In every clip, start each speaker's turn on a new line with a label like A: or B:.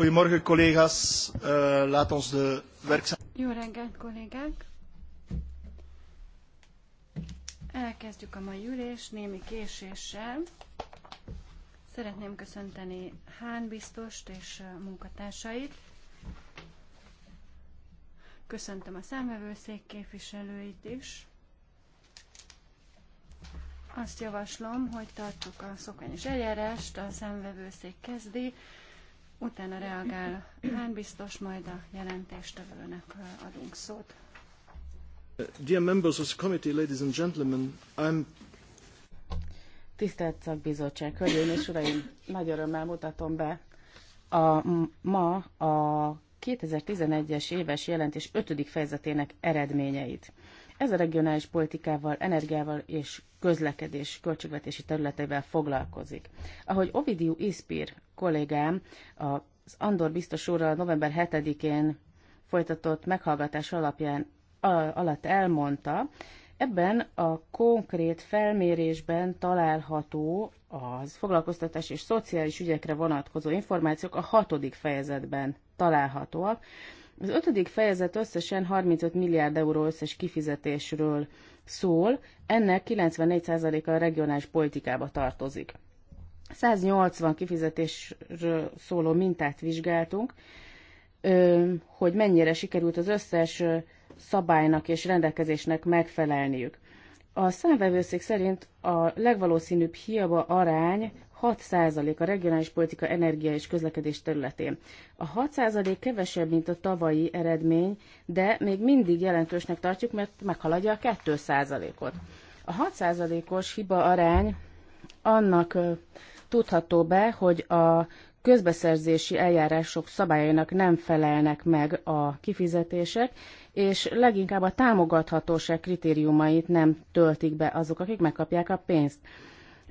A: Goedemorgen collega's, uh, laat ons de werkzaamheden...
B: Jó reggelt Elkezdjük a mai ülést némi késéssel. Szeretném köszönteni Hán biztost és eh, munkatársait. Köszöntöm a számvevőszék képviselőit is. Azt javaslom, hogy tartsuk a szokványos eljárást, a számvevőszék kezdi, Utána reagál Hán biztos, majd a jelentéstevőnek adunk szót.
A: Dear members of the committee, ladies and gentlemen, I'm
C: Tisztelt Szakbizottság, Hölgyeim és Uraim, nagy örömmel mutatom be a, ma a 2011-es éves jelentés 5. fejezetének eredményeit. Ez a regionális politikával, energiával és közlekedés költségvetési területeivel foglalkozik. Ahogy Ovidiu Ispir kollégám az Andor biztos úrral november 7-én folytatott meghallgatás alapján alatt elmondta, Ebben a konkrét felmérésben található az foglalkoztatás és szociális ügyekre vonatkozó információk a hatodik fejezetben találhatóak, az ötödik fejezet összesen 35 milliárd euró összes kifizetésről szól, ennek 94%-a a regionális politikába tartozik. 180 kifizetésről szóló mintát vizsgáltunk, hogy mennyire sikerült az összes szabálynak és rendelkezésnek megfelelniük. A számvevőszék szerint a legvalószínűbb hiaba arány 6% a regionális politika energia és közlekedés területén. A 6% kevesebb, mint a tavalyi eredmény, de még mindig jelentősnek tartjuk, mert meghaladja a 2%-ot. A 6%-os hiba arány annak tudható be, hogy a közbeszerzési eljárások szabályainak nem felelnek meg a kifizetések, és leginkább a támogathatóság kritériumait nem töltik be azok, akik megkapják a pénzt.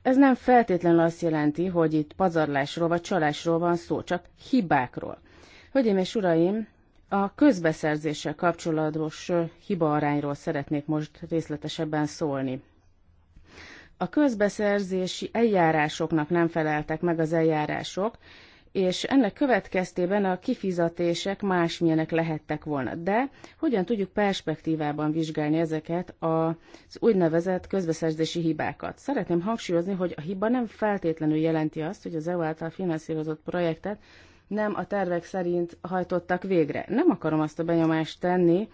C: Ez nem feltétlenül azt jelenti, hogy itt pazarlásról vagy csalásról van szó, csak hibákról. Hölgyeim és uraim, a közbeszerzéssel kapcsolatos hibaarányról szeretnék most részletesebben szólni. A közbeszerzési eljárásoknak nem feleltek meg az eljárások, és ennek következtében a kifizetések másmilyenek lehettek volna. De hogyan tudjuk perspektívában vizsgálni ezeket az úgynevezett közbeszerzési hibákat? Szeretném hangsúlyozni, hogy a hiba nem feltétlenül jelenti azt, hogy az EU által finanszírozott projektet nem a tervek szerint hajtottak végre. Nem akarom azt a benyomást tenni,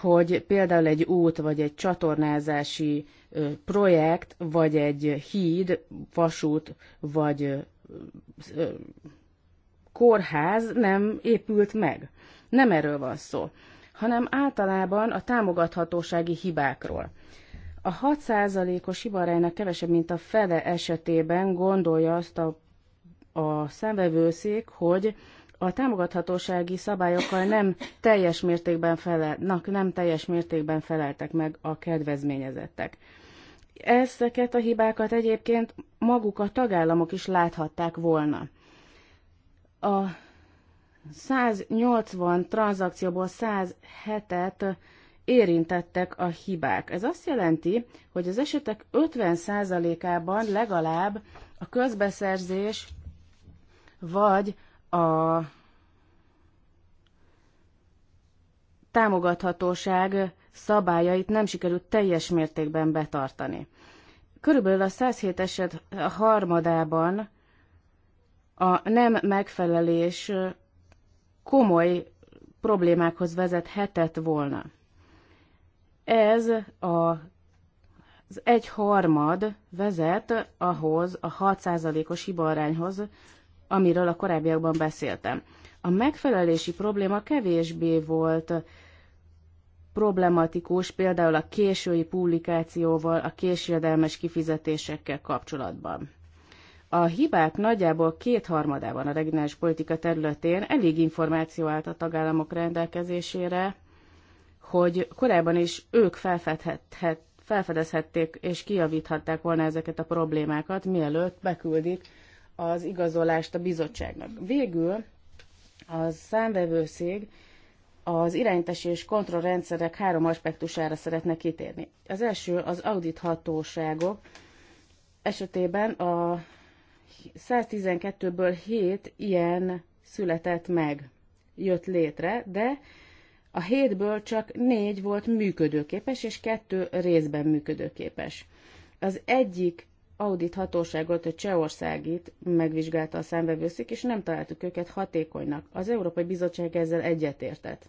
C: hogy például egy út, vagy egy csatornázási projekt, vagy egy híd, vasút, vagy kórház nem épült meg. Nem erről van szó, hanem általában a támogathatósági hibákról. A 6%-os hibaránynak kevesebb, mint a fele esetében gondolja azt a, a szemvevőszék, hogy a támogathatósági szabályokkal nem teljes mértékben felelnek, nem teljes mértékben feleltek meg a kedvezményezettek. Ezeket a hibákat egyébként maguk a tagállamok is láthatták volna. A 180 tranzakcióból 107-et érintettek a hibák. Ez azt jelenti, hogy az esetek 50%-ában legalább a közbeszerzés vagy a támogathatóság szabályait nem sikerült teljes mértékben betartani. Körülbelül a 107 eset harmadában a nem megfelelés komoly problémákhoz vezethetett volna. Ez a, az egy harmad vezet ahhoz a 6%-os hibaarányhoz, amiről a korábbiakban beszéltem. A megfelelési probléma kevésbé volt problematikus például a késői publikációval, a késjedelmes kifizetésekkel kapcsolatban. A hibák nagyjából kétharmadában a regionális politika területén elég információ állt a tagállamok rendelkezésére, hogy korábban is ők felfedezhették és kijavíthatták volna ezeket a problémákat, mielőtt beküldik az igazolást a bizottságnak. Végül a számvevőszég az irányítási és kontrollrendszerek három aspektusára szeretne kitérni. Az első az audithatóságok esetében a 112-ből 7 ilyen született meg, jött létre, de a 7-ből csak 4 volt működőképes, és 2 részben működőképes. Az egyik audit hatóságot, a Csehországit megvizsgálta a számbevőszék, és nem találtuk őket hatékonynak. Az Európai Bizottság ezzel egyetértett.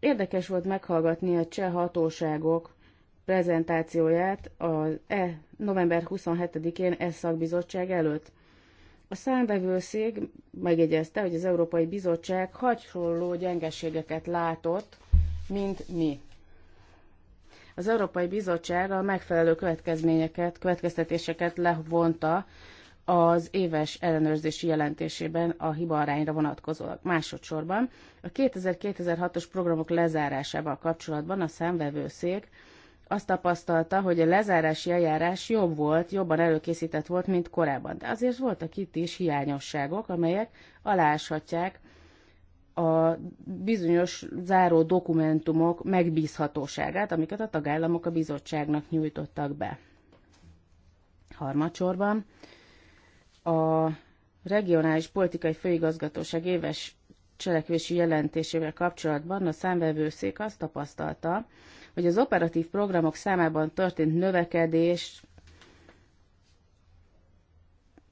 C: Érdekes volt meghallgatni a cseh hatóságok prezentációját az e, november 27-én e szakbizottság előtt. A számbevőszék megjegyezte, hogy az Európai Bizottság hasonló gyengeségeket látott, mint mi. Az Európai Bizottság a megfelelő következményeket, következtetéseket levonta az éves ellenőrzési jelentésében a hibaarányra vonatkozóak. Másodszorban a 2006 os programok lezárásával kapcsolatban a számvevőszék azt tapasztalta, hogy a lezárási eljárás jobb volt, jobban előkészített volt, mint korábban. De azért voltak itt is hiányosságok, amelyek aláshatják a bizonyos záró dokumentumok megbízhatóságát, amiket a tagállamok a bizottságnak nyújtottak be. Harmadsorban a regionális politikai főigazgatóság éves cselekvési jelentésével kapcsolatban a számvevőszék azt tapasztalta, hogy az operatív programok számában történt növekedés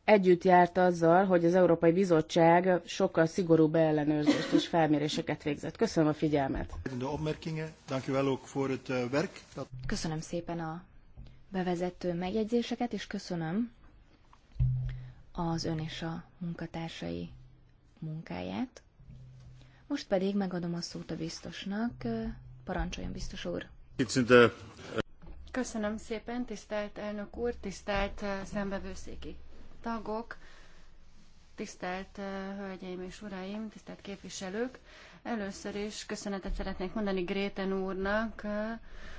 C: együtt járt azzal, hogy az Európai Bizottság sokkal szigorúbb ellenőrzést és felméréseket végzett. Köszönöm a figyelmet.
A: Eh, köszönöm szépen a bevezető megjegyzéseket, és köszönöm az ön és a munkatársai munkáját. Most pedig megadom a szót a biztosnak. Eh, parancsoljon,
B: biztos úr! Köszönöm szépen, tisztelt elnök úr, tisztelt eh, szembevőszéki tagok, tisztelt hölgyeim és uraim, tisztelt képviselők! Először is köszönetet szeretnék mondani Gréten úrnak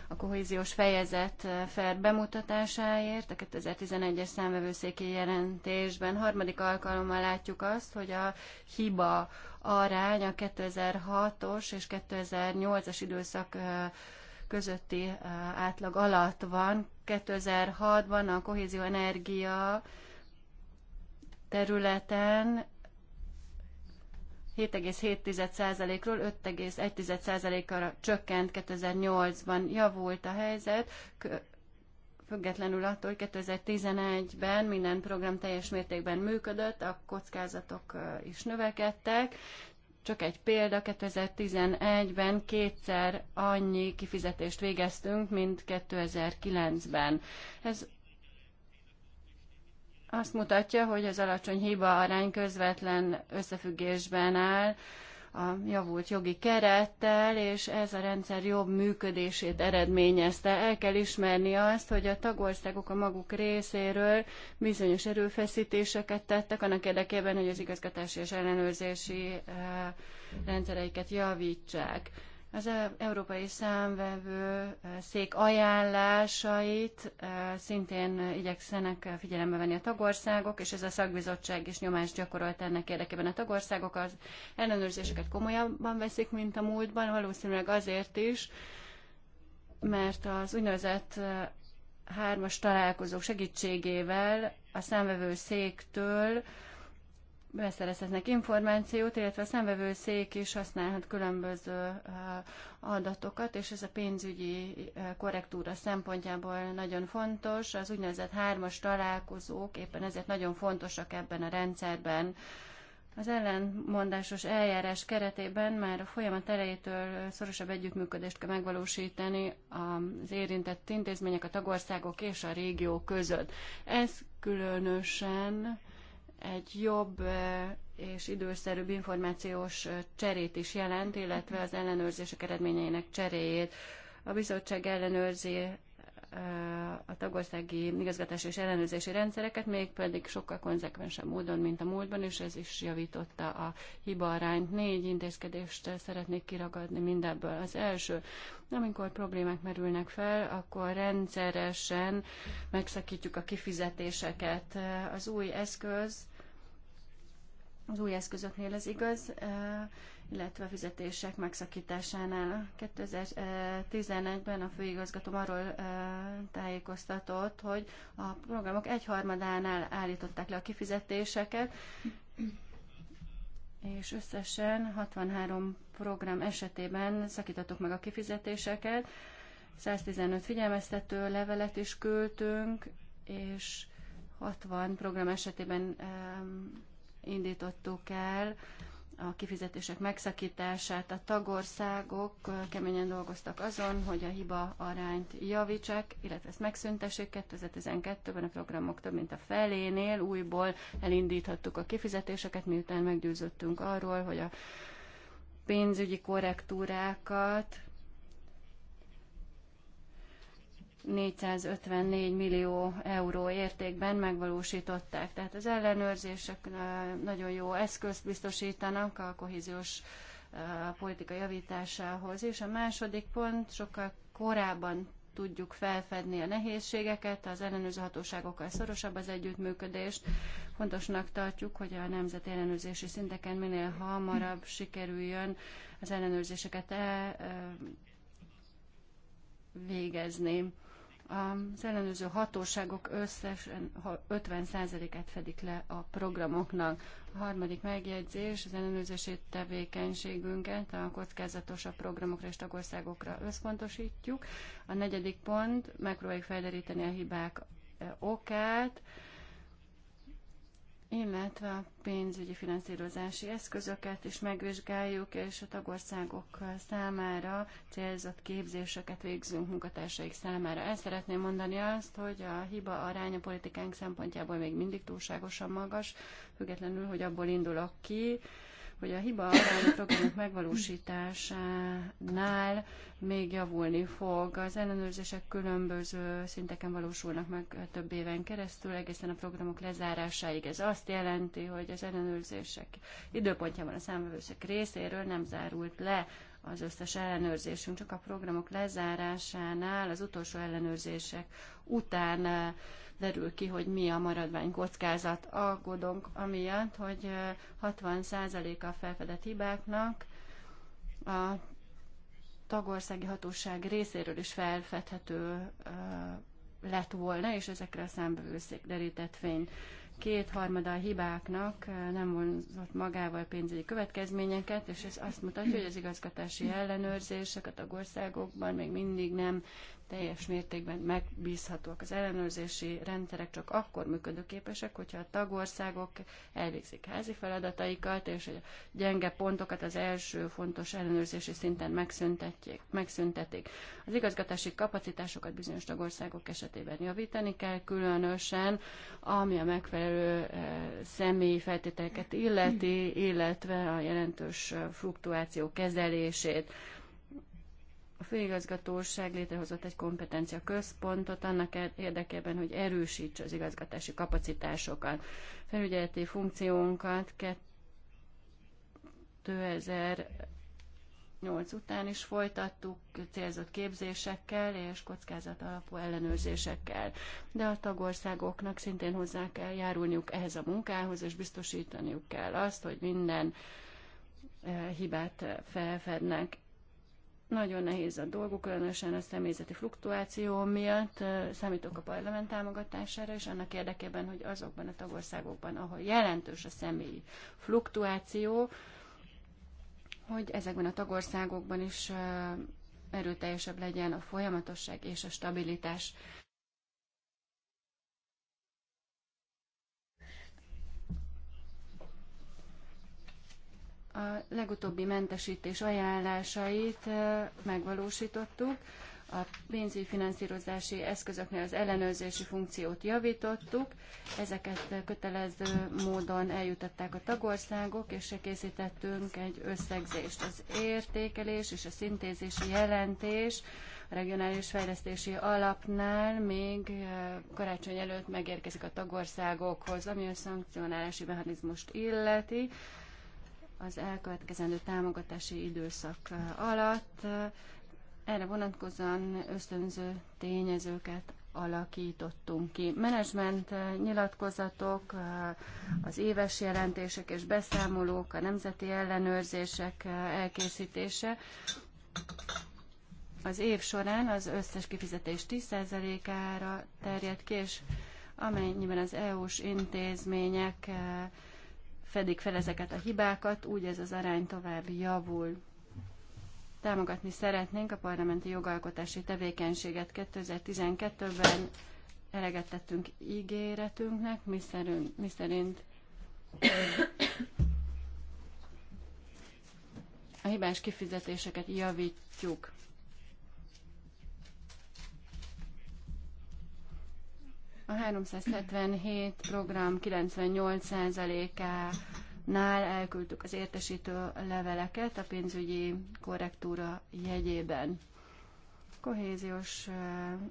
B: a kohéziós fejezet fair bemutatásáért. A 2011-es számvevőszéki jelentésben harmadik alkalommal látjuk azt, hogy a hiba arány a 2006-os és 2008-as időszak közötti átlag alatt van. 2006-ban a kohézió energia területen 7,7%-ról 5,1%-ra csökkent 2008-ban. Javult a helyzet, függetlenül attól, hogy 2011-ben minden program teljes mértékben működött, a kockázatok is növekedtek. Csak egy példa, 2011-ben kétszer annyi kifizetést végeztünk, mint 2009-ben. Ez azt mutatja, hogy az alacsony hiba arány közvetlen összefüggésben áll a javult jogi kerettel, és ez a rendszer jobb működését eredményezte. El kell ismerni azt, hogy a tagországok a maguk részéről bizonyos erőfeszítéseket tettek annak érdekében, hogy az igazgatási és ellenőrzési eh, rendszereiket javítsák. Az e- Európai Számvevő e, szék ajánlásait e, szintén igyekszenek figyelembe venni a tagországok, és ez a szakbizottság is nyomást gyakorolt ennek érdekében. A tagországok az ellenőrzéseket komolyabban veszik, mint a múltban, valószínűleg azért is, mert az úgynevezett hármas találkozók segítségével a számvevő széktől beszerezhetnek információt, illetve a szék is használhat különböző eh, adatokat, és ez a pénzügyi eh, korrektúra szempontjából nagyon fontos. Az úgynevezett hármas találkozók éppen ezért nagyon fontosak ebben a rendszerben. Az ellenmondásos eljárás keretében már a folyamat elejétől szorosabb együttműködést kell megvalósítani az érintett intézmények, a tagországok és a régió között. Ez különösen egy jobb és időszerűbb információs cserét is jelent, illetve az ellenőrzések eredményeinek cseréjét. A bizottság ellenőrzi a tagországi igazgatási és ellenőrzési rendszereket, még pedig sokkal konzekvensebb módon, mint a múltban, és ez is javította a hiba arányt. Négy intézkedést szeretnék kiragadni mindebből. Az első, amikor problémák merülnek fel, akkor rendszeresen megszakítjuk a kifizetéseket. Az új eszköz az új eszközöknél ez igaz, illetve a fizetések megszakításánál. 2011-ben a főigazgatóm arról tájékoztatott, hogy a programok egyharmadánál állították le a kifizetéseket, és összesen 63 program esetében szakítottuk meg a kifizetéseket, 115 figyelmeztető levelet is küldtünk, és 60 program esetében indítottuk el a kifizetések megszakítását. A tagországok keményen dolgoztak azon, hogy a hiba arányt javítsák, illetve ezt megszüntessék. 2012-ben a programok több mint a felénél újból elindíthattuk a kifizetéseket, miután meggyőződtünk arról, hogy a pénzügyi korrektúrákat 454 millió euró értékben megvalósították. Tehát az ellenőrzések nagyon jó eszközt biztosítanak a kohéziós politika javításához. És a második pont, sokkal korábban tudjuk felfedni a nehézségeket, az ellenőrző hatóságokkal szorosabb az együttműködést. Fontosnak tartjuk, hogy a nemzeti ellenőrzési szinteken minél hamarabb sikerüljön az ellenőrzéseket el, végezni az ellenőrző hatóságok összesen 50%-át fedik le a programoknak. A harmadik megjegyzés az ellenőrzési tevékenységünket a kockázatosabb programokra és tagországokra összpontosítjuk. A negyedik pont, megpróbáljuk felderíteni a hibák eh, okát, illetve a pénzügyi finanszírozási eszközöket is megvizsgáljuk, és a tagországok számára célzott képzéseket végzünk munkatársaik számára. El szeretném mondani azt, hogy a hiba a politikánk szempontjából még mindig túlságosan magas, függetlenül, hogy abból indulok ki, hogy a hiba arány a programok megvalósításánál még javulni fog. Az ellenőrzések különböző szinteken valósulnak meg több éven keresztül, egészen a programok lezárásáig. Ez azt jelenti, hogy az ellenőrzések időpontjában a számvevőszek részéről nem zárult le az összes ellenőrzésünk, csak a programok lezárásánál, az utolsó ellenőrzések után derül ki, hogy mi a maradvány kockázat. Aggódunk amiatt, hogy 60% a felfedett hibáknak a tagországi hatóság részéről is felfedhető lett volna, és ezekre a számbevőszék derített fény kétharmada a hibáknak nem vonzott magával pénzügyi következményeket, és ez azt mutatja, hogy az igazgatási ellenőrzések a tagországokban még mindig nem teljes mértékben megbízhatóak. Az ellenőrzési rendszerek csak akkor működőképesek, hogyha a tagországok elvégzik házi feladataikat, és a gyenge pontokat az első fontos ellenőrzési szinten megszüntetik. Az igazgatási kapacitásokat bizonyos tagországok esetében javítani kell, különösen ami a megfelelő eh, személyi feltételeket illeti, illetve a jelentős fluktuáció kezelését. A főigazgatóság létrehozott egy kompetencia központot annak e- érdekében, hogy erősítse az igazgatási kapacitásokat, felügyeleti funkciónkat 2008 után is folytattuk célzott képzésekkel és kockázat alapú ellenőrzésekkel. De a tagországoknak szintén hozzá kell járulniuk ehhez a munkához, és biztosítaniuk kell azt, hogy minden eh, hibát eh, felfednek nagyon nehéz a dolguk, különösen a személyzeti fluktuáció miatt. Számítok a parlament támogatására, és annak érdekében, hogy azokban a tagországokban, ahol jelentős a személyi fluktuáció, hogy ezekben a tagországokban is erőteljesebb legyen a folyamatosság és a stabilitás. A legutóbbi mentesítés ajánlásait megvalósítottuk, a pénzügyi finanszírozási eszközöknél az ellenőrzési funkciót javítottuk, ezeket kötelező módon eljutatták a tagországok, és készítettünk egy összegzést. Az értékelés és a szintézési jelentés a regionális fejlesztési alapnál még karácsony előtt megérkezik a tagországokhoz, ami a szankcionálási mechanizmust illeti az elkövetkezendő támogatási időszak alatt erre vonatkozóan ösztönző tényezőket alakítottunk ki. Menedzsment nyilatkozatok, az éves jelentések és beszámolók, a nemzeti ellenőrzések elkészítése. Az év során az összes kifizetés 10%-ára terjed ki, és amennyiben az EU-s intézmények fedik fel ezeket a hibákat, úgy ez az arány tovább javul. Támogatni szeretnénk a parlamenti jogalkotási tevékenységet 2012-ben eleget tettünk ígéretünknek, miszerint, miszerint a hibás kifizetéseket javítjuk. A 377 program 98%-ánál elküldtük az értesítő leveleket a pénzügyi korrektúra jegyében. Kohéziós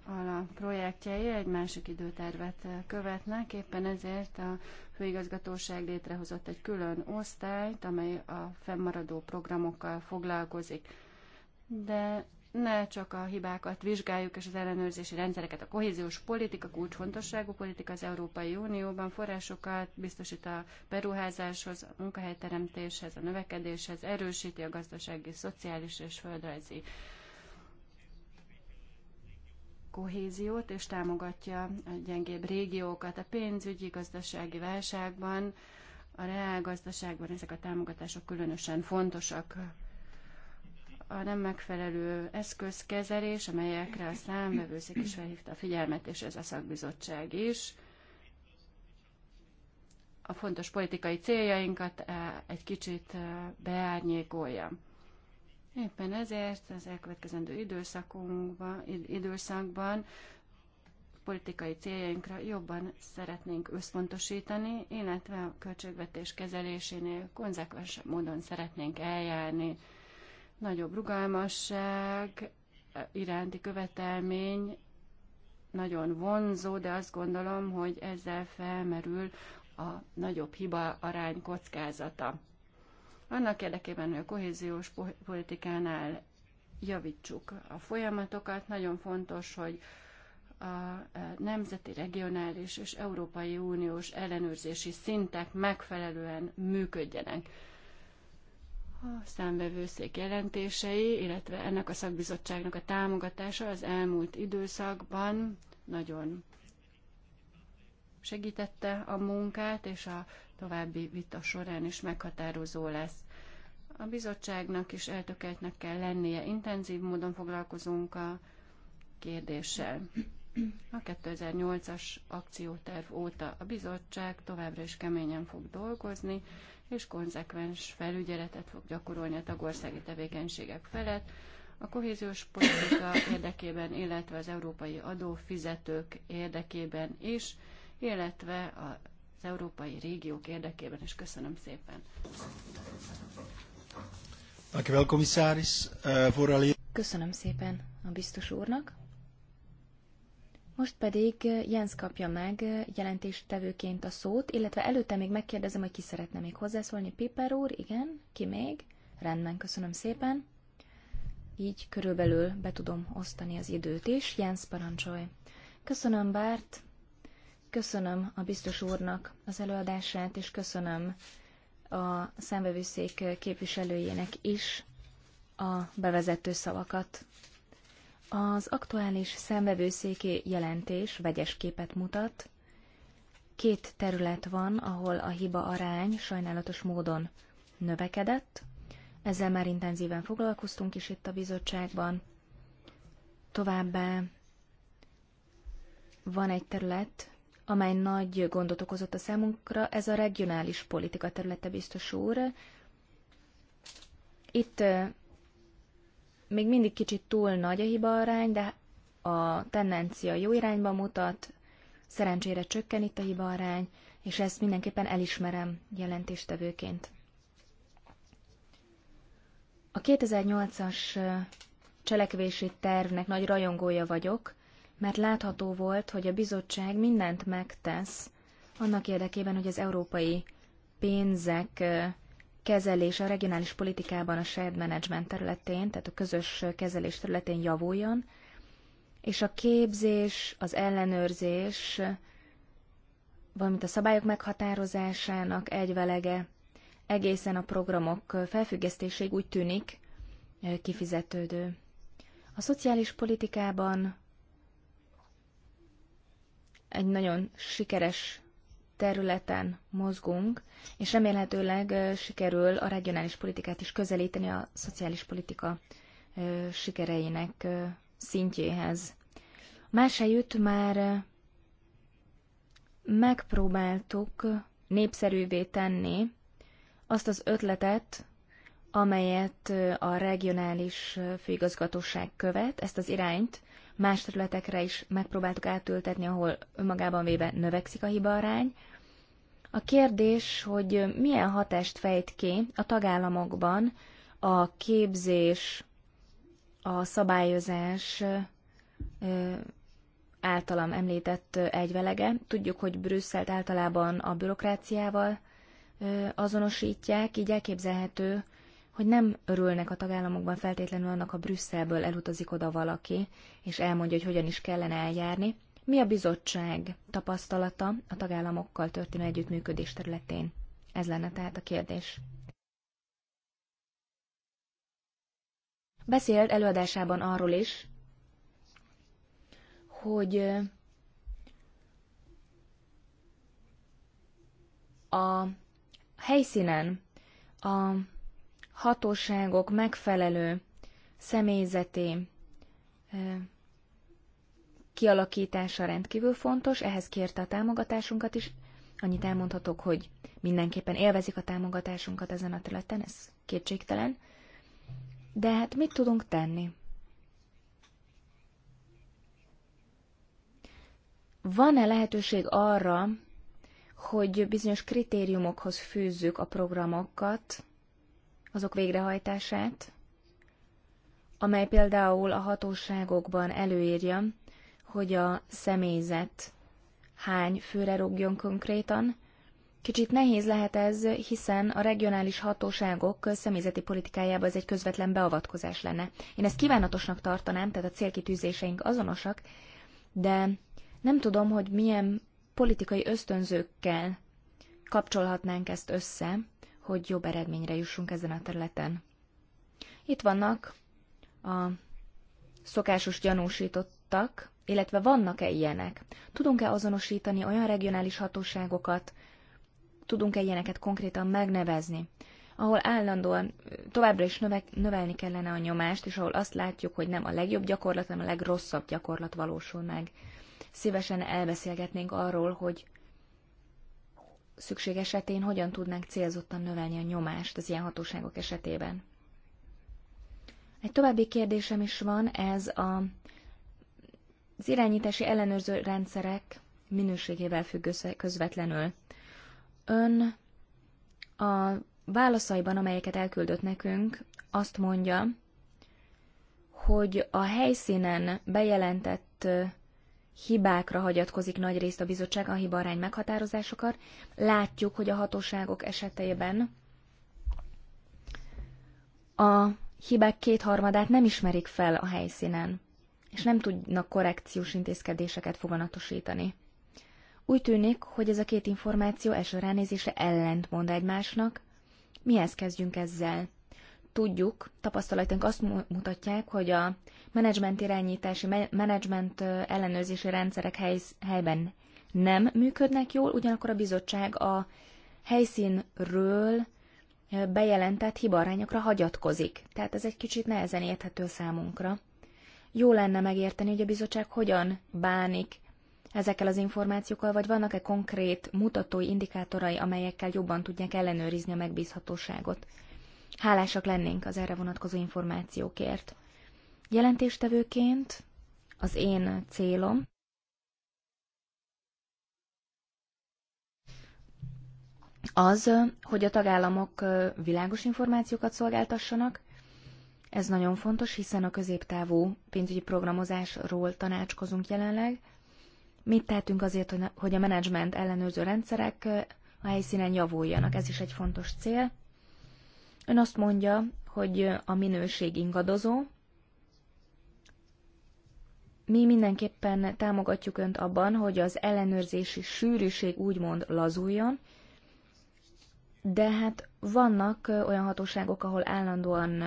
B: alapprojektjei egy másik időtervet követnek, éppen ezért a főigazgatóság létrehozott egy külön osztályt, amely a fennmaradó programokkal foglalkozik. De ne csak a hibákat vizsgáljuk, és az ellenőrzési rendszereket. A kohéziós politika kulcsfontosságú politika az Európai Unióban forrásokat biztosít a beruházáshoz, a munkahelyteremtéshez, a növekedéshez, erősíti a gazdasági, szociális és földrajzi kohéziót, és támogatja a gyengébb régiókat. A pénzügyi, gazdasági válságban, a reálgazdaságban ezek a támogatások különösen fontosak a nem megfelelő eszközkezelés, amelyekre a számvevőszék is felhívta a figyelmet, és ez a szakbizottság is. A fontos politikai céljainkat e, egy kicsit e, beárnyékolja. Éppen ezért az elkövetkezendő időszakunkban, időszakban politikai céljainkra jobban szeretnénk összpontosítani, illetve a költségvetés kezelésénél konzekvens módon szeretnénk eljárni. Nagyobb rugalmasság iránti követelmény nagyon vonzó, de azt gondolom, hogy ezzel felmerül a nagyobb hiba arány kockázata. Annak érdekében, hogy a kohéziós politikánál javítsuk a folyamatokat, nagyon fontos, hogy a e, nemzeti, regionális és Európai Uniós ellenőrzési szintek megfelelően működjenek. A számvevőszék jelentései, illetve ennek a szakbizottságnak a támogatása az elmúlt időszakban nagyon segítette a munkát, és a további vita során is meghatározó lesz. A bizottságnak is eltökeltnek kell lennie, intenzív módon foglalkozunk a kérdéssel. A 2008-as akcióterv óta a bizottság továbbra is keményen fog dolgozni, és konzekvens felügyeletet fog gyakorolni a tagországi tevékenységek felett, a kohéziós politika érdekében, illetve az európai adófizetők érdekében is, illetve az európai régiók érdekében is. Köszönöm szépen!
A: Eh, Köszönöm szépen a biztos úrnak! Most pedig Jens kapja meg jelentéstevőként a szót, illetve előtte még megkérdezem, hogy ki szeretne még hozzászólni. Piper úr, igen, ki még? Rendben, köszönöm szépen. Így körülbelül be tudom osztani az időt is. Jens, parancsolj! Köszönöm Bárt, köszönöm a biztos úrnak az előadását, és köszönöm a számbevőszék képviselőjének is a bevezető szavakat. Az aktuális szembevőszéki jelentés vegyes képet mutat. Két terület van, ahol a hiba arány sajnálatos módon növekedett. Ezzel már intenzíven foglalkoztunk is itt a bizottságban. Továbbá van egy terület, amely nagy gondot okozott a számunkra, ez a regionális politika területe, biztos úr. Itt még mindig kicsit túl nagy a hiba arány, de a tendencia jó irányba mutat, szerencsére csökken itt a hiba arány, és ezt mindenképpen elismerem jelentéstevőként. A 2008-as cselekvési tervnek nagy rajongója vagyok, mert látható volt, hogy a bizottság mindent megtesz annak érdekében, hogy az európai pénzek kezelés a regionális politikában a shared management területén, tehát a közös kezelés területén javuljon, és a képzés, az ellenőrzés, valamint a szabályok meghatározásának egyvelege egészen a programok felfüggesztéséig úgy tűnik kifizetődő. A szociális politikában egy nagyon sikeres területen mozgunk, és remélhetőleg sikerül a regionális politikát is közelíteni a szociális politika sikereinek szintjéhez. Más helyütt már megpróbáltuk népszerűvé tenni azt az ötletet, amelyet a regionális főigazgatóság követ, ezt az irányt más területekre is megpróbáltuk átültetni, ahol önmagában véve növekszik a hibaarány, a kérdés, hogy milyen hatást fejt ki a tagállamokban a képzés, a szabályozás általam említett egyvelege. Tudjuk, hogy Brüsszelt általában a bürokráciával azonosítják, így elképzelhető, hogy nem örülnek a tagállamokban feltétlenül annak, a Brüsszelből elutazik oda valaki, és elmondja, hogy hogyan is kellene eljárni. Mi a bizottság tapasztalata a tagállamokkal történő együttműködés területén? Ez lenne tehát a kérdés. Beszélt előadásában arról is, hogy a helyszínen a hatóságok megfelelő személyzeti kialakítása rendkívül fontos, ehhez kérte a támogatásunkat is. Annyit elmondhatok, hogy mindenképpen élvezik a támogatásunkat ezen a területen, ez kétségtelen. De hát mit tudunk tenni? Van-e lehetőség arra, hogy bizonyos kritériumokhoz fűzzük a programokat, azok végrehajtását, amely például a hatóságokban előírja, hogy a személyzet hány főre rúgjon konkrétan. Kicsit nehéz lehet ez, hiszen a regionális hatóságok személyzeti politikájába ez egy közvetlen beavatkozás lenne. Én ezt kívánatosnak tartanám, tehát a célkitűzéseink azonosak, de nem tudom, hogy milyen politikai ösztönzőkkel kapcsolhatnánk ezt össze, hogy jobb eredményre jussunk ezen a területen. Itt vannak a szokásos gyanúsítottak, illetve vannak-e ilyenek? Tudunk-e azonosítani olyan regionális hatóságokat, tudunk-e ilyeneket konkrétan megnevezni, ahol állandóan továbbra is növe, növelni kellene a nyomást, és ahol azt látjuk, hogy nem a legjobb gyakorlat, hanem a legrosszabb gyakorlat valósul meg. Szívesen elbeszélgetnénk arról, hogy szükség esetén hogyan tudnánk célzottan növelni a nyomást az ilyen hatóságok esetében. Egy további kérdésem is van, ez a az irányítási ellenőrző rendszerek minőségével függ össze közvetlenül. Ön a válaszaiban, amelyeket elküldött nekünk, azt mondja, hogy a helyszínen bejelentett hibákra hagyatkozik nagy részt a bizottság a hibarány meghatározásokat. Látjuk, hogy a hatóságok esetében a hibák kétharmadát nem ismerik fel a helyszínen és nem tudnak korrekciós intézkedéseket foganatosítani. Úgy tűnik, hogy ez a két információ első ránézésre ellentmond egymásnak. Mihez kezdjünk ezzel? Tudjuk, tapasztalatunk azt mutatják, hogy a menedzsment irányítási, menedzsment ellenőrzési rendszerek hely, helyben nem működnek jól, ugyanakkor a bizottság a helyszínről bejelentett hibarányokra hagyatkozik. Tehát ez egy kicsit nehezen érthető számunkra. Jó lenne megérteni, hogy a bizottság hogyan bánik ezekkel az információkkal, vagy vannak-e konkrét mutatói, indikátorai, amelyekkel jobban tudják ellenőrizni a megbízhatóságot. Hálásak lennénk az erre vonatkozó információkért. Jelentéstevőként az én célom, az, hogy a tagállamok világos információkat szolgáltassanak, ez nagyon fontos, hiszen a középtávú pénzügyi programozásról tanácskozunk jelenleg. Mit tehetünk azért, hogy a menedzsment ellenőrző rendszerek a helyszínen javuljanak? Ez is egy fontos cél. Ön azt mondja, hogy a minőség ingadozó. Mi mindenképpen támogatjuk Önt abban, hogy az ellenőrzési sűrűség úgymond lazuljon, de hát vannak olyan hatóságok, ahol állandóan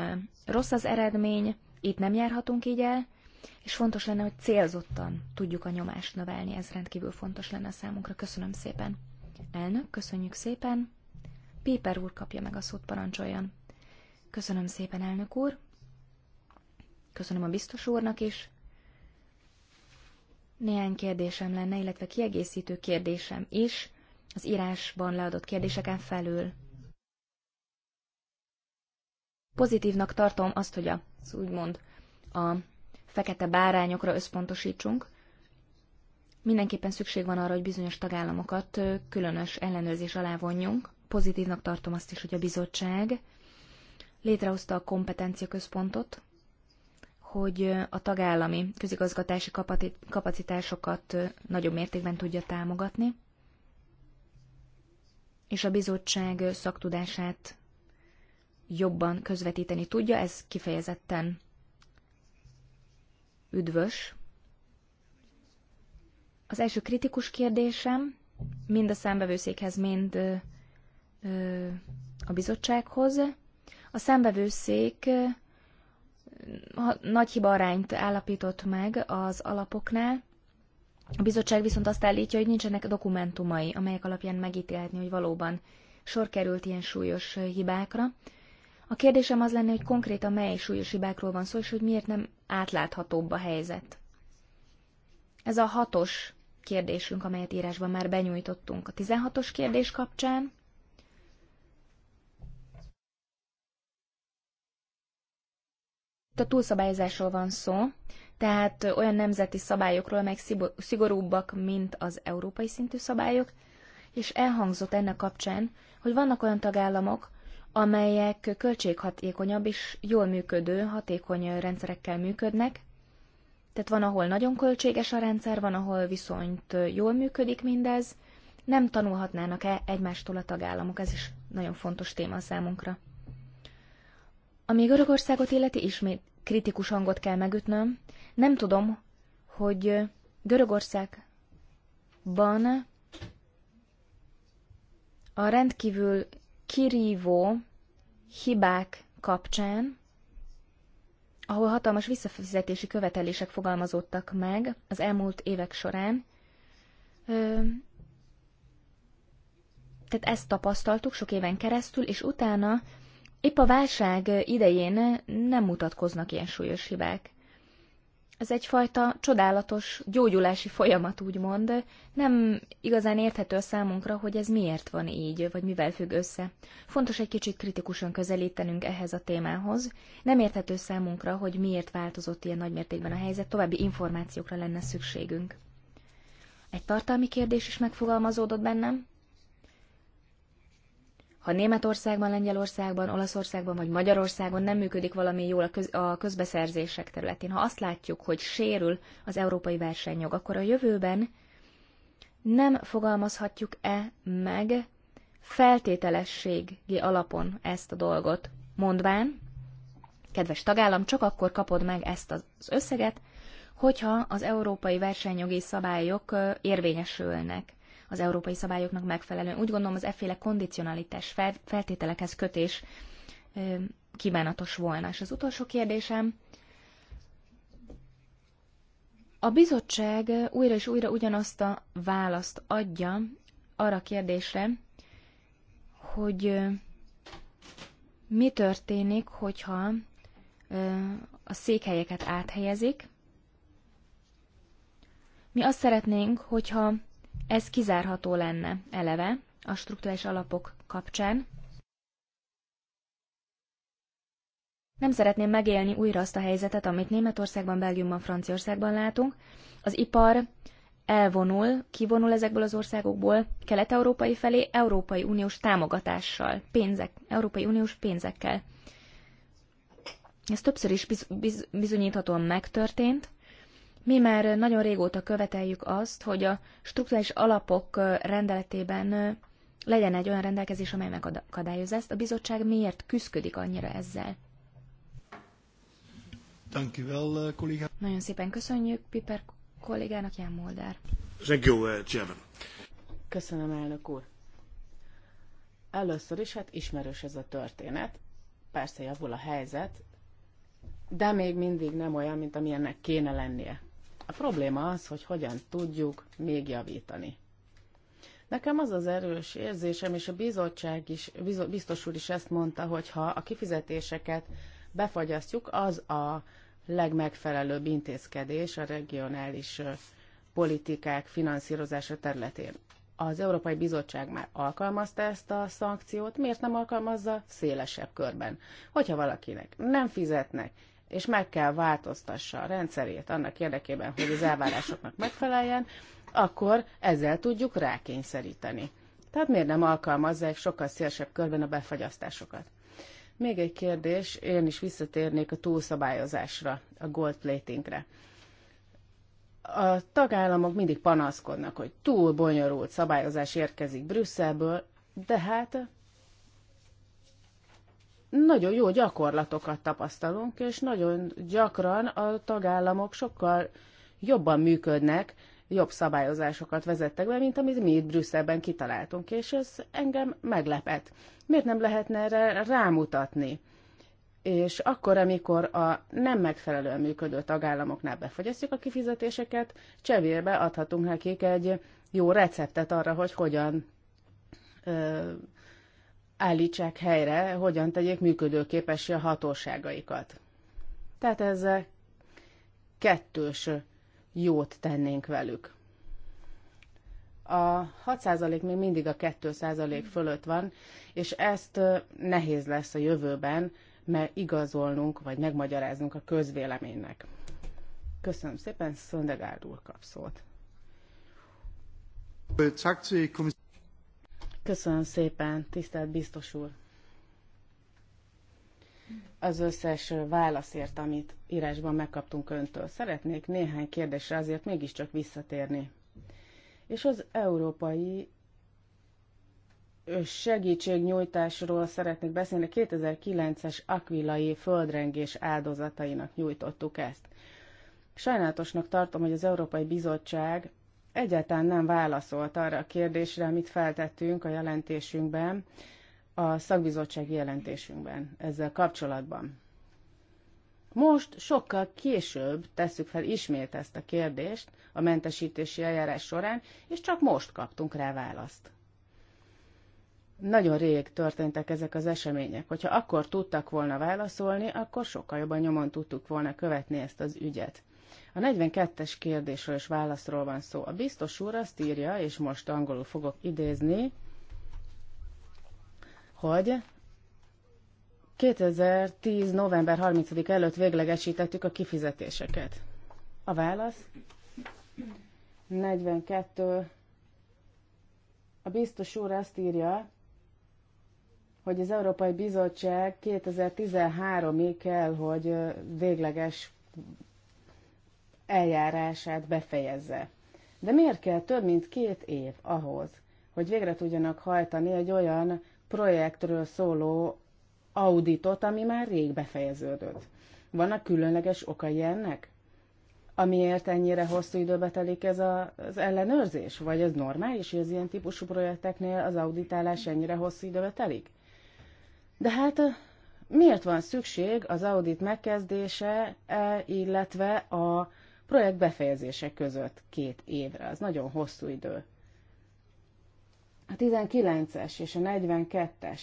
A: rossz az eredmény, itt nem járhatunk így el, és fontos lenne, hogy célzottan tudjuk a nyomást növelni, ez rendkívül fontos lenne a számunkra. Köszönöm szépen. Elnök, köszönjük szépen. Péper úr kapja meg a szót, parancsoljon. Köszönöm szépen, elnök úr. Köszönöm a biztos úrnak is. Néhány kérdésem lenne, illetve kiegészítő kérdésem is az írásban leadott kérdéseken felül. Pozitívnak tartom azt, hogy az úgymond a fekete bárányokra összpontosítsunk. Mindenképpen szükség van arra, hogy bizonyos tagállamokat különös ellenőrzés alá vonjunk. Pozitívnak tartom azt is, hogy a bizottság létrehozta a kompetenciaközpontot, hogy a tagállami közigazgatási kapacitásokat nagyobb mértékben tudja támogatni és a bizottság szaktudását jobban közvetíteni tudja, ez kifejezetten üdvös. Az első kritikus kérdésem mind a számbevőszékhez, mind ö, ö, a bizottsághoz. A számbevőszék nagy hiba arányt állapított meg az alapoknál, a bizottság viszont azt állítja, hogy nincsenek dokumentumai, amelyek alapján megítélhetni, hogy valóban sor került ilyen súlyos hibákra. A kérdésem az lenne, hogy konkrétan mely súlyos hibákról van szó, és hogy miért nem átláthatóbb a helyzet. Ez a hatos kérdésünk, amelyet írásban már benyújtottunk a 16-os kérdés kapcsán. a túlszabályozásról van szó tehát olyan nemzeti szabályokról, amelyek szigorúbbak, mint az európai szintű szabályok, és elhangzott ennek kapcsán, hogy vannak olyan tagállamok, amelyek költséghatékonyabb és jól működő, hatékony rendszerekkel működnek. Tehát van, ahol nagyon költséges a rendszer, van, ahol viszont jól működik mindez. Nem tanulhatnának-e egymástól a tagállamok? Ez is nagyon fontos téma a számunkra. Amíg Görögországot illeti, ismét kritikus hangot kell megütnöm. Nem tudom, hogy Görögországban a rendkívül kirívó hibák kapcsán, ahol hatalmas visszafizetési követelések fogalmazódtak meg az elmúlt évek során, tehát ezt tapasztaltuk sok éven keresztül, és utána Épp a válság idején nem mutatkoznak ilyen súlyos hibák. Ez egyfajta csodálatos gyógyulási folyamat, úgymond. Nem igazán érthető a számunkra, hogy ez miért van így, vagy mivel függ össze. Fontos egy kicsit kritikusan közelítenünk ehhez a témához. Nem érthető számunkra, hogy miért változott ilyen nagymértékben a helyzet, további információkra lenne szükségünk. Egy tartalmi kérdés is megfogalmazódott bennem. Ha Németországban, Lengyelországban, Olaszországban vagy Magyarországon nem működik valami jól a, köz, a közbeszerzések területén, ha azt látjuk, hogy sérül az európai versenyjog, akkor a jövőben nem fogalmazhatjuk-e meg feltételességi alapon ezt a dolgot, mondván, kedves tagállam, csak akkor kapod meg ezt az összeget, hogyha az európai versenyjogi szabályok érvényesülnek az európai szabályoknak megfelelően. Úgy gondolom az efféle kondicionalitás feltételekhez kötés kívánatos volna. És az utolsó kérdésem, a bizottság újra és újra ugyanazt a választ adja arra a kérdésre, hogy mi történik, hogyha a székhelyeket áthelyezik. Mi azt szeretnénk, hogyha ez kizárható lenne eleve a struktúrális alapok kapcsán. Nem szeretném megélni újra azt a helyzetet, amit Németországban, Belgiumban, Franciaországban látunk. Az ipar elvonul, kivonul ezekből az országokból kelet-európai felé Európai Uniós támogatással, pénzek, Európai Uniós pénzekkel. Ez többször is bizonyíthatóan megtörtént, mi már nagyon régóta követeljük azt, hogy a struktúrális alapok rendeletében legyen egy olyan rendelkezés, amely megakadályozza ezt. A bizottság miért küzdik annyira ezzel? Well, nagyon szépen köszönjük Piper kollégának, Ján Moldár. Thank you, uh, Chairman. Köszönöm, elnök
C: úr. Először is, hát ismerős ez a történet. Persze javul a helyzet, de még mindig nem olyan, mint amilyennek kéne lennie. A probléma az, hogy hogyan tudjuk még javítani. Nekem az az erős érzésem, és a bizottság is, biztos úr is ezt mondta, hogy ha a kifizetéseket befagyasztjuk, az a legmegfelelőbb intézkedés a regionális politikák finanszírozása területén. Az Európai Bizottság már alkalmazta ezt a szankciót, miért nem alkalmazza szélesebb körben? Hogyha valakinek nem fizetnek, és meg kell változtassa a rendszerét annak érdekében, hogy az elvárásoknak megfeleljen, akkor ezzel tudjuk rákényszeríteni. Tehát miért nem alkalmazzák sokkal szélesebb körben a befagyasztásokat? Még egy kérdés, én is visszatérnék a túlszabályozásra, a gold platingre. A tagállamok mindig panaszkodnak, hogy túl bonyolult szabályozás érkezik Brüsszelből, de hát nagyon jó gyakorlatokat tapasztalunk, és nagyon gyakran a tagállamok sokkal jobban működnek, jobb szabályozásokat vezettek be, mint amit mi itt Brüsszelben kitaláltunk, és ez engem meglepet. Miért nem lehetne erre rámutatni? És akkor, amikor a nem megfelelően működő tagállamoknál befogyasztjuk a kifizetéseket, cserébe adhatunk nekik egy jó receptet arra, hogy hogyan ö, állítsák helyre, hogyan tegyék működőképessé a hatóságaikat. Tehát ezzel kettős jót tennénk velük. A 6% még mindig a 2% fölött van, és ezt nehéz lesz a jövőben mert igazolnunk, vagy megmagyaráznunk a közvéleménynek. Köszönöm szépen, Szöndegárd úr kap szót. Köszönöm szépen, tisztelt biztos úr! Az összes válaszért, amit írásban megkaptunk öntől. Szeretnék néhány kérdésre azért mégiscsak visszatérni. És az európai segítségnyújtásról szeretnék beszélni. 2009-es akvilai földrengés áldozatainak nyújtottuk ezt. Sajnálatosnak tartom, hogy az Európai Bizottság egyáltalán nem válaszolt arra a kérdésre, amit feltettünk a jelentésünkben, a szakbizottsági jelentésünkben ezzel kapcsolatban. Most sokkal később tesszük fel ismét ezt a kérdést a mentesítési eljárás során, és csak most kaptunk rá választ. Nagyon rég történtek ezek az események. Hogyha akkor tudtak volna válaszolni, akkor sokkal jobban nyomon tudtuk volna követni ezt az ügyet. A 42-es kérdésről és válaszról van szó. A biztos úr azt írja, és most angolul fogok idézni, hogy 2010. november 30 előtt véglegesítettük a kifizetéseket. A válasz 42. A biztos úr azt írja, hogy az Európai Bizottság 2013-ig kell, hogy végleges eljárását befejezze. De miért kell több mint két év ahhoz, hogy végre tudjanak hajtani egy olyan projektről szóló auditot, ami már rég befejeződött? Vannak különleges okai ennek? Amiért ennyire hosszú időbe telik ez a, az ellenőrzés? Vagy ez normális, hogy az ilyen típusú projekteknél az auditálás ennyire hosszú időbe telik? De hát miért van szükség az audit megkezdése, e, illetve a projekt befejezése között két évre? Az nagyon hosszú idő. A 19-es és a 42-es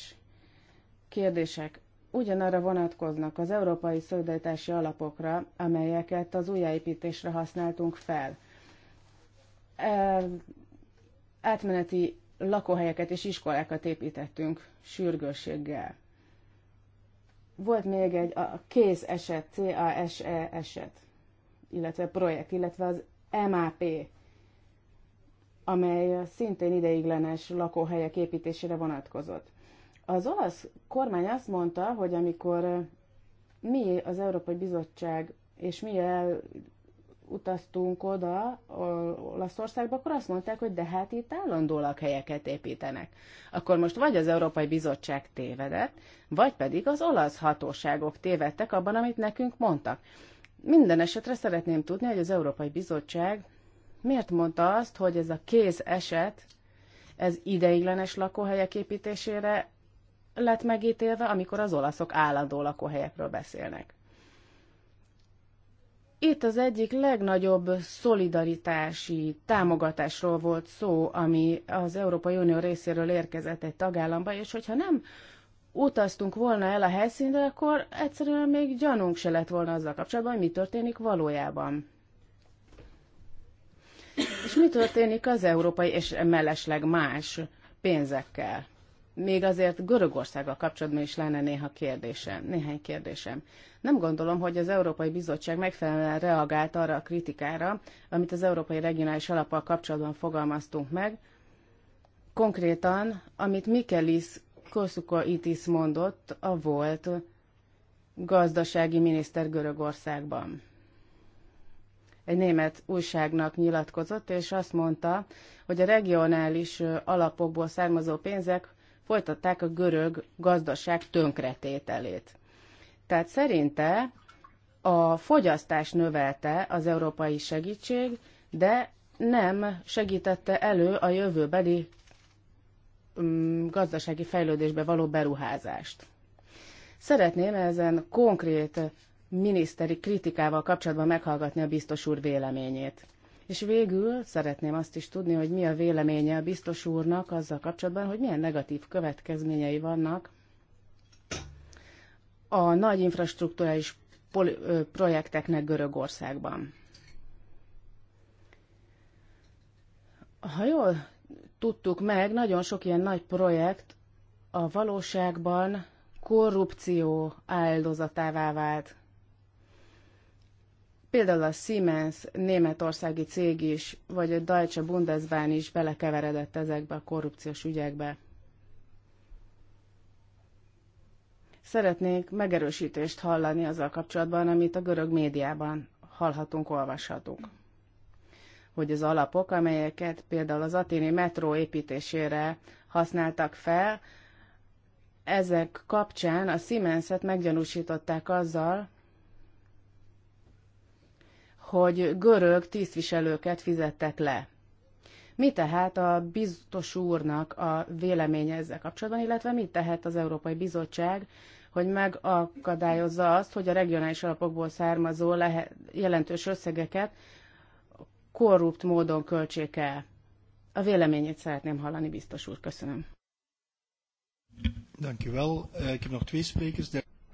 C: kérdések ugyanarra vonatkoznak az európai szolidaritási alapokra, amelyeket az újjáépítésre használtunk fel. E, átmeneti lakóhelyeket és iskolákat építettünk sürgősséggel. Volt még egy a kész eset, CASE eset, illetve projekt, illetve az MAP, amely szintén ideiglenes lakóhelyek építésére vonatkozott. Az olasz kormány azt mondta, hogy amikor mi az Európai Bizottság és mi el utaztunk oda Olaszországba, akkor azt mondták, hogy de hát itt állandó lakhelyeket építenek. Akkor most vagy az Európai Bizottság tévedett, vagy pedig az olasz hatóságok tévedtek abban, amit nekünk mondtak. Minden esetre szeretném tudni, hogy az Európai Bizottság miért mondta azt, hogy ez a kéz eset, ez ideiglenes lakóhelyek építésére lett megítélve, amikor az olaszok állandó lakóhelyekről beszélnek. Itt az egyik legnagyobb szolidaritási támogatásról volt szó, ami az Európai Unió részéről érkezett egy tagállamba, és hogyha nem utaztunk volna el a helyszínre, akkor egyszerűen még gyanunk se lett volna azzal kapcsolatban, hogy mi történik valójában. És mi történik az európai és mellesleg más pénzekkel? még azért Görögországgal kapcsolatban is lenne néha kérdésem, néhány kérdésem. Nem gondolom, hogy az Európai Bizottság megfelelően reagált arra a kritikára, amit az Európai Regionális Alappal kapcsolatban fogalmaztunk meg. Konkrétan, amit Mikelis Kosuko Itis mondott, a volt gazdasági miniszter Görögországban. Egy német újságnak nyilatkozott, és azt mondta, hogy a regionális alapokból származó pénzek folytatták a görög gazdaság tönkretételét. Tehát szerinte a fogyasztás növelte az európai segítség, de nem segítette elő a jövőbeli mm, gazdasági fejlődésbe való beruházást. Szeretném ezen konkrét miniszteri kritikával kapcsolatban meghallgatni a biztos úr véleményét. És végül szeretném azt is tudni, hogy mi a véleménye a biztos úrnak azzal kapcsolatban, hogy milyen negatív következményei vannak a nagy infrastruktúrális projekteknek Görögországban. Ha jól tudtuk meg, nagyon sok ilyen nagy projekt a valóságban korrupció áldozatává vált. Például a Siemens németországi cég is, vagy a Deutsche Bundesbahn is belekeveredett ezekbe a korrupciós ügyekbe. Szeretnék megerősítést hallani azzal kapcsolatban, amit a görög médiában hallhatunk, olvashatunk. Hogy az alapok, amelyeket például az aténi metró építésére használtak fel, ezek kapcsán a Siemenset meggyanúsították azzal, hogy görög tisztviselőket fizettek le. Mi tehát a biztos úrnak a véleménye ezzel kapcsolatban, illetve mit tehet az Európai Bizottság, hogy megakadályozza azt, hogy a regionális alapokból származó lehet, jelentős összegeket korrupt módon költsék el. A véleményét szeretném hallani, biztos úr. Köszönöm. Uh,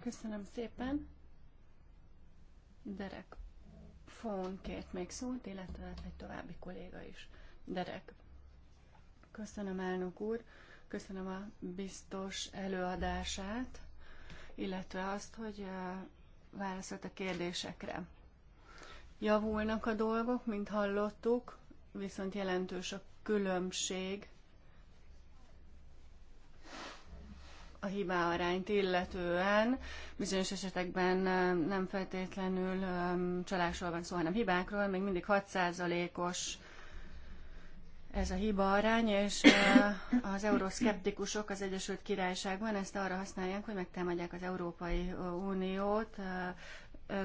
C: Köszönöm
B: szépen. Derek Fón kért még szót, illetve hát egy további kolléga is. Derek. Köszönöm, elnök úr. Köszönöm a biztos előadását, illetve azt, hogy válaszolt a kérdésekre. Javulnak a dolgok, mint hallottuk, viszont jelentős a különbség a hibá arányt illetően bizonyos esetekben nem feltétlenül csalásról van szó, hanem hibákról, még mindig 6%-os ez a hiba arány, és az euroszkeptikusok az Egyesült Királyságban ezt arra használják, hogy megtámadják az Európai Uniót.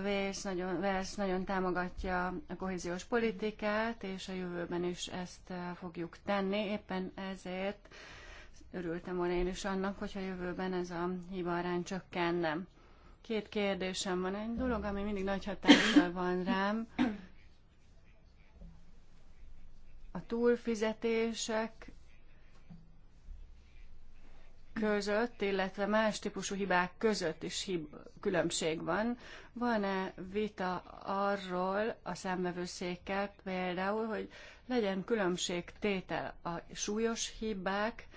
B: Vész nagyon, Vész nagyon támogatja a kohéziós politikát, és a jövőben is ezt fogjuk tenni. Éppen ezért örültem volna én is annak, hogyha jövőben ez a hiba arány csökkenne. Két kérdésem van. Egy dolog, ami mindig nagy hatással van rám, a túlfizetések között, illetve más típusú hibák között is hib- különbség van. Van-e vita arról a számvevőszékkel például, hogy legyen különbség tétel a súlyos hibák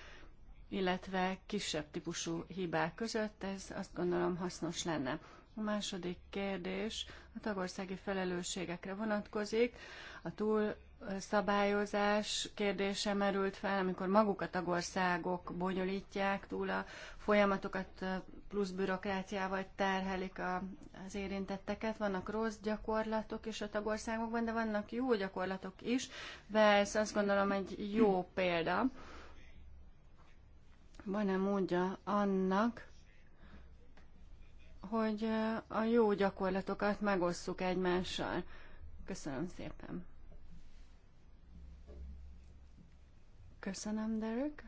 B: illetve kisebb típusú hibák között, ez azt gondolom hasznos lenne. A második kérdés a tagországi felelősségekre vonatkozik. A túl szabályozás kérdése merült fel, amikor maguk a tagországok bonyolítják túl a folyamatokat, plusz bürokráciával terhelik a, az érintetteket. Vannak rossz gyakorlatok is a tagországokban, de vannak jó gyakorlatok is. ez azt gondolom egy jó példa van-e módja annak, hogy a jó gyakorlatokat megosszuk egymással. Köszönöm szépen. Köszönöm, Derek.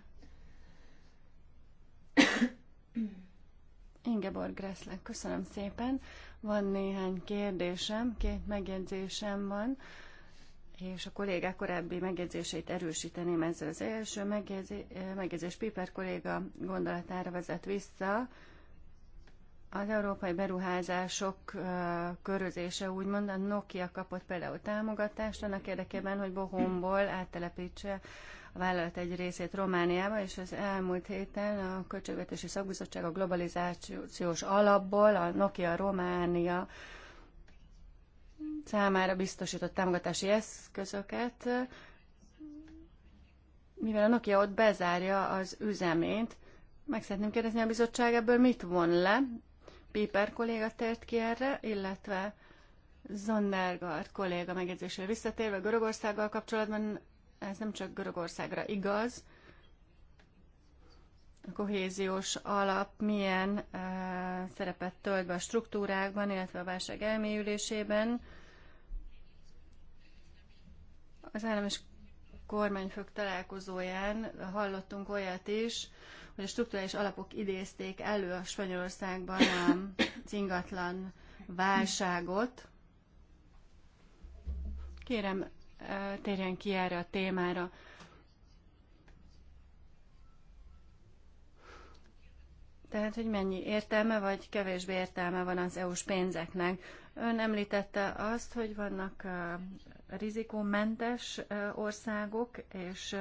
B: Ingeborg Gressler, köszönöm szépen. Van néhány kérdésem, két megjegyzésem van és a kollégák korábbi megjegyzéseit erősíteném ezzel. Az első megjegyzés, megjegyzés Piper kolléga gondolatára vezet vissza. Az európai beruházások körözése úgymond a Nokia kapott például támogatást annak érdekében, hogy Bohomból áttelepítse a vállalat egy részét Romániába, és az elmúlt héten a Költségvetési Szakbizottság a globalizációs alapból a Nokia Románia számára biztosított támogatási eszközöket, mivel a Nokia ott bezárja az üzemét, meg szeretném kérdezni a bizottság ebből mit von le. Piper kolléga tért ki erre, illetve Zondergaard kolléga megjegyzésére visszatérve Görögországgal kapcsolatban, ez nem csak Görögországra igaz, a kohéziós alap milyen uh, szerepet tölt be a struktúrákban, illetve a válság elmélyülésében, az állam és kormányfők találkozóján hallottunk olyat is, hogy a struktúrális alapok idézték elő a Spanyolországban a cingatlan válságot. Kérem, eh, térjen ki erre a témára. Tehát, hogy mennyi értelme vagy kevésbé értelme van az EU-s pénzeknek. Ön említette azt, hogy vannak eh, rizikómentes országok és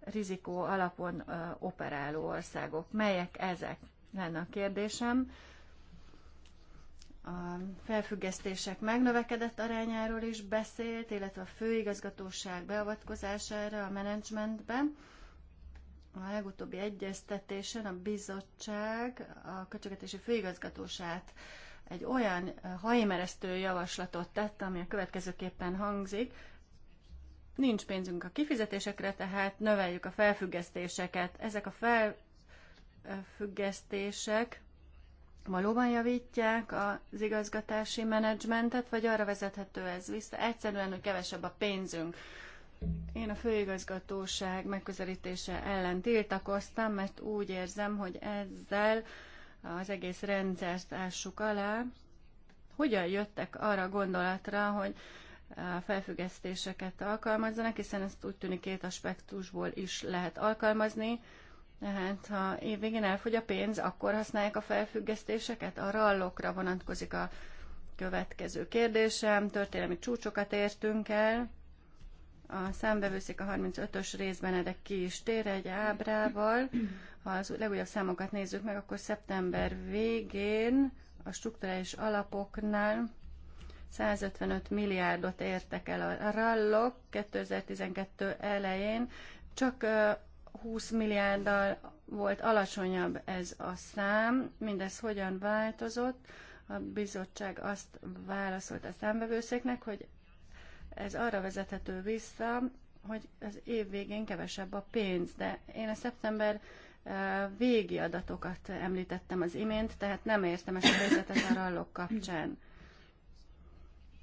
B: rizikó alapon operáló országok. Melyek ezek? Lenne a kérdésem. A felfüggesztések megnövekedett arányáról is beszélt, illetve a főigazgatóság beavatkozására a menedzsmentbe. A legutóbbi egyeztetésen a bizottság a költségvetési főigazgatósát egy olyan eh, hajmeresztő javaslatot tett, ami a következőképpen hangzik. Nincs pénzünk a kifizetésekre, tehát növeljük a felfüggesztéseket. Ezek a felfüggesztések valóban javítják az igazgatási menedzsmentet, vagy arra vezethető ez vissza? Egyszerűen, hogy kevesebb a pénzünk. Én a főigazgatóság megközelítése ellen tiltakoztam, mert úgy érzem, hogy ezzel uh, az egész rendszert ássuk alá, hogyan jöttek arra a gondolatra, hogy felfüggesztéseket alkalmazzanak, hiszen ezt úgy tűnik két aspektusból is lehet alkalmazni. Tehát ha évvégén elfogy a pénz, akkor használják a felfüggesztéseket? A rallokra vonatkozik a következő kérdésem. Történelmi csúcsokat értünk el, a számbevőszék a 35-ös részben erre ki is tér egy ábrával. Ha az legújabb számokat nézzük meg, akkor szeptember végén a struktúrális alapoknál 155 milliárdot értek el a rallok 2012 elején, csak 20 milliárddal volt alacsonyabb ez a szám. Mindez hogyan változott? A bizottság azt válaszolt a számbevőszéknek, hogy ez arra vezethető vissza, hogy az év végén kevesebb a pénz, de én a szeptember eh, végi adatokat említettem az imént, tehát nem értem ezt a helyzetet a rallok kapcsán.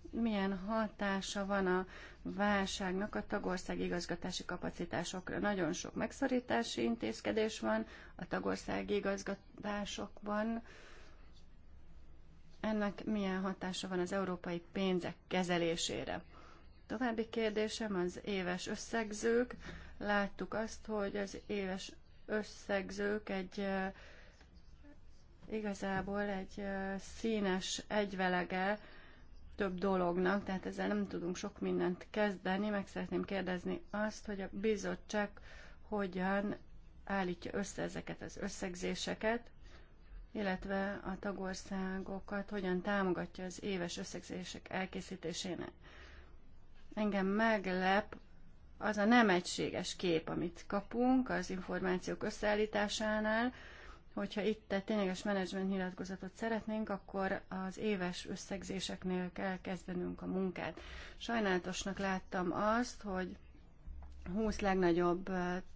B: Milyen hatása van a válságnak a tagország igazgatási kapacitásokra? Nagyon sok megszorítási intézkedés van a tagország igazgatásokban. Ennek milyen hatása van az európai pénzek kezelésére? További kérdésem az éves összegzők. Láttuk azt, hogy az éves összegzők egy igazából egy színes egyvelege több dolognak, tehát ezzel nem tudunk sok mindent kezdeni. Meg szeretném kérdezni azt, hogy a bizottság hogyan állítja össze ezeket az összegzéseket, illetve a tagországokat hogyan támogatja az éves összegzések elkészítésének. Engem meglep az a nem egységes kép, amit kapunk az információk összeállításánál, hogyha itt egy tényleges menedzsment nyilatkozatot szeretnénk, akkor az éves összegzéseknél kell kezdenünk a munkát. Sajnálatosnak láttam azt, hogy 20 legnagyobb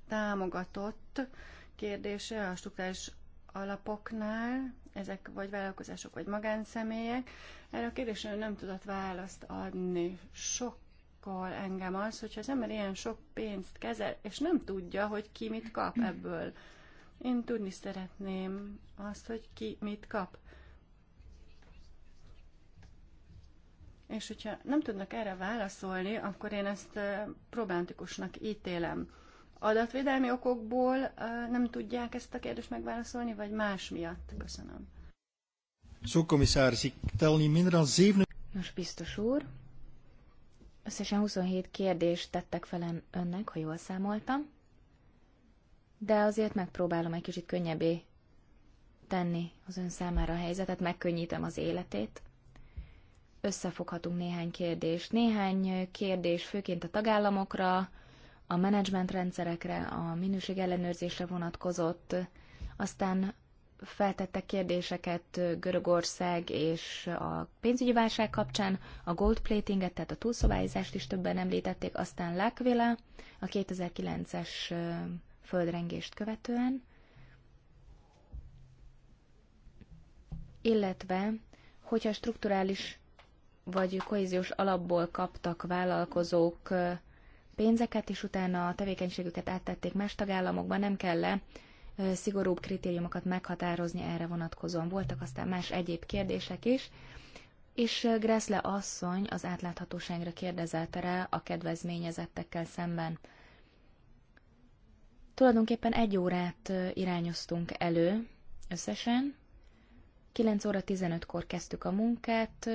B: támogatott kérdése a struktúrális alapoknál, ezek vagy vállalkozások, vagy magánszemélyek, erre a kérdésre nem tudott választ adni. Sok sokkol engem az, hogyha az ember ilyen sok pénzt kezel, és nem tudja, hogy ki mit kap ebből. Én tudni szeretném azt, hogy ki mit kap. És hogyha nem tudnak erre válaszolni, akkor én ezt problematikusnak ítélem. Adatvédelmi okokból nem tudják ezt a kérdést megválaszolni, vagy más miatt? Köszönöm.
A: Szó, komisszár, Nos, biztos úr, Összesen 27 kérdést tettek fel önnek, ha jól számoltam, de azért megpróbálom egy kicsit könnyebbé tenni az ön számára a helyzetet, megkönnyítem az életét. Összefoghatunk néhány kérdést. Néhány kérdés főként a tagállamokra, a menedzsmentrendszerekre, a minőségellenőrzésre vonatkozott, aztán feltettek kérdéseket Görögország és a pénzügyi válság kapcsán, a gold platinget, tehát a túlszabályozást is többen említették, aztán Lakvila a 2009-es földrengést követően, illetve hogyha strukturális vagy kohéziós alapból kaptak vállalkozók pénzeket, és utána a tevékenységüket áttették más tagállamokba, nem kell -e szigorúbb kritériumokat meghatározni erre vonatkozóan. Voltak aztán más egyéb kérdések is, és Gressle asszony az átláthatóságra kérdezelte rá a kedvezményezettekkel szemben. Tulajdonképpen egy órát irányoztunk elő összesen. 9 óra 15-kor kezdtük a munkát,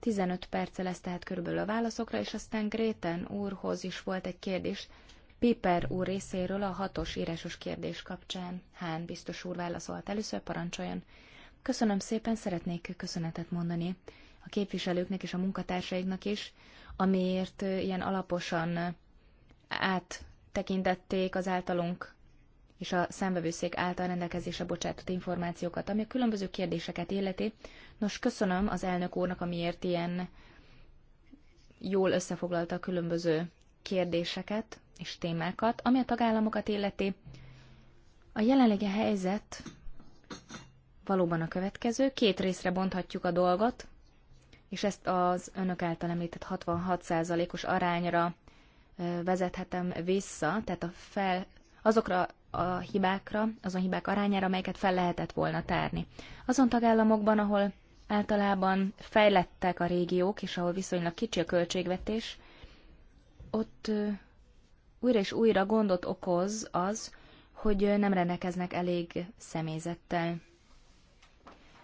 A: 15 perce lesz tehát körülbelül a válaszokra, és aztán Gréten úrhoz is volt egy kérdés, Piper úr részéről a hatos írásos kérdés kapcsán Hán biztos úr válaszolt. Először parancsoljon. Köszönöm szépen, szeretnék köszönetet mondani a képviselőknek és a munkatársaiknak is, amiért ilyen alaposan áttekintették az általunk és a számbevőszék által rendelkezésre bocsátott információkat, ami a különböző kérdéseket illeti. Nos, köszönöm az elnök úrnak, amiért ilyen jól összefoglalta a különböző kérdéseket, és témákat, ami a tagállamokat illeti. A jelenlegi helyzet valóban a következő. Két részre bonthatjuk a dolgot, és ezt az önök által említett 66%-os arányra vezethetem vissza, tehát a fel, azokra a hibákra, azon hibák arányára, amelyeket fel lehetett volna tárni. Azon tagállamokban, ahol általában fejlettek a régiók, és ahol viszonylag kicsi a költségvetés, ott újra és újra gondot okoz az, hogy nem rendelkeznek elég személyzettel.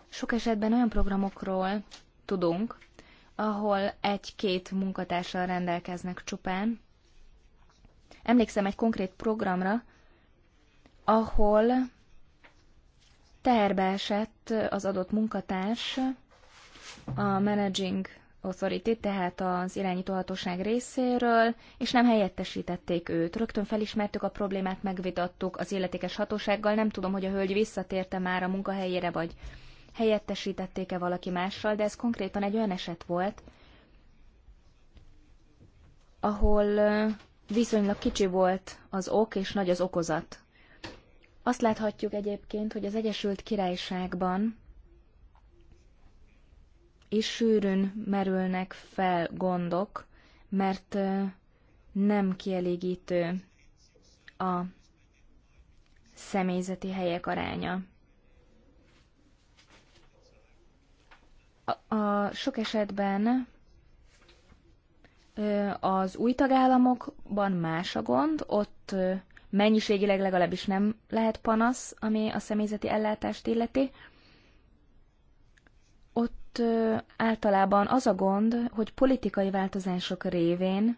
A: Sok esetben olyan programokról tudunk, ahol egy-két munkatársal rendelkeznek csupán. Emlékszem egy konkrét programra, ahol teherbe esett az adott munkatárs, a managing Authority, tehát az irányítóhatóság részéről, és nem helyettesítették őt. Rögtön felismertük a problémát, megvitattuk az illetékes hatósággal, nem tudom, hogy a hölgy visszatérte már a munkahelyére, vagy helyettesítették-e valaki mással, de ez konkrétan egy olyan eset volt, ahol viszonylag kicsi volt az ok és nagy az okozat. Azt láthatjuk egyébként, hogy az Egyesült Királyságban és sűrűn merülnek fel gondok, mert nem kielégítő a személyzeti helyek aránya. A, a sok esetben az új tagállamokban más a gond, ott mennyiségileg legalábbis nem lehet panasz, ami a személyzeti ellátást illeti. Itt általában az a gond, hogy politikai változások révén,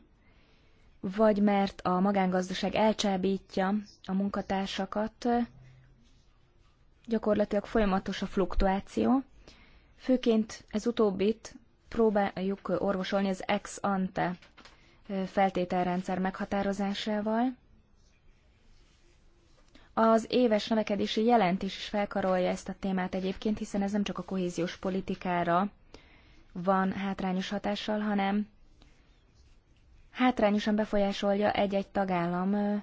A: vagy mert a magángazdaság elcsábítja a munkatársakat, gyakorlatilag folyamatos a fluktuáció. Főként ez utóbbit próbáljuk orvosolni az ex ante feltételrendszer meghatározásával, az éves növekedési jelentés is felkarolja ezt a témát egyébként, hiszen ez nem csak a kohéziós politikára van hátrányos hatással, hanem hátrányosan befolyásolja egy-egy tagállam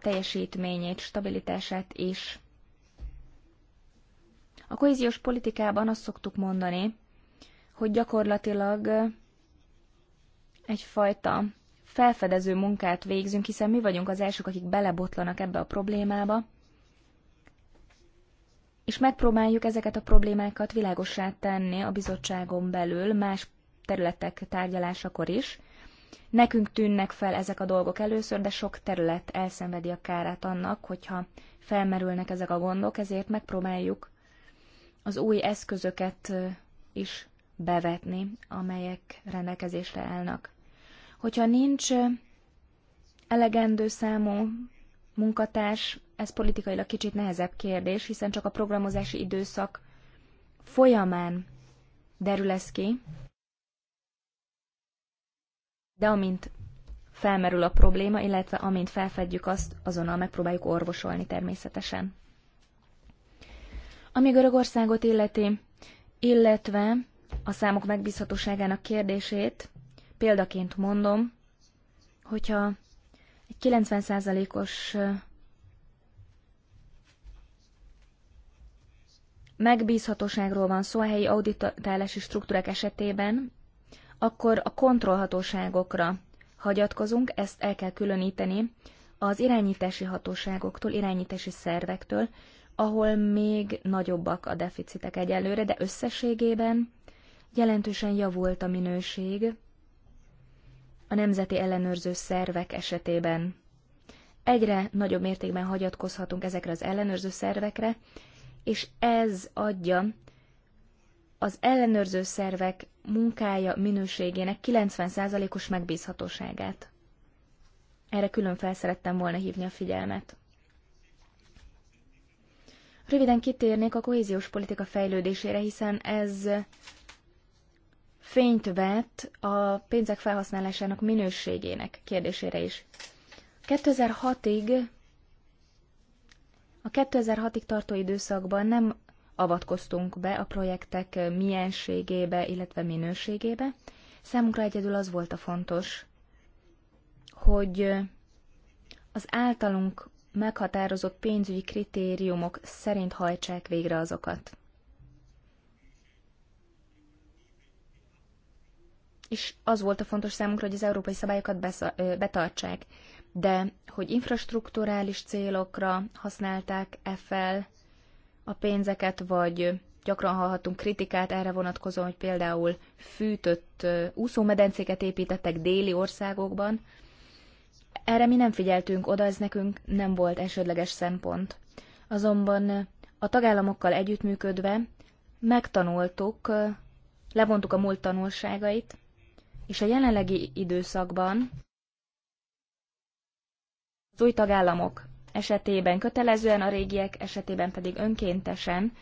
A: teljesítményét, stabilitását is. A kohéziós politikában azt szoktuk mondani, hogy gyakorlatilag egyfajta felfedező munkát végzünk, hiszen mi vagyunk az elsők, akik belebotlanak ebbe a problémába, és megpróbáljuk ezeket a problémákat világossá tenni a bizottságon belül más területek tárgyalásakor is. Nekünk tűnnek fel ezek a dolgok először, de sok terület elszenvedi a kárát annak, hogyha felmerülnek ezek a gondok, ezért megpróbáljuk az új eszközöket is bevetni, amelyek rendelkezésre állnak. Hogyha nincs elegendő számú munkatárs, ez politikailag kicsit nehezebb kérdés, hiszen csak a programozási időszak folyamán derül ez ki, de amint felmerül a probléma, illetve amint felfedjük azt, azonnal megpróbáljuk orvosolni természetesen. Ami Görögországot illeti, illetve a számok megbízhatóságának kérdését, példaként mondom, hogyha egy 90%-os megbízhatóságról van szó a helyi auditálási struktúrák esetében, akkor a kontrollhatóságokra hagyatkozunk, ezt el kell különíteni az irányítási hatóságoktól, irányítási szervektől, ahol még nagyobbak a deficitek egyelőre, de összességében jelentősen javult a minőség a nemzeti ellenőrző szervek esetében. Egyre nagyobb mértékben hagyatkozhatunk ezekre az ellenőrző szervekre, és ez adja az ellenőrző szervek munkája minőségének 90%-os megbízhatóságát. Erre külön felszerettem volna hívni a figyelmet. Röviden kitérnék a kohéziós politika fejlődésére, hiszen ez fényt vett a pénzek felhasználásának minőségének kérdésére is. 2006-ig a 2006-ig tartó időszakban nem avatkoztunk be a projektek mienségébe, illetve minőségébe. Számunkra egyedül az volt a fontos, hogy az általunk meghatározott pénzügyi kritériumok szerint hajtsák végre azokat. és az volt a fontos számunkra, hogy az európai szabályokat besza, betartsák. De hogy infrastruktúrális célokra használták-e fel a pénzeket, vagy gyakran hallhatunk kritikát erre vonatkozóan, hogy például fűtött úszómedencéket építettek déli országokban. Erre mi nem figyeltünk oda, ez nekünk nem volt esődleges szempont. Azonban a tagállamokkal együttműködve megtanultuk, levontuk a múlt tanulságait, és a jelenlegi időszakban az új tagállamok esetében kötelezően, a régiek esetében pedig önkéntesen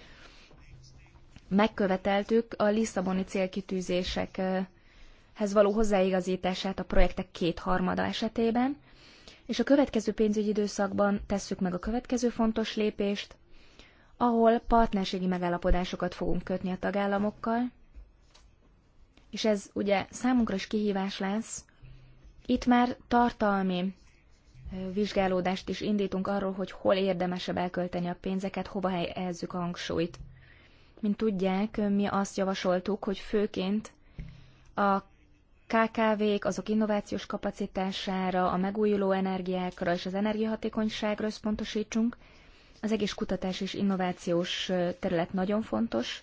A: megköveteltük a Lisszaboni célkitűzésekhez való hozzáigazítását a projektek kétharmada esetében, és a következő pénzügyi időszakban tesszük meg a következő fontos lépést, ahol partnerségi megállapodásokat fogunk kötni a tagállamokkal, és ez ugye számunkra is kihívás lesz. Itt már tartalmi vizsgálódást is indítunk arról, hogy hol érdemesebb elkölteni a pénzeket, hova helyezzük a hangsúlyt. Mint tudják, mi azt javasoltuk, hogy főként a KKV-k, azok innovációs kapacitására, a megújuló energiákra és az energiahatékonyságra összpontosítsunk. Az egész kutatás és innovációs terület nagyon fontos.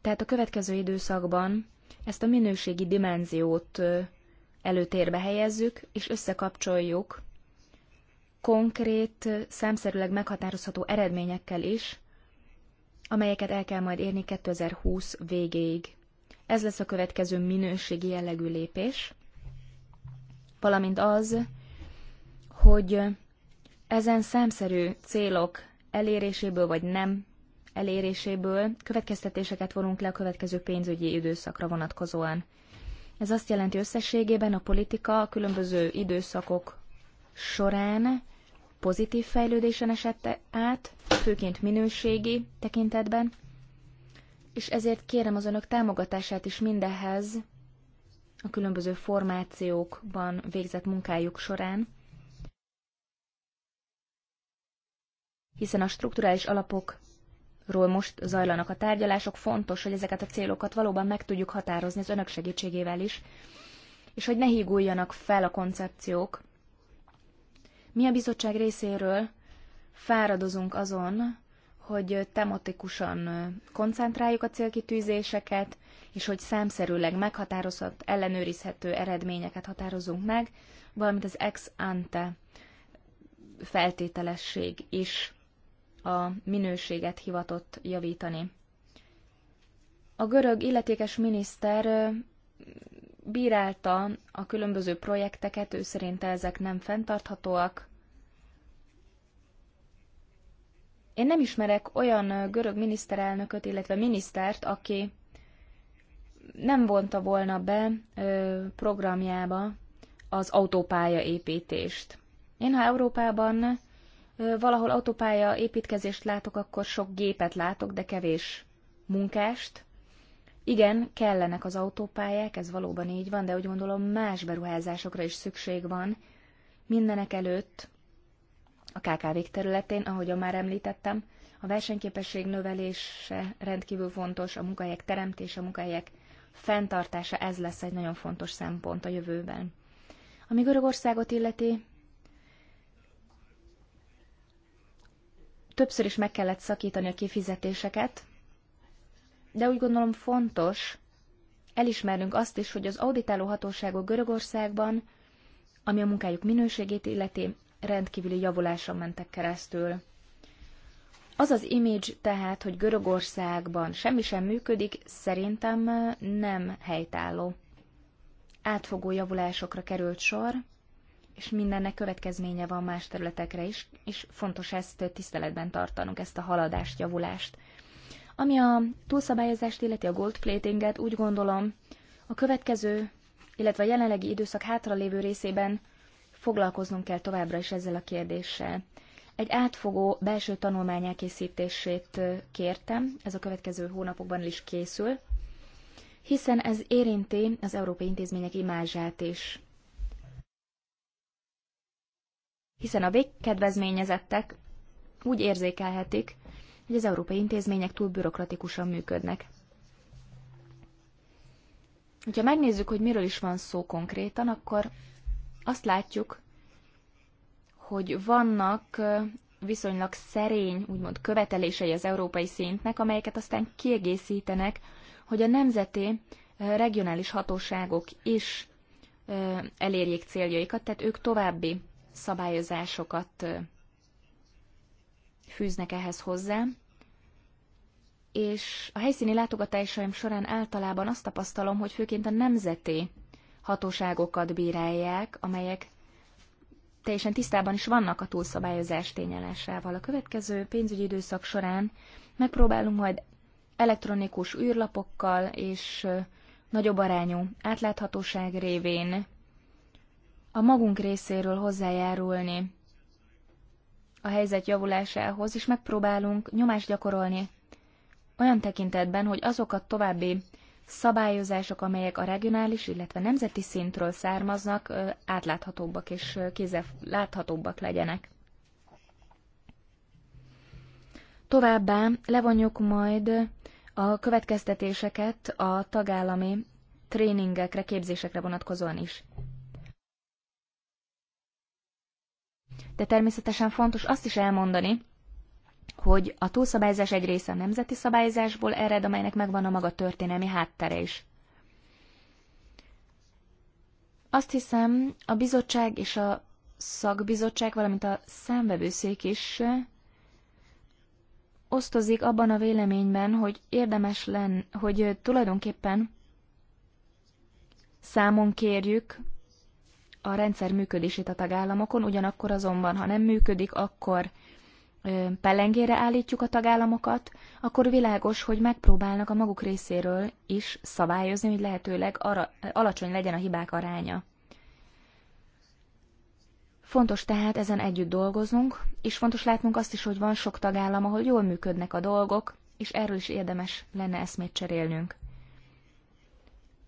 A: Tehát a következő időszakban ezt a minőségi dimenziót előtérbe helyezzük, és összekapcsoljuk konkrét, számszerűleg meghatározható eredményekkel is, amelyeket el kell majd érni 2020 végéig. Ez lesz a következő minőségi jellegű lépés, valamint az, hogy ezen számszerű célok eléréséből vagy nem eléréséből következtetéseket vonunk le a következő pénzügyi időszakra vonatkozóan. Ez azt jelenti összességében a politika a különböző időszakok során pozitív fejlődésen esett át, főként minőségi tekintetben, és ezért kérem az önök támogatását is mindehhez a különböző formációkban végzett munkájuk során, hiszen a strukturális alapok ról most zajlanak a tárgyalások. Fontos, hogy ezeket a célokat valóban meg tudjuk határozni az önök segítségével is, és hogy ne híguljanak fel a koncepciók. Mi a bizottság részéről fáradozunk azon, hogy tematikusan koncentráljuk a célkitűzéseket, és hogy számszerűleg meghatározott, ellenőrizhető eredményeket határozunk meg, valamint az ex ante feltételesség is a minőséget hivatott javítani. A görög illetékes miniszter bírálta a különböző projekteket, ő szerint ezek nem fenntarthatóak. Én nem ismerek olyan görög miniszterelnököt, illetve minisztert, aki nem vonta volna be programjába az autópálya építést. Én ha Európában valahol autópálya építkezést látok, akkor sok gépet látok, de kevés munkást. Igen, kellenek az autópályák, ez valóban így van, de úgy gondolom más beruházásokra is szükség van. Mindenek előtt a kkv területén, ahogyan már említettem, a versenyképesség növelése rendkívül fontos, a munkahelyek teremtése, a munkahelyek fenntartása, ez lesz egy nagyon fontos szempont a jövőben. Ami Görögországot illeti, Többször is meg kellett szakítani a kifizetéseket, de úgy gondolom fontos elismernünk azt is, hogy az auditáló hatóságok Görögországban, ami a munkájuk minőségét illeti, rendkívüli javuláson mentek keresztül. Az az image tehát, hogy Görögországban semmi sem működik, szerintem nem helytálló. Átfogó javulásokra került sor, és mindennek következménye van más területekre is, és fontos ezt tiszteletben tartanunk, ezt a haladást, javulást. Ami a túlszabályozást illeti a gold platinget, úgy gondolom, a következő, illetve a jelenlegi időszak hátralévő részében foglalkoznunk kell továbbra is ezzel a kérdéssel. Egy átfogó belső tanulmány elkészítését kértem, ez a következő hónapokban is készül, hiszen ez érinti az európai intézmények imázsát is. hiszen a végkedvezményezettek úgy érzékelhetik, hogy az európai intézmények túl bürokratikusan működnek. Ha megnézzük, hogy miről is van szó konkrétan, akkor azt látjuk, hogy vannak viszonylag szerény, úgymond követelései az európai szintnek, amelyeket aztán kiegészítenek, hogy a nemzeti regionális hatóságok is elérjék céljaikat, tehát ők további szabályozásokat fűznek ehhez hozzá. És a helyszíni látogatásaim során általában azt tapasztalom, hogy főként a nemzeti hatóságokat bírálják, amelyek teljesen tisztában is vannak a túlszabályozás tényelásával. A következő pénzügyi időszak során megpróbálunk majd elektronikus űrlapokkal és nagyobb arányú átláthatóság révén a magunk részéről hozzájárulni a helyzet javulásához, és megpróbálunk nyomást gyakorolni olyan tekintetben, hogy azok a további szabályozások, amelyek a regionális, illetve nemzeti szintről származnak, átláthatóbbak és kézzel láthatóbbak legyenek. Továbbá levonjuk majd a következtetéseket a tagállami tréningekre, képzésekre vonatkozóan is. de természetesen fontos azt is elmondani, hogy a túlszabályzás egy része a nemzeti szabályzásból ered, amelynek megvan a maga történelmi háttere is. Azt hiszem, a bizottság és a szakbizottság, valamint a számvevőszék is osztozik abban a véleményben, hogy érdemes lenne, hogy tulajdonképpen számon kérjük a rendszer működését a tagállamokon, ugyanakkor azonban, ha nem működik, akkor pelengére állítjuk a tagállamokat, akkor világos, hogy megpróbálnak a maguk részéről is szabályozni, hogy lehetőleg ara, alacsony legyen a hibák aránya. Fontos tehát ezen együtt dolgoznunk, és fontos látnunk azt is, hogy van sok tagállam, ahol jól működnek a dolgok, és erről is érdemes lenne eszmét cserélnünk.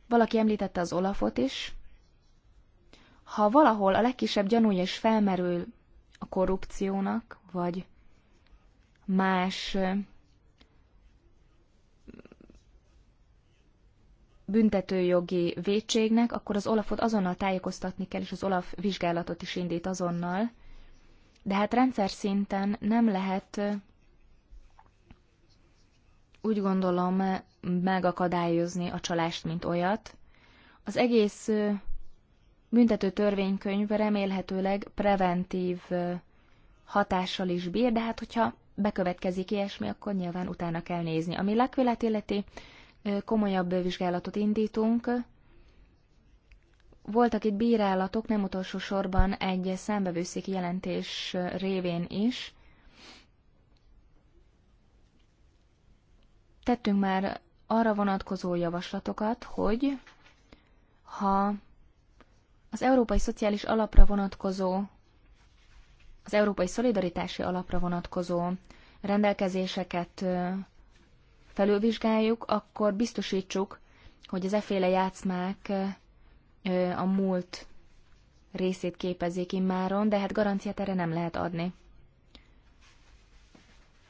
A: Valaki említette az Olafot is, ha valahol a legkisebb gyanúja is felmerül a korrupciónak, vagy más büntetőjogi vétségnek, akkor az Olafot azonnal tájékoztatni kell, és az Olaf vizsgálatot is indít azonnal. De hát rendszer szinten nem lehet úgy gondolom megakadályozni a csalást, mint olyat. Az egész büntető törvénykönyv remélhetőleg preventív hatással is bír, de hát hogyha bekövetkezik ilyesmi, akkor nyilván utána kell nézni. Ami lakvilát illeti, komolyabb vizsgálatot indítunk. Voltak itt bírálatok, nem utolsó sorban egy számbevőszéki jelentés révén is. Tettünk már arra vonatkozó javaslatokat, hogy ha az Európai Szociális Alapra vonatkozó, az Európai Szolidaritási Alapra vonatkozó rendelkezéseket felülvizsgáljuk, akkor biztosítsuk, hogy az eféle játszmák a múlt részét képezzék immáron, de hát garanciát erre nem lehet adni.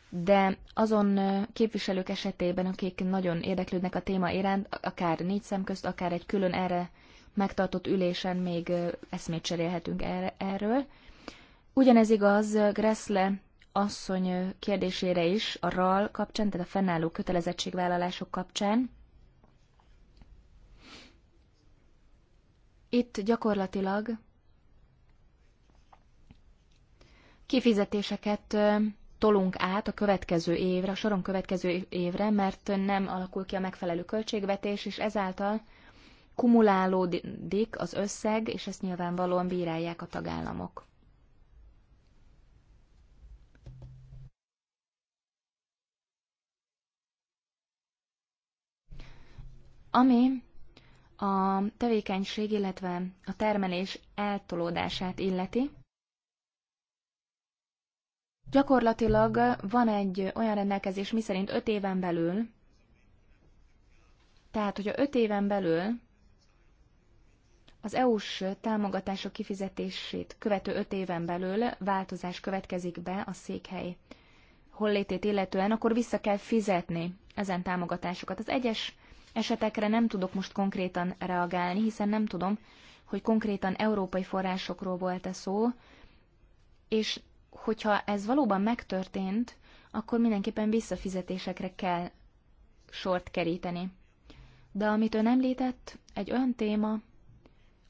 A: De azon képviselők esetében, akik nagyon érdeklődnek a téma iránt, akár négy szem közt, akár egy külön erre megtartott ülésen még eszmét cserélhetünk erről. Ugyanez igaz Gressle asszony kérdésére is a RAL kapcsán, tehát a fennálló kötelezettségvállalások kapcsán. Itt gyakorlatilag kifizetéseket tolunk át a következő évre, a soron következő évre, mert nem alakul ki a megfelelő költségvetés, és ezáltal kumulálódik az összeg, és ezt nyilvánvalóan bírálják a tagállamok. Ami a tevékenység, illetve a termelés eltolódását illeti, Gyakorlatilag van egy olyan rendelkezés, miszerint 5 éven belül, tehát hogyha 5 éven belül az EU-s támogatások kifizetését követő öt éven belül változás következik be a székhely hollétét illetően, akkor vissza kell fizetni ezen támogatásokat. Az egyes esetekre nem tudok most konkrétan reagálni, hiszen nem tudom, hogy konkrétan európai forrásokról volt-e szó, és hogyha ez valóban megtörtént, akkor mindenképpen visszafizetésekre kell sort keríteni. De amit ön említett, egy olyan téma,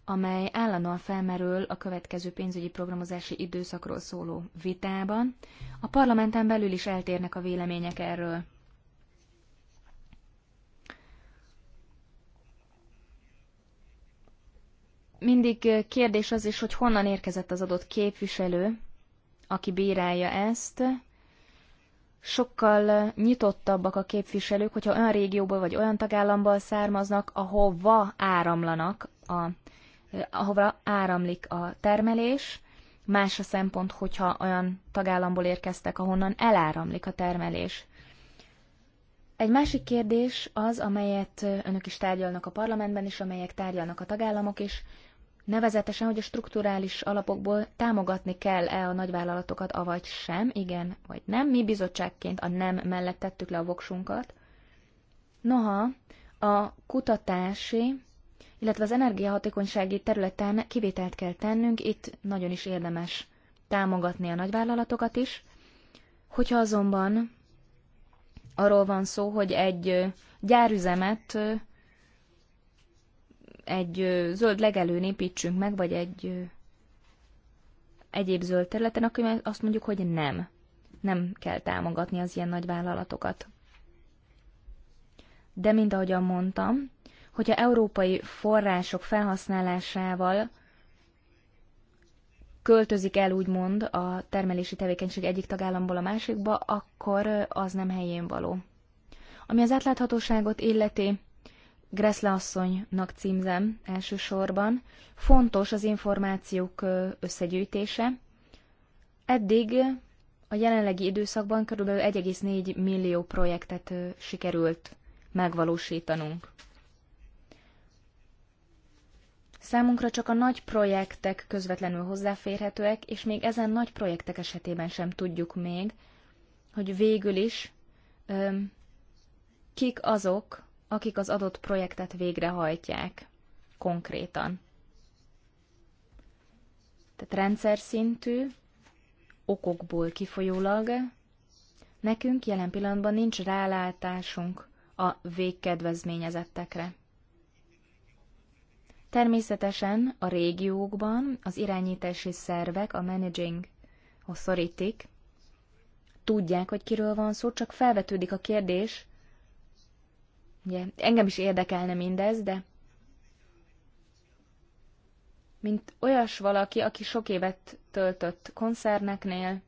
A: amely állandóan felmerül a következő pénzügyi programozási időszakról szóló vitában. A parlamenten belül is eltérnek a vélemények erről. Mindig kérdés az is, hogy honnan érkezett az adott képviselő, aki bírálja ezt, sokkal nyitottabbak a képviselők, hogyha olyan régióból vagy olyan tagállamból származnak, ahova áramlanak a ahova áramlik a termelés, más a szempont, hogyha olyan tagállamból érkeztek, ahonnan eláramlik a termelés. Egy másik kérdés az, amelyet önök is tárgyalnak a parlamentben, és amelyek tárgyalnak a tagállamok is, nevezetesen, hogy a strukturális alapokból támogatni kell-e a nagyvállalatokat, avagy sem, igen vagy nem. Mi bizottságként a nem mellett tettük le a voksunkat. Noha a kutatási illetve az energiahatékonysági területen kivételt kell tennünk, itt nagyon is érdemes támogatni a nagyvállalatokat is. Hogyha azonban arról van szó, hogy egy gyárüzemet egy zöld legelőn építsünk meg, vagy egy egyéb zöld területen, akkor azt mondjuk, hogy nem. Nem kell támogatni az ilyen nagy vállalatokat. De mint ahogyan mondtam, hogyha európai források felhasználásával költözik el úgymond a termelési tevékenység egyik tagállamból a másikba, akkor az nem helyén való. Ami az átláthatóságot illeti, Gressle asszonynak címzem elsősorban, fontos az információk összegyűjtése. Eddig a jelenlegi időszakban kb. 1,4 millió projektet sikerült megvalósítanunk. Számunkra csak a nagy projektek közvetlenül hozzáférhetőek, és még ezen nagy projektek esetében sem tudjuk még, hogy végül is öm, kik azok, akik az adott projektet végrehajtják konkrétan. Tehát rendszer szintű, okokból kifolyólag nekünk jelen pillanatban nincs rálátásunk a végkedvezményezettekre. Természetesen a régiókban az irányítási szervek, a managing authority tudják, hogy kiről van szó, csak felvetődik a kérdés, ugye, engem is érdekelne mindez, de mint olyas valaki, aki sok évet töltött koncerneknél,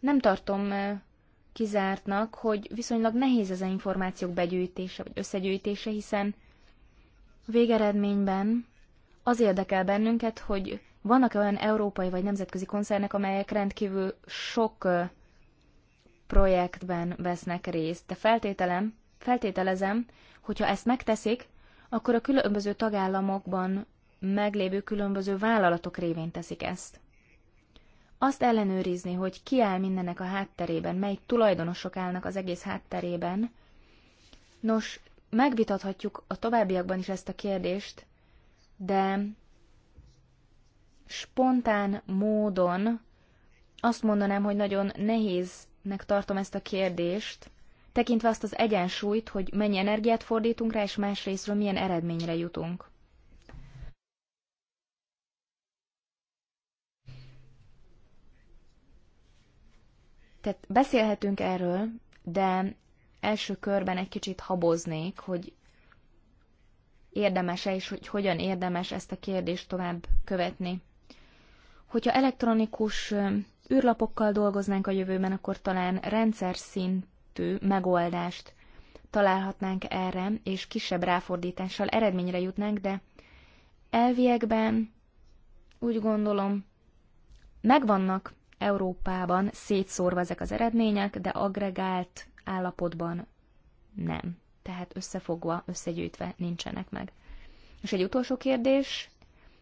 A: nem tartom eh, kizártnak, hogy viszonylag nehéz ez a információk begyűjtése vagy összegyűjtése, hiszen Végeredményben az érdekel bennünket, hogy vannak-e olyan európai vagy nemzetközi koncernek, amelyek rendkívül sok projektben vesznek részt. De feltételem, feltételezem, hogyha ezt megteszik, akkor a különböző tagállamokban meglévő különböző vállalatok révén teszik ezt. Azt ellenőrizni, hogy ki áll mindennek a hátterében, mely tulajdonosok állnak az egész hátterében. Nos, megvitathatjuk a továbbiakban is ezt a kérdést, de spontán módon azt mondanám, hogy nagyon nehéznek tartom ezt a kérdést, tekintve azt az egyensúlyt, hogy mennyi energiát fordítunk rá, és másrésztről milyen eredményre jutunk. Tehát beszélhetünk erről, de első körben egy kicsit haboznék, hogy érdemes-e és hogy hogyan érdemes ezt a kérdést tovább követni. Hogyha elektronikus űrlapokkal dolgoznánk a jövőben, akkor talán rendszer szintű megoldást találhatnánk erre, és kisebb ráfordítással eredményre jutnánk, de elviekben úgy gondolom, megvannak Európában szétszórva ezek az eredmények, de agregált állapotban nem. Tehát összefogva, összegyűjtve nincsenek meg. És egy utolsó kérdés,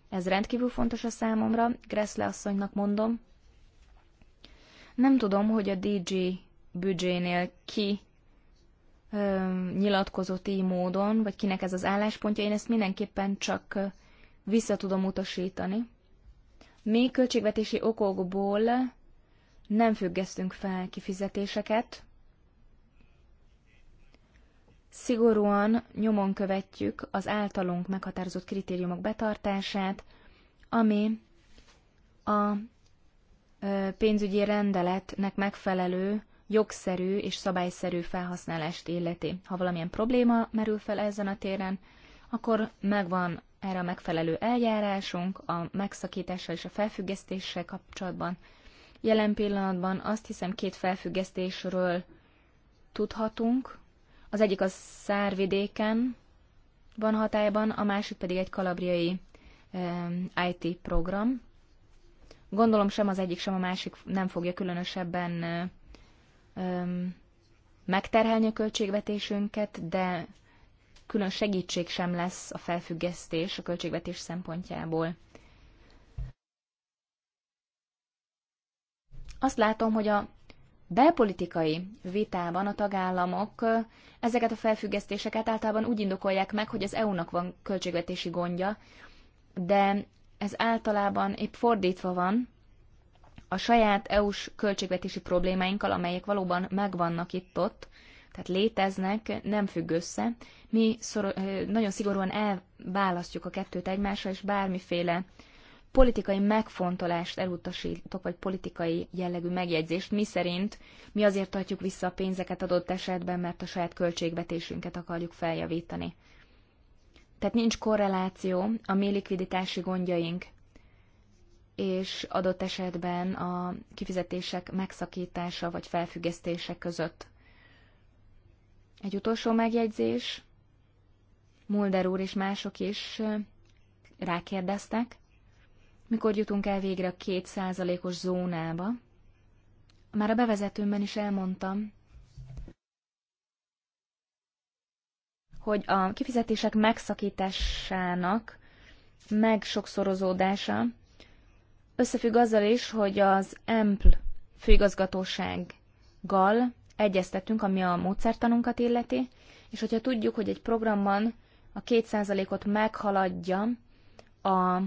A: ez rendkívül fontos a számomra, Gressle asszonynak mondom. Nem tudom, hogy a DJ büdzsénél ki ö, nyilatkozott így módon, vagy kinek ez az álláspontja, én ezt mindenképpen csak vissza tudom utasítani. Mi költségvetési okokból nem függesztünk fel kifizetéseket, Szigorúan nyomon követjük az általunk meghatározott kritériumok betartását, ami a pénzügyi rendeletnek megfelelő jogszerű és szabályszerű felhasználást illeti. Ha valamilyen probléma merül fel ezen a téren, akkor megvan erre a megfelelő eljárásunk a megszakítással és a felfüggesztéssel kapcsolatban. Jelen pillanatban azt hiszem két felfüggesztésről tudhatunk, az egyik a Szárvidéken van hatályban, a másik pedig egy kalabriai IT program. Gondolom sem az egyik, sem a másik nem fogja különösebben megterhelni a költségvetésünket, de külön segítség sem lesz a felfüggesztés a költségvetés szempontjából. Azt látom, hogy a belpolitikai vitában a tagállamok ezeket a felfüggesztéseket általában úgy indokolják meg, hogy az EU-nak van költségvetési gondja, de ez általában épp fordítva van a saját EU-s költségvetési problémáinkkal, amelyek valóban megvannak itt-ott, tehát léteznek, nem függ össze. Mi szor- nagyon szigorúan elválasztjuk a kettőt egymásra, és bármiféle politikai megfontolást elutasítok, vagy politikai jellegű megjegyzést, mi szerint mi azért tartjuk vissza a pénzeket adott esetben, mert a saját költségvetésünket akarjuk feljavítani. Tehát nincs korreláció a mi likviditási gondjaink és adott esetben a kifizetések megszakítása vagy felfüggesztése között. Egy utolsó megjegyzés. Mulder úr és mások is rákérdeztek. Mikor jutunk el végre a kétszázalékos zónába? Már a bevezetőmben is elmondtam, hogy a kifizetések megszakításának megsokszorozódása összefügg azzal is, hogy az EMPL főigazgatósággal egyeztettünk, ami a módszertanunkat illeti, és hogyha tudjuk, hogy egy programban a kétszázalékot meghaladja a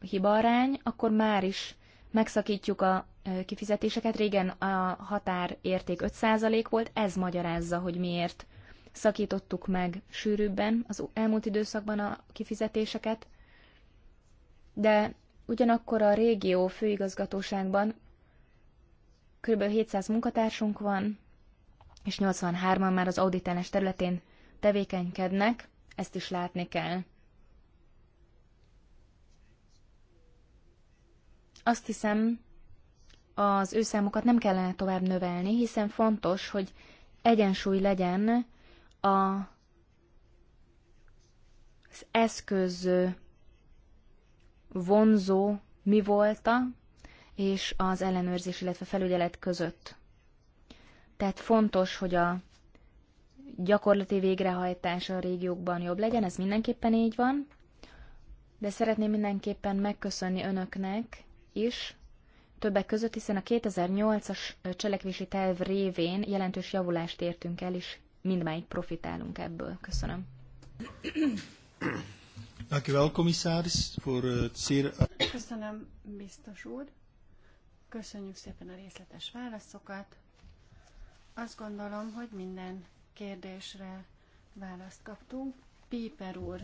A: hibarány, akkor már is megszakítjuk a kifizetéseket. Régen a határérték 5% volt, ez magyarázza, hogy miért szakítottuk meg sűrűbben az elmúlt időszakban a kifizetéseket, de ugyanakkor a régió főigazgatóságban kb. 700 munkatársunk van, és 83-an már az auditálás területén tevékenykednek, ezt is látni kell. Azt hiszem, az ő nem kellene tovább növelni, hiszen fontos, hogy egyensúly legyen a, az eszköz vonzó mi volta, és az ellenőrzés, illetve felügyelet között. Tehát fontos, hogy a gyakorlati végrehajtása a régiókban jobb legyen, ez mindenképpen így van, de szeretném mindenképpen megköszönni önöknek is, többek között, hiszen a 2008-as cselekvési terv révén jelentős javulást értünk el, és mindmáig profitálunk ebből. Köszönöm.
B: Köszönöm, biztos úr. Köszönjük szépen a részletes válaszokat. Azt gondolom, hogy minden kérdésre választ kaptunk. Piper úr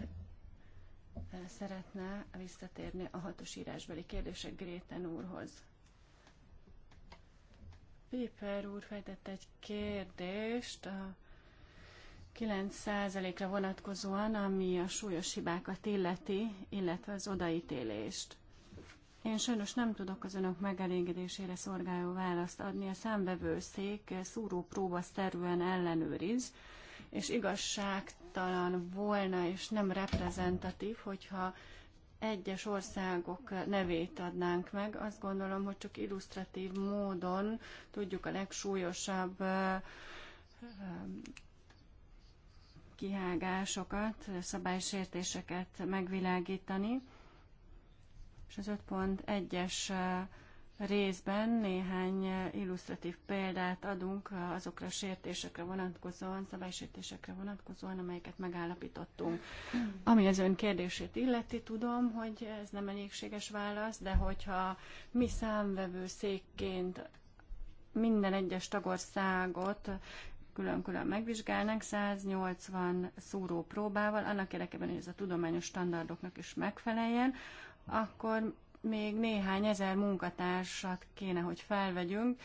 B: Eh, szeretne visszatérni a hatos írásbeli kérdése Gréten úrhoz. Piper úr fejtett egy kérdést a 9%-ra vonatkozóan, ami a súlyos hibákat illeti, illetve az odaítélést. Én sajnos nem tudok az önök megelégedésére szorgáló választ adni. A számbevőszék szúró próba szerűen ellenőriz, és igazságtalan volna, és nem reprezentatív, hogyha egyes országok nevét adnánk meg. Azt gondolom, hogy csak illusztratív módon tudjuk a legsúlyosabb kihágásokat, szabálysértéseket megvilágítani. És az 5.1-es részben néhány illusztratív példát adunk azokra a sértésekre vonatkozóan, szabálysértésekre vonatkozóan, amelyeket megállapítottunk. Ami az ön kérdését illeti, tudom, hogy ez nem elégséges válasz, de hogyha mi számvevő székként minden egyes tagországot külön-külön megvizsgálnak 180 szúró próbával, annak érdekében, hogy ez a tudományos standardoknak is megfeleljen, akkor még néhány ezer munkatársat kéne, hogy felvegyünk,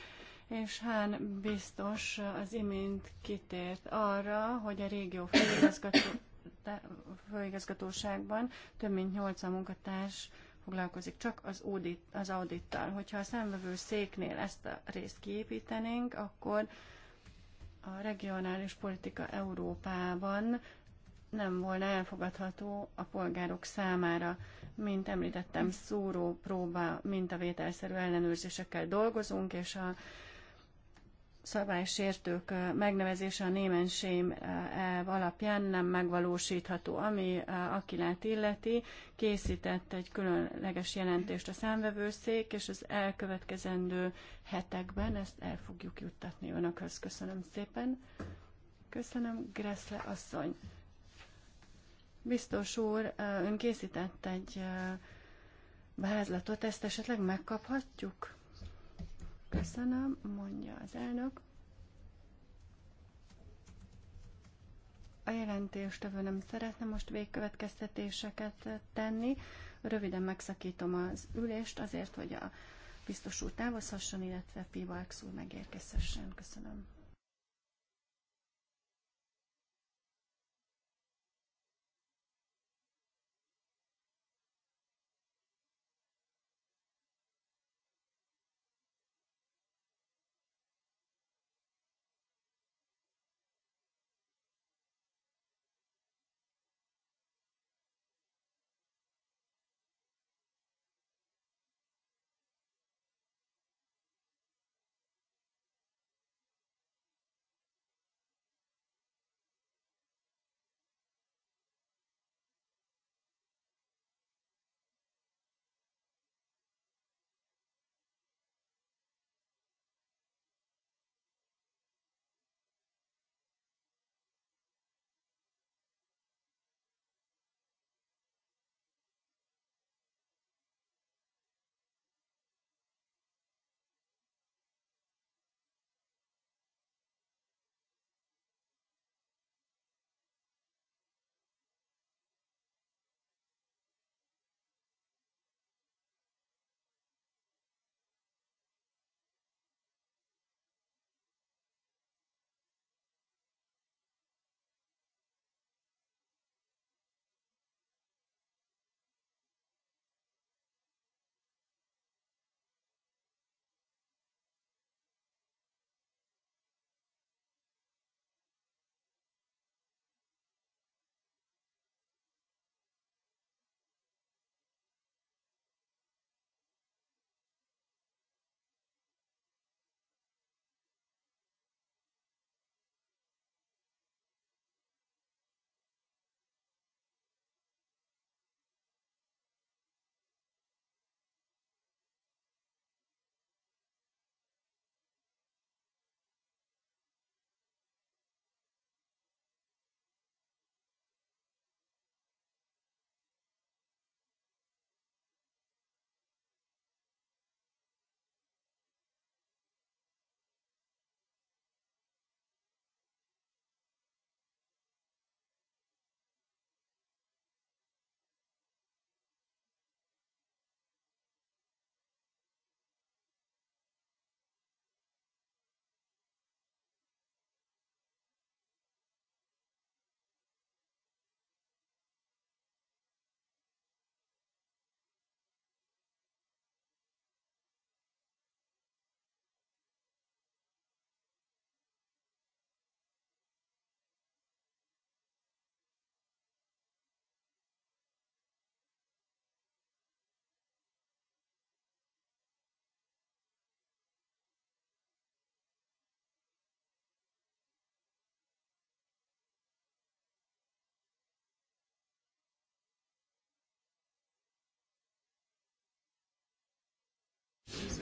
B: és Hán biztos az imént kitért arra, hogy a régió főigazgatóságban több mint 80 munkatárs foglalkozik csak az, audit, az audittal. Hogyha a szemvevő széknél ezt a részt kiépítenénk, akkor a regionális politika Európában nem volna elfogadható a polgárok számára. Mint említettem, szóró próba mintavételszerű ellenőrzésekkel dolgozunk, és a szabálysértők eh, megnevezése a némensém eh, alapján nem megvalósítható. Ami eh, Akilát illeti, készített egy különleges jelentést a számvevőszék, és az elkövetkezendő hetekben ezt el fogjuk juttatni önökhöz. Köszönöm szépen. Köszönöm, Greszle asszony. Biztos úr, ön készített egy vázlatot, ezt esetleg megkaphatjuk? Köszönöm, mondja az elnök. A jelentéstevő nem szeretne most végkövetkeztetéseket tenni. Röviden megszakítom az ülést azért, hogy a biztos úr távozhasson, illetve Pivax úr megérkezhessen. Köszönöm.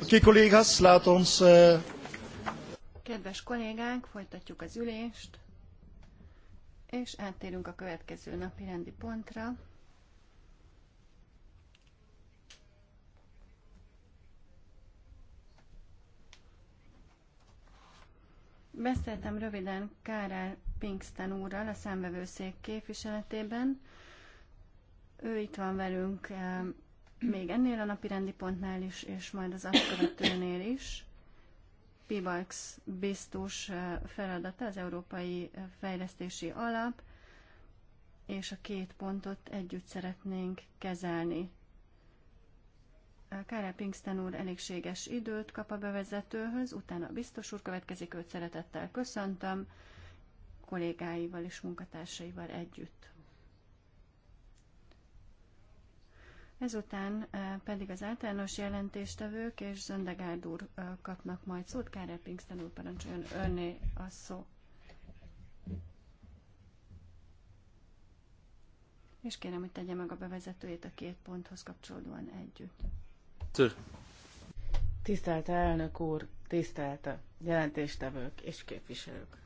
A: Eh,
B: Kedves kollégánk, folytatjuk az ülést, és áttérünk a következő napi rendi pontra. Beszéltem röviden Kárár Pinkston úrral a számvevőszék képviseletében. Ő itt van velünk eh, még ennél a napi rendi pontnál is, és majd az azt követőnél is. Pibax biztos eh, feladata az Európai Fejlesztési Alap, és a két pontot együtt szeretnénk kezelni. Eh, Kára Pinkston úr elégséges időt kap a bevezetőhöz, utána a biztos úr következik, őt szeretettel köszöntöm, kollégáival és munkatársaival együtt. Ezután pedig az általános jelentéstevők és Zöndegárd úr kapnak majd szót. Kárel Pinkston úr parancsoljon önné a szó. És kérem, hogy tegye meg a
C: bevezetőjét a két ponthoz kapcsolódóan együtt. Tisztelt elnök úr, tisztelt jelentéstevők és képviselők!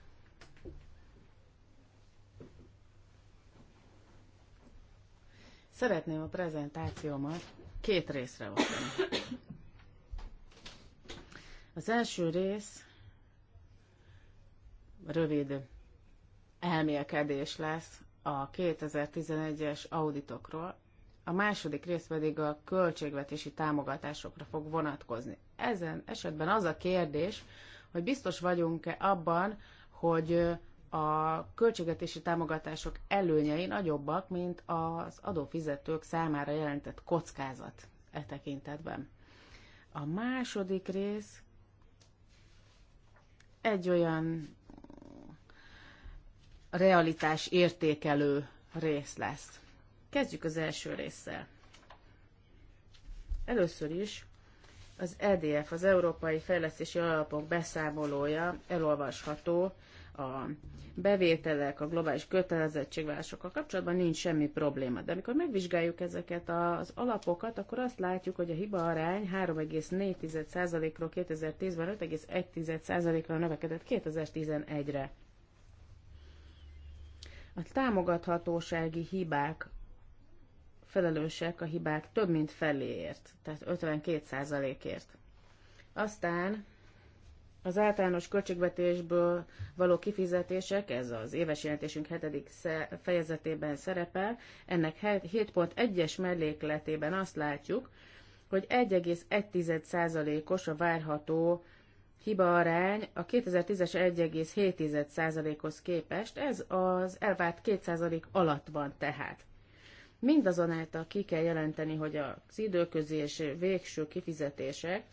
C: Szeretném a prezentációmat két részre osztani. Az első rész rövid elmélkedés lesz a 2011-es auditokról, a második rész pedig a költségvetési támogatásokra fog vonatkozni. Ezen esetben az a kérdés, hogy biztos vagyunk-e abban, hogy a költségvetési támogatások előnyei nagyobbak, mint az adófizetők számára jelentett kockázat e tekintetben. A második rész egy olyan realitás értékelő rész lesz. Kezdjük az első résszel. Először is az EDF, az Európai Fejlesztési Alapok beszámolója elolvasható a bevételek, a globális kötelezettségvárosokkal kapcsolatban nincs semmi probléma. De amikor megvizsgáljuk ezeket az alapokat, akkor azt látjuk, hogy a hiba arány 3,4%-ról 2010-ben 5,1%-ra növekedett 2011-re. A támogathatósági hibák felelősek a hibák több mint feléért, tehát 52%-ért. Aztán az általános költségvetésből való kifizetések, ez az éves jelentésünk 7. fejezetében szerepel, ennek 7.1-es mellékletében azt látjuk, hogy 1,1%-os a várható hibaarány a 2010-es 1,7%-hoz képest, ez az elvárt 2% alatt van tehát. Mindazonáltal ki kell jelenteni, hogy az időközi és végső kifizetések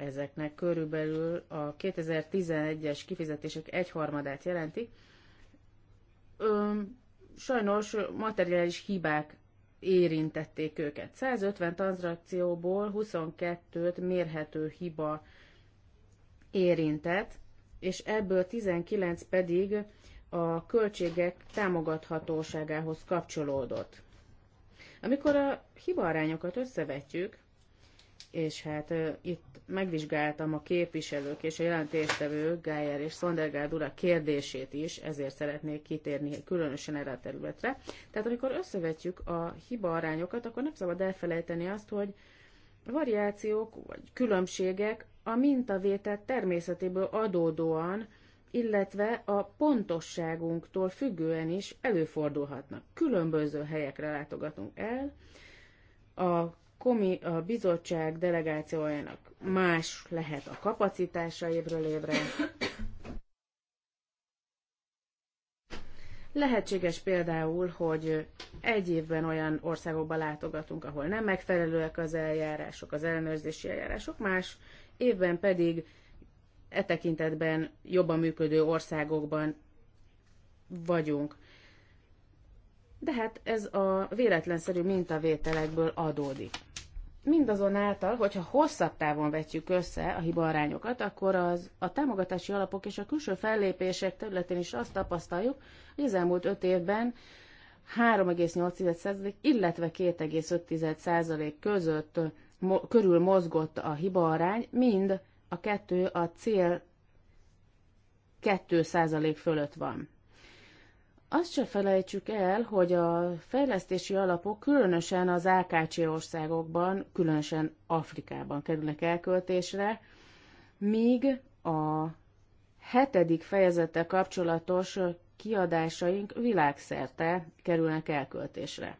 C: Ezeknek körülbelül a 2011-es kifizetések egyharmadát jelenti. Ö, sajnos materiális hibák érintették őket. 150 tranzakcióból 22-t mérhető hiba érintett, és ebből 19 pedig a költségek támogathatóságához kapcsolódott. Amikor a hibaarányokat összevetjük, és hát uh, itt megvizsgáltam a képviselők és a jelentéstevő Gájer és Szondergárd ura kérdését is, ezért szeretnék kitérni különösen erre a területre. Tehát amikor összevetjük a hiba arányokat, akkor nem szabad elfelejteni azt, hogy variációk vagy különbségek a mintavétel természetéből adódóan, illetve a pontosságunktól függően is előfordulhatnak. Különböző helyekre látogatunk el, a komi, a bizottság delegációjának más lehet a kapacitása évről évre. Lehetséges például, hogy egy évben olyan országokba látogatunk, ahol nem megfelelőek az eljárások, az ellenőrzési eljárások, más évben pedig e tekintetben jobban működő országokban vagyunk. De hát ez a véletlenszerű mintavételekből adódik. Mindazonáltal, hogyha hosszabb távon vetjük össze a hibaarányokat, akkor az, a támogatási alapok és a külső fellépések területén is azt tapasztaljuk, hogy az elmúlt öt évben 3,8%, illetve 2,5% között mo- körül mozgott a hibaarány, mind a kettő a cél 2% fölött van. Azt se felejtsük el, hogy a fejlesztési alapok különösen az AKC országokban, különösen Afrikában kerülnek elköltésre, míg a hetedik fejezettel kapcsolatos kiadásaink világszerte kerülnek elköltésre.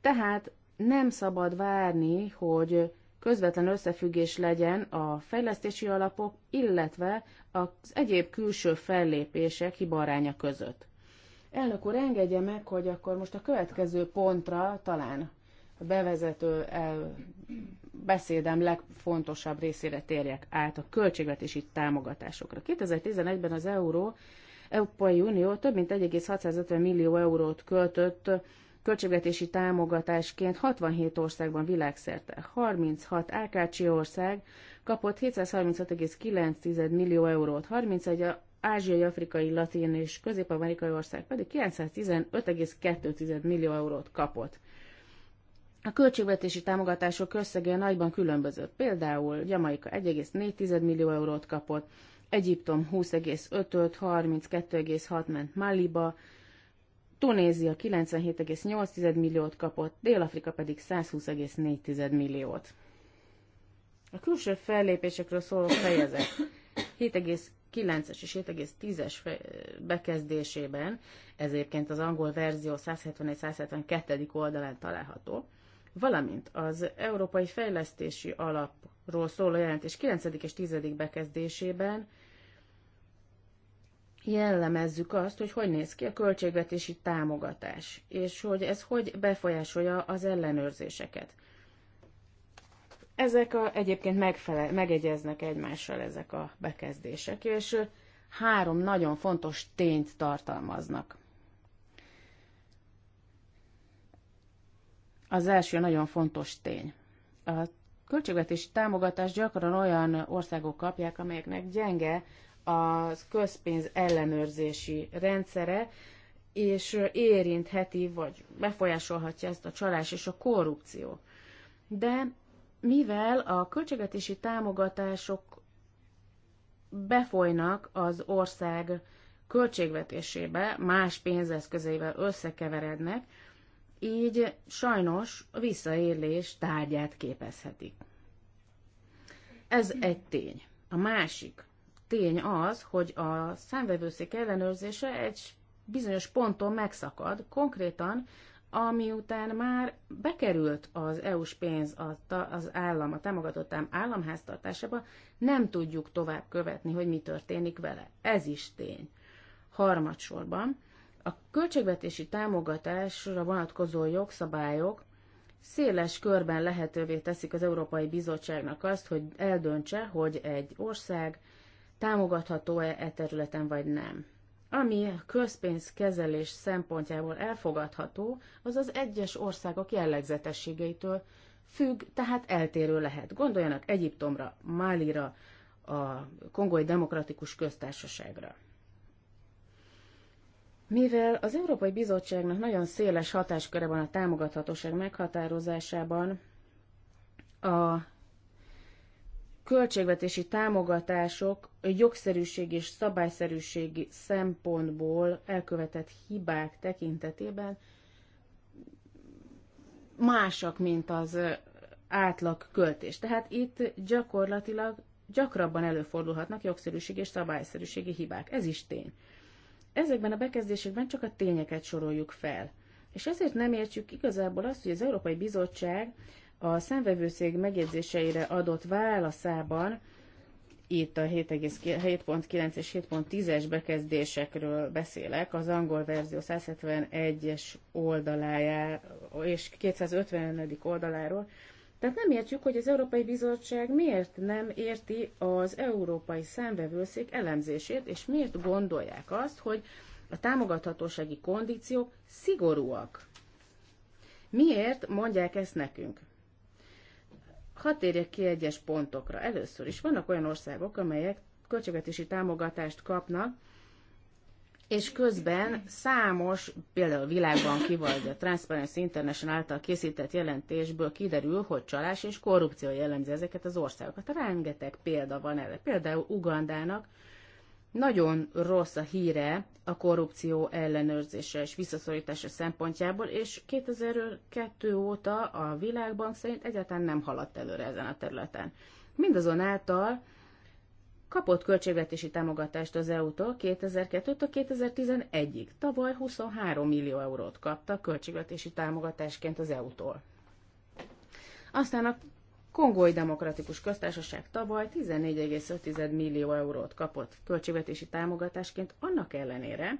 C: Tehát nem szabad várni, hogy közvetlen összefüggés legyen a fejlesztési alapok, illetve az egyéb külső fellépések hibaránya között. Elnök úr, engedje meg, hogy akkor most a következő pontra talán a bevezető el, beszédem legfontosabb részére térjek át a költségvetési támogatásokra. 2011-ben az euró Európai Unió több mint 1,650 millió eurót költött költségvetési támogatásként 67 országban világszerte. 36 Ákácsi ország kapott 735,9 millió eurót, 31 ázsiai, afrikai, latin és közép-amerikai ország pedig 915,2 millió eurót kapott. A költségvetési támogatások összege nagyban különbözött. Például Jamaika 1,4 millió eurót kapott, Egyiptom 20,5-öt, 32,6 ment Maliba, Tunézia 97,8 milliót kapott, Dél-Afrika pedig 120,4 milliót. A külső fellépésekről szóló fejezet 9-es és 7,10-es bekezdésében, ez egyébként az angol verzió 171-172. oldalán található, valamint az Európai Fejlesztési Alapról szóló jelentés 9. és 10. bekezdésében jellemezzük azt, hogy hogy néz ki a költségvetési támogatás, és hogy ez hogy befolyásolja az ellenőrzéseket. Ezek a, egyébként megfele, megegyeznek egymással ezek a bekezdések, és három nagyon fontos tényt tartalmaznak. Az első nagyon fontos tény. A költségvetési támogatást gyakran olyan országok kapják, amelyeknek gyenge a közpénz ellenőrzési rendszere, és érintheti, vagy befolyásolhatja ezt a csalás és a korrupció. De mivel a költségvetési támogatások befolynak az ország költségvetésébe, más pénzeszközeivel összekeverednek, így sajnos a visszaélés tárgyát képezhetik. Ez egy tény. A másik tény az, hogy a számvevőszék ellenőrzése egy bizonyos ponton megszakad, konkrétan ami után már bekerült az EU-s pénz az állam, a támogatott államháztartásába, nem tudjuk tovább követni, hogy mi történik vele. Ez is tény. Harmadsorban, a költségvetési támogatásra vonatkozó jogszabályok széles körben lehetővé teszik az Európai Bizottságnak azt, hogy eldöntse, hogy egy ország támogatható-e e területen vagy nem. Ami a közpénzkezelés szempontjából elfogadható, az az egyes országok jellegzetességeitől függ, tehát eltérő lehet. Gondoljanak Egyiptomra, Málira, a Kongói Demokratikus Köztársaságra. Mivel az Európai Bizottságnak nagyon széles hatásköre van a támogathatóság meghatározásában, a költségvetési támogatások jogszerűség és szabályszerűségi szempontból elkövetett hibák tekintetében másak, mint az átlag költés. Tehát itt gyakorlatilag gyakrabban előfordulhatnak jogszerűség és szabályszerűségi hibák. Ez is tény. Ezekben a bekezdésekben csak a tényeket soroljuk fel. És ezért nem értjük igazából azt, hogy az Európai Bizottság a szemvevőszég megjegyzéseire adott válaszában itt a 7.9 és 7.10-es bekezdésekről beszélek, az angol verzió 171-es oldalájá és 250. oldaláról. Tehát nem értjük, hogy az Európai Bizottság miért nem érti az Európai Számvevőszék elemzését, és miért gondolják azt, hogy a támogathatósági kondíciók szigorúak. Miért mondják ezt nekünk? Hadd térjek ki egyes pontokra. Először is vannak olyan országok, amelyek költségvetési támogatást kapnak, és közben számos, például a világban kivagy a Transparency International által készített jelentésből kiderül, hogy csalás és korrupció jellemzi ezeket az országokat. Rengeteg példa van erre. Például Ugandának nagyon rossz a híre a korrupció ellenőrzése és visszaszorítása szempontjából, és 2002 óta a Világbank szerint egyáltalán nem haladt előre ezen a területen. Mindazonáltal kapott költségvetési támogatást az EU-tól 2002-től 2011-ig. Tavaly 23 millió eurót kapta költségvetési támogatásként az EU-tól. Aztán a Kongói Demokratikus Köztársaság tavaly 14,5 millió eurót kapott költségvetési támogatásként annak ellenére,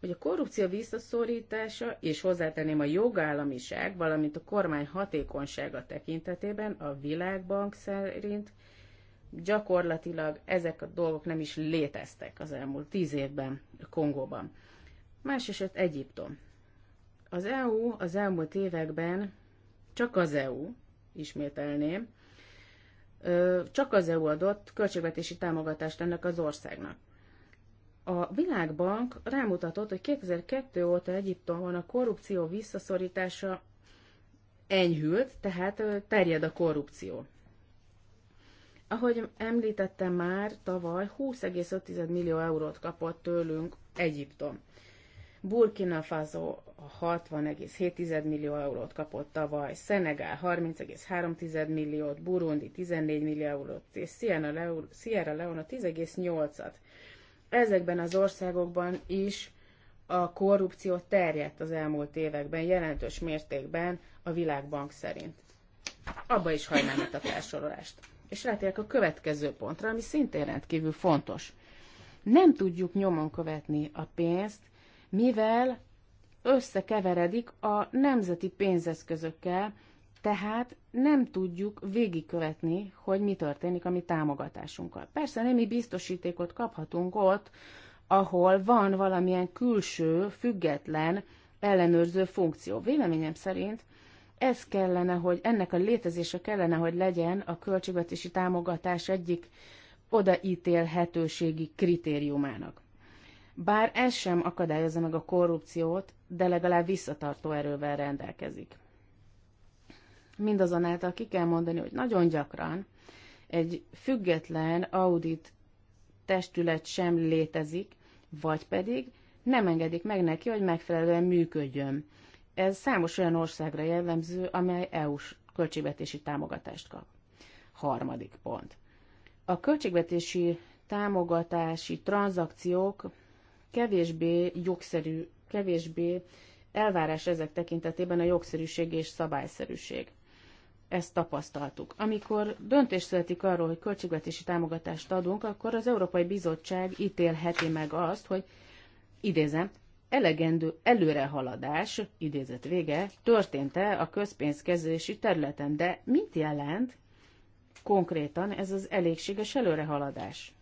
C: hogy a korrupció visszaszorítása és hozzátenném a jogállamiság, valamint a kormány hatékonysága tekintetében a világbank szerint gyakorlatilag ezek a dolgok nem is léteztek az elmúlt tíz évben Kongóban. Más eset Egyiptom. Az EU az elmúlt években, csak az EU, ismételném, csak az EU adott költségvetési támogatást ennek az országnak. A Világbank rámutatott, hogy 2002 óta Egyiptomban a korrupció visszaszorítása enyhült, tehát terjed a korrupció. Ahogy említettem már, tavaly 20,5 millió eurót kapott tőlünk Egyiptom. Burkina Faso a 60,7 millió eurót kapott tavaly, Szenegál 30,3 milliót, Burundi 14 millió eurót, és Sierra Leone 10,8-at. Ezekben az országokban is a korrupció terjedt az elmúlt években jelentős mértékben a Világbank szerint. Abba is hajnám a felsorolást. És rátérek a következő pontra, ami szintén rendkívül fontos. Nem tudjuk nyomon követni a pénzt, mivel összekeveredik a nemzeti pénzeszközökkel, tehát nem tudjuk végigkövetni, hogy mi történik a mi támogatásunkkal. Persze némi biztosítékot kaphatunk ott, ahol van valamilyen külső, független ellenőrző funkció. Véleményem szerint ez kellene, hogy ennek a létezése kellene, hogy legyen a költségvetési támogatás egyik odaítélhetőségi kritériumának bár ez sem akadályozza meg a korrupciót, de legalább visszatartó erővel rendelkezik. Mindazonáltal ki kell mondani, hogy nagyon gyakran egy független audit testület sem létezik, vagy pedig nem engedik meg neki, hogy megfelelően működjön. Ez számos olyan országra jellemző, amely EU-s költségvetési támogatást kap. Harmadik pont. A költségvetési támogatási tranzakciók kevésbé jogszerű, kevésbé elvárás ezek tekintetében a jogszerűség és szabályszerűség. Ezt tapasztaltuk. Amikor döntés születik arról, hogy költségvetési támogatást adunk, akkor az Európai Bizottság ítélheti meg azt, hogy idézem, elegendő előrehaladás, idézet vége, történt-e a közpénzkezelési területen, de mit jelent konkrétan ez az elégséges előrehaladás?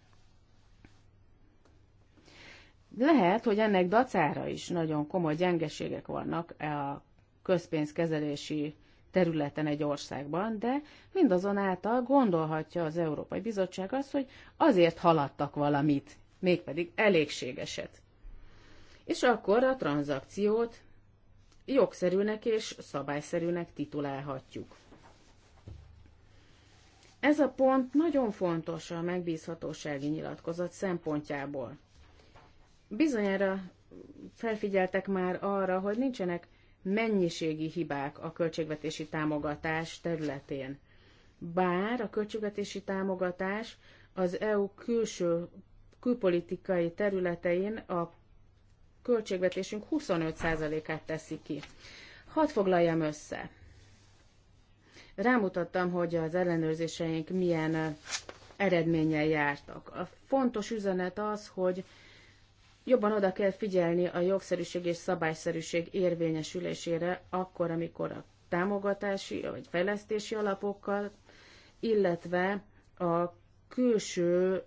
C: Lehet, hogy ennek dacára is nagyon komoly gyengeségek vannak e a közpénzkezelési területen egy országban, de mindazonáltal gondolhatja az Európai Bizottság azt, hogy azért haladtak valamit, mégpedig elégségeset. És akkor a tranzakciót jogszerűnek és szabályszerűnek titulálhatjuk. Ez a pont nagyon fontos a megbízhatósági nyilatkozat szempontjából. Bizonyára felfigyeltek már arra, hogy nincsenek mennyiségi hibák a költségvetési támogatás területén. Bár a költségvetési támogatás az EU külső külpolitikai területein a költségvetésünk 25%-át teszi ki. Hadd foglaljam össze. Rámutattam, hogy az ellenőrzéseink milyen eredménnyel jártak. A fontos üzenet az, hogy jobban oda kell figyelni a jogszerűség és szabályszerűség érvényesülésére akkor, amikor a támogatási vagy fejlesztési alapokkal, illetve a külső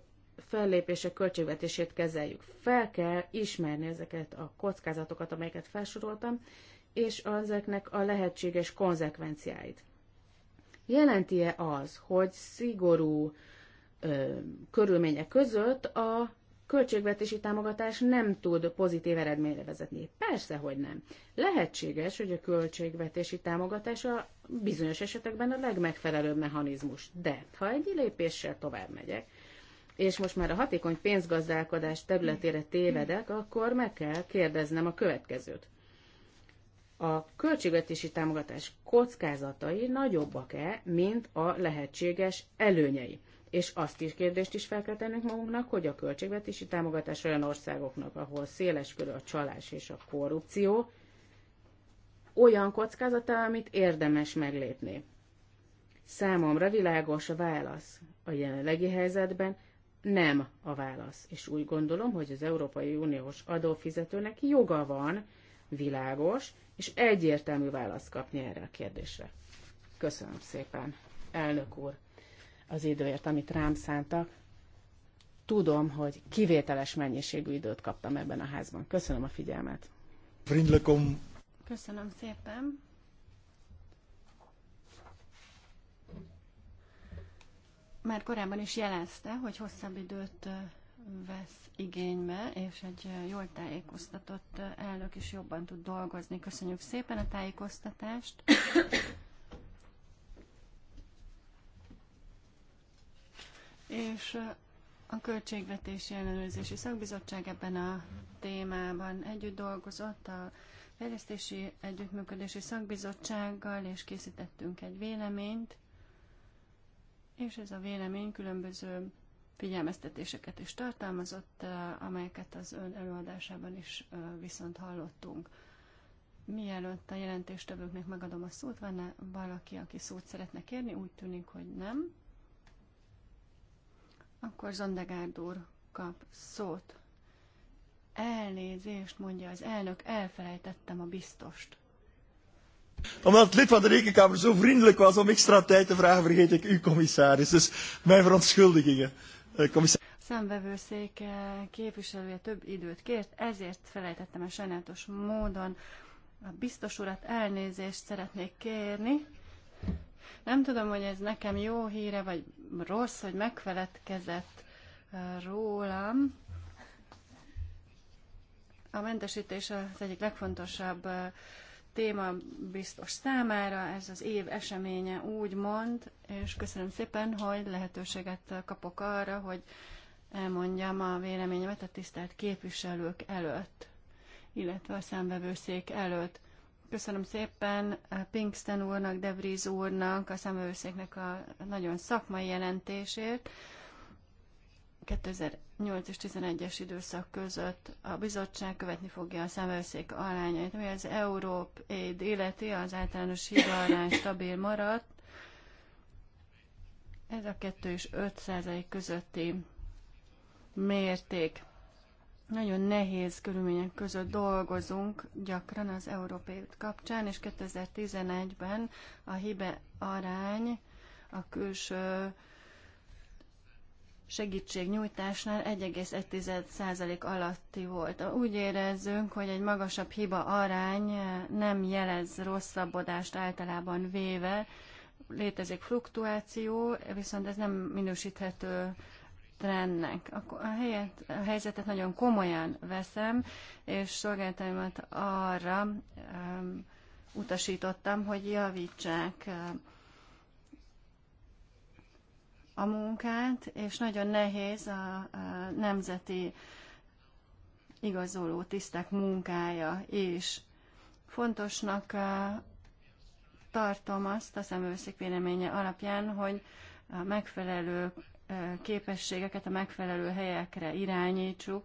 C: fellépések költségvetését kezeljük. Fel kell ismerni ezeket a kockázatokat, amelyeket felsoroltam, és ezeknek a lehetséges konzekvenciáit. Jelenti-e az, hogy szigorú ö, körülmények között a költségvetési támogatás nem tud pozitív eredményre vezetni. Persze, hogy nem. Lehetséges, hogy a költségvetési támogatás a bizonyos esetekben a legmegfelelőbb mechanizmus. De ha egy lépéssel tovább megyek, és most már a hatékony pénzgazdálkodás területére tévedek, akkor meg kell kérdeznem a következőt. A költségvetési támogatás kockázatai nagyobbak-e, mint a lehetséges előnyei? és azt is kérdést is fel kell tennünk magunknak, hogy a költségvetési támogatás olyan országoknak, ahol széles körül a csalás és a korrupció, olyan kockázata, amit érdemes meglépni. Számomra világos a válasz. A jelenlegi helyzetben nem a válasz. És úgy gondolom, hogy az Európai Uniós adófizetőnek joga van világos és egyértelmű választ kapni erre a kérdésre. Köszönöm szépen, elnök úr! az időért, amit rám szántak. Tudom, hogy kivételes mennyiségű időt kaptam ebben a házban. Köszönöm a figyelmet.
A: Vrindlekom.
B: Köszönöm szépen. Már korábban is jelezte, hogy hosszabb időt vesz igénybe, és egy jól tájékoztatott elnök is jobban tud dolgozni. Köszönjük szépen a tájékoztatást. és a Költségvetési Ellenőrzési Szakbizottság ebben a témában együtt dolgozott a Fejlesztési Együttműködési Szakbizottsággal, és készítettünk egy véleményt, és ez a vélemény különböző figyelmeztetéseket is tartalmazott, amelyeket az ön előadásában is viszont hallottunk. Mielőtt a jelentéstevőknek megadom a szót, van -e valaki, aki szót szeretne kérni? Úgy tűnik, hogy nem. Akkor Zondegárd úr kap szót. Elnézést, mondja az elnök, elfelejtettem a biztost.
A: Omdat het lid van de Rekenkamer zo vriendelijk was om extra tijd te vragen, vergeet ik u, commissaris. Dus mijn verontschuldigingen, eh, commissaris.
B: Szemvevőszék képviselője több időt kért, ezért felejtettem a sajnálatos módon. A biztos urat elnézést szeretnék kérni. Nem tudom, hogy ez nekem jó híre, vagy rossz, hogy megfeledkezett uh, rólam. A mentesítés az egyik legfontosabb uh, téma biztos számára, ez az év eseménye úgy mond, és köszönöm szépen, hogy lehetőséget kapok arra, hogy elmondjam a véleményemet a tisztelt képviselők előtt, illetve a számvevőszék előtt. Köszönöm szépen eh, Pinkston úrnak, Devries úrnak, a szemőszéknek a nagyon szakmai jelentését. 2008 és 2011-es időszak között a bizottság követni fogja a szemőszék arányait, ami az Európ Aid az általános hibarány stabil maradt. Ez a 2 és 5 százalék közötti mérték. Nagyon nehéz körülmények között dolgozunk gyakran az Európai út kapcsán, és 2011-ben a hibe arány a külső segítségnyújtásnál 1,1% alatti volt. Úgy érezzünk, hogy egy magasabb hiba arány nem jelez rosszabbodást általában véve. Létezik fluktuáció, viszont ez nem minősíthető trendnek. A, a, helyet, a helyzetet nagyon komolyan veszem, és szolgáltáimat arra um, utasítottam, hogy javítsák um, a munkát, és nagyon nehéz a, a nemzeti igazoló tisztek munkája is. Fontosnak uh, tartom azt a szemőszik véleménye alapján, hogy a megfelelő képességeket a megfelelő helyekre irányítsuk.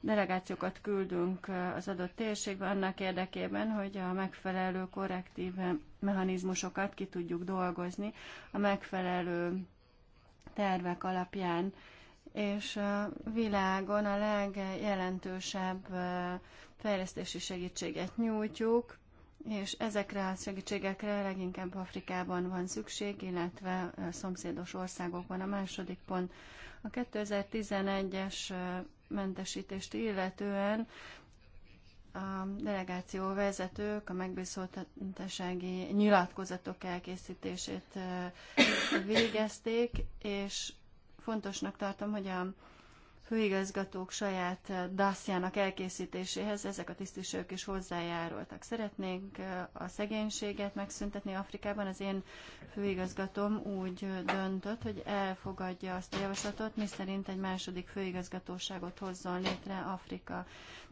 B: Delegációkat küldünk az adott térségbe annak érdekében, hogy a megfelelő korrektív mechanizmusokat ki tudjuk dolgozni a megfelelő tervek alapján. És a világon a legjelentősebb fejlesztési segítséget nyújtjuk, és ezekre a segítségekre leginkább Afrikában van szükség, illetve szomszédos országokban. A második pont a 2011-es mentesítést illetően a delegáció vezetők a megbízhatósági nyilatkozatok elkészítését végezték, és fontosnak tartom, hogy a főigazgatók saját eh, daszjának elkészítéséhez ezek a tisztviselők is hozzájárultak. Szeretnénk eh, a szegénységet megszüntetni Afrikában. Az én főigazgatom úgy eh, döntött, hogy elfogadja azt a javaslatot, miszerint egy második főigazgatóságot hozzon létre Afrika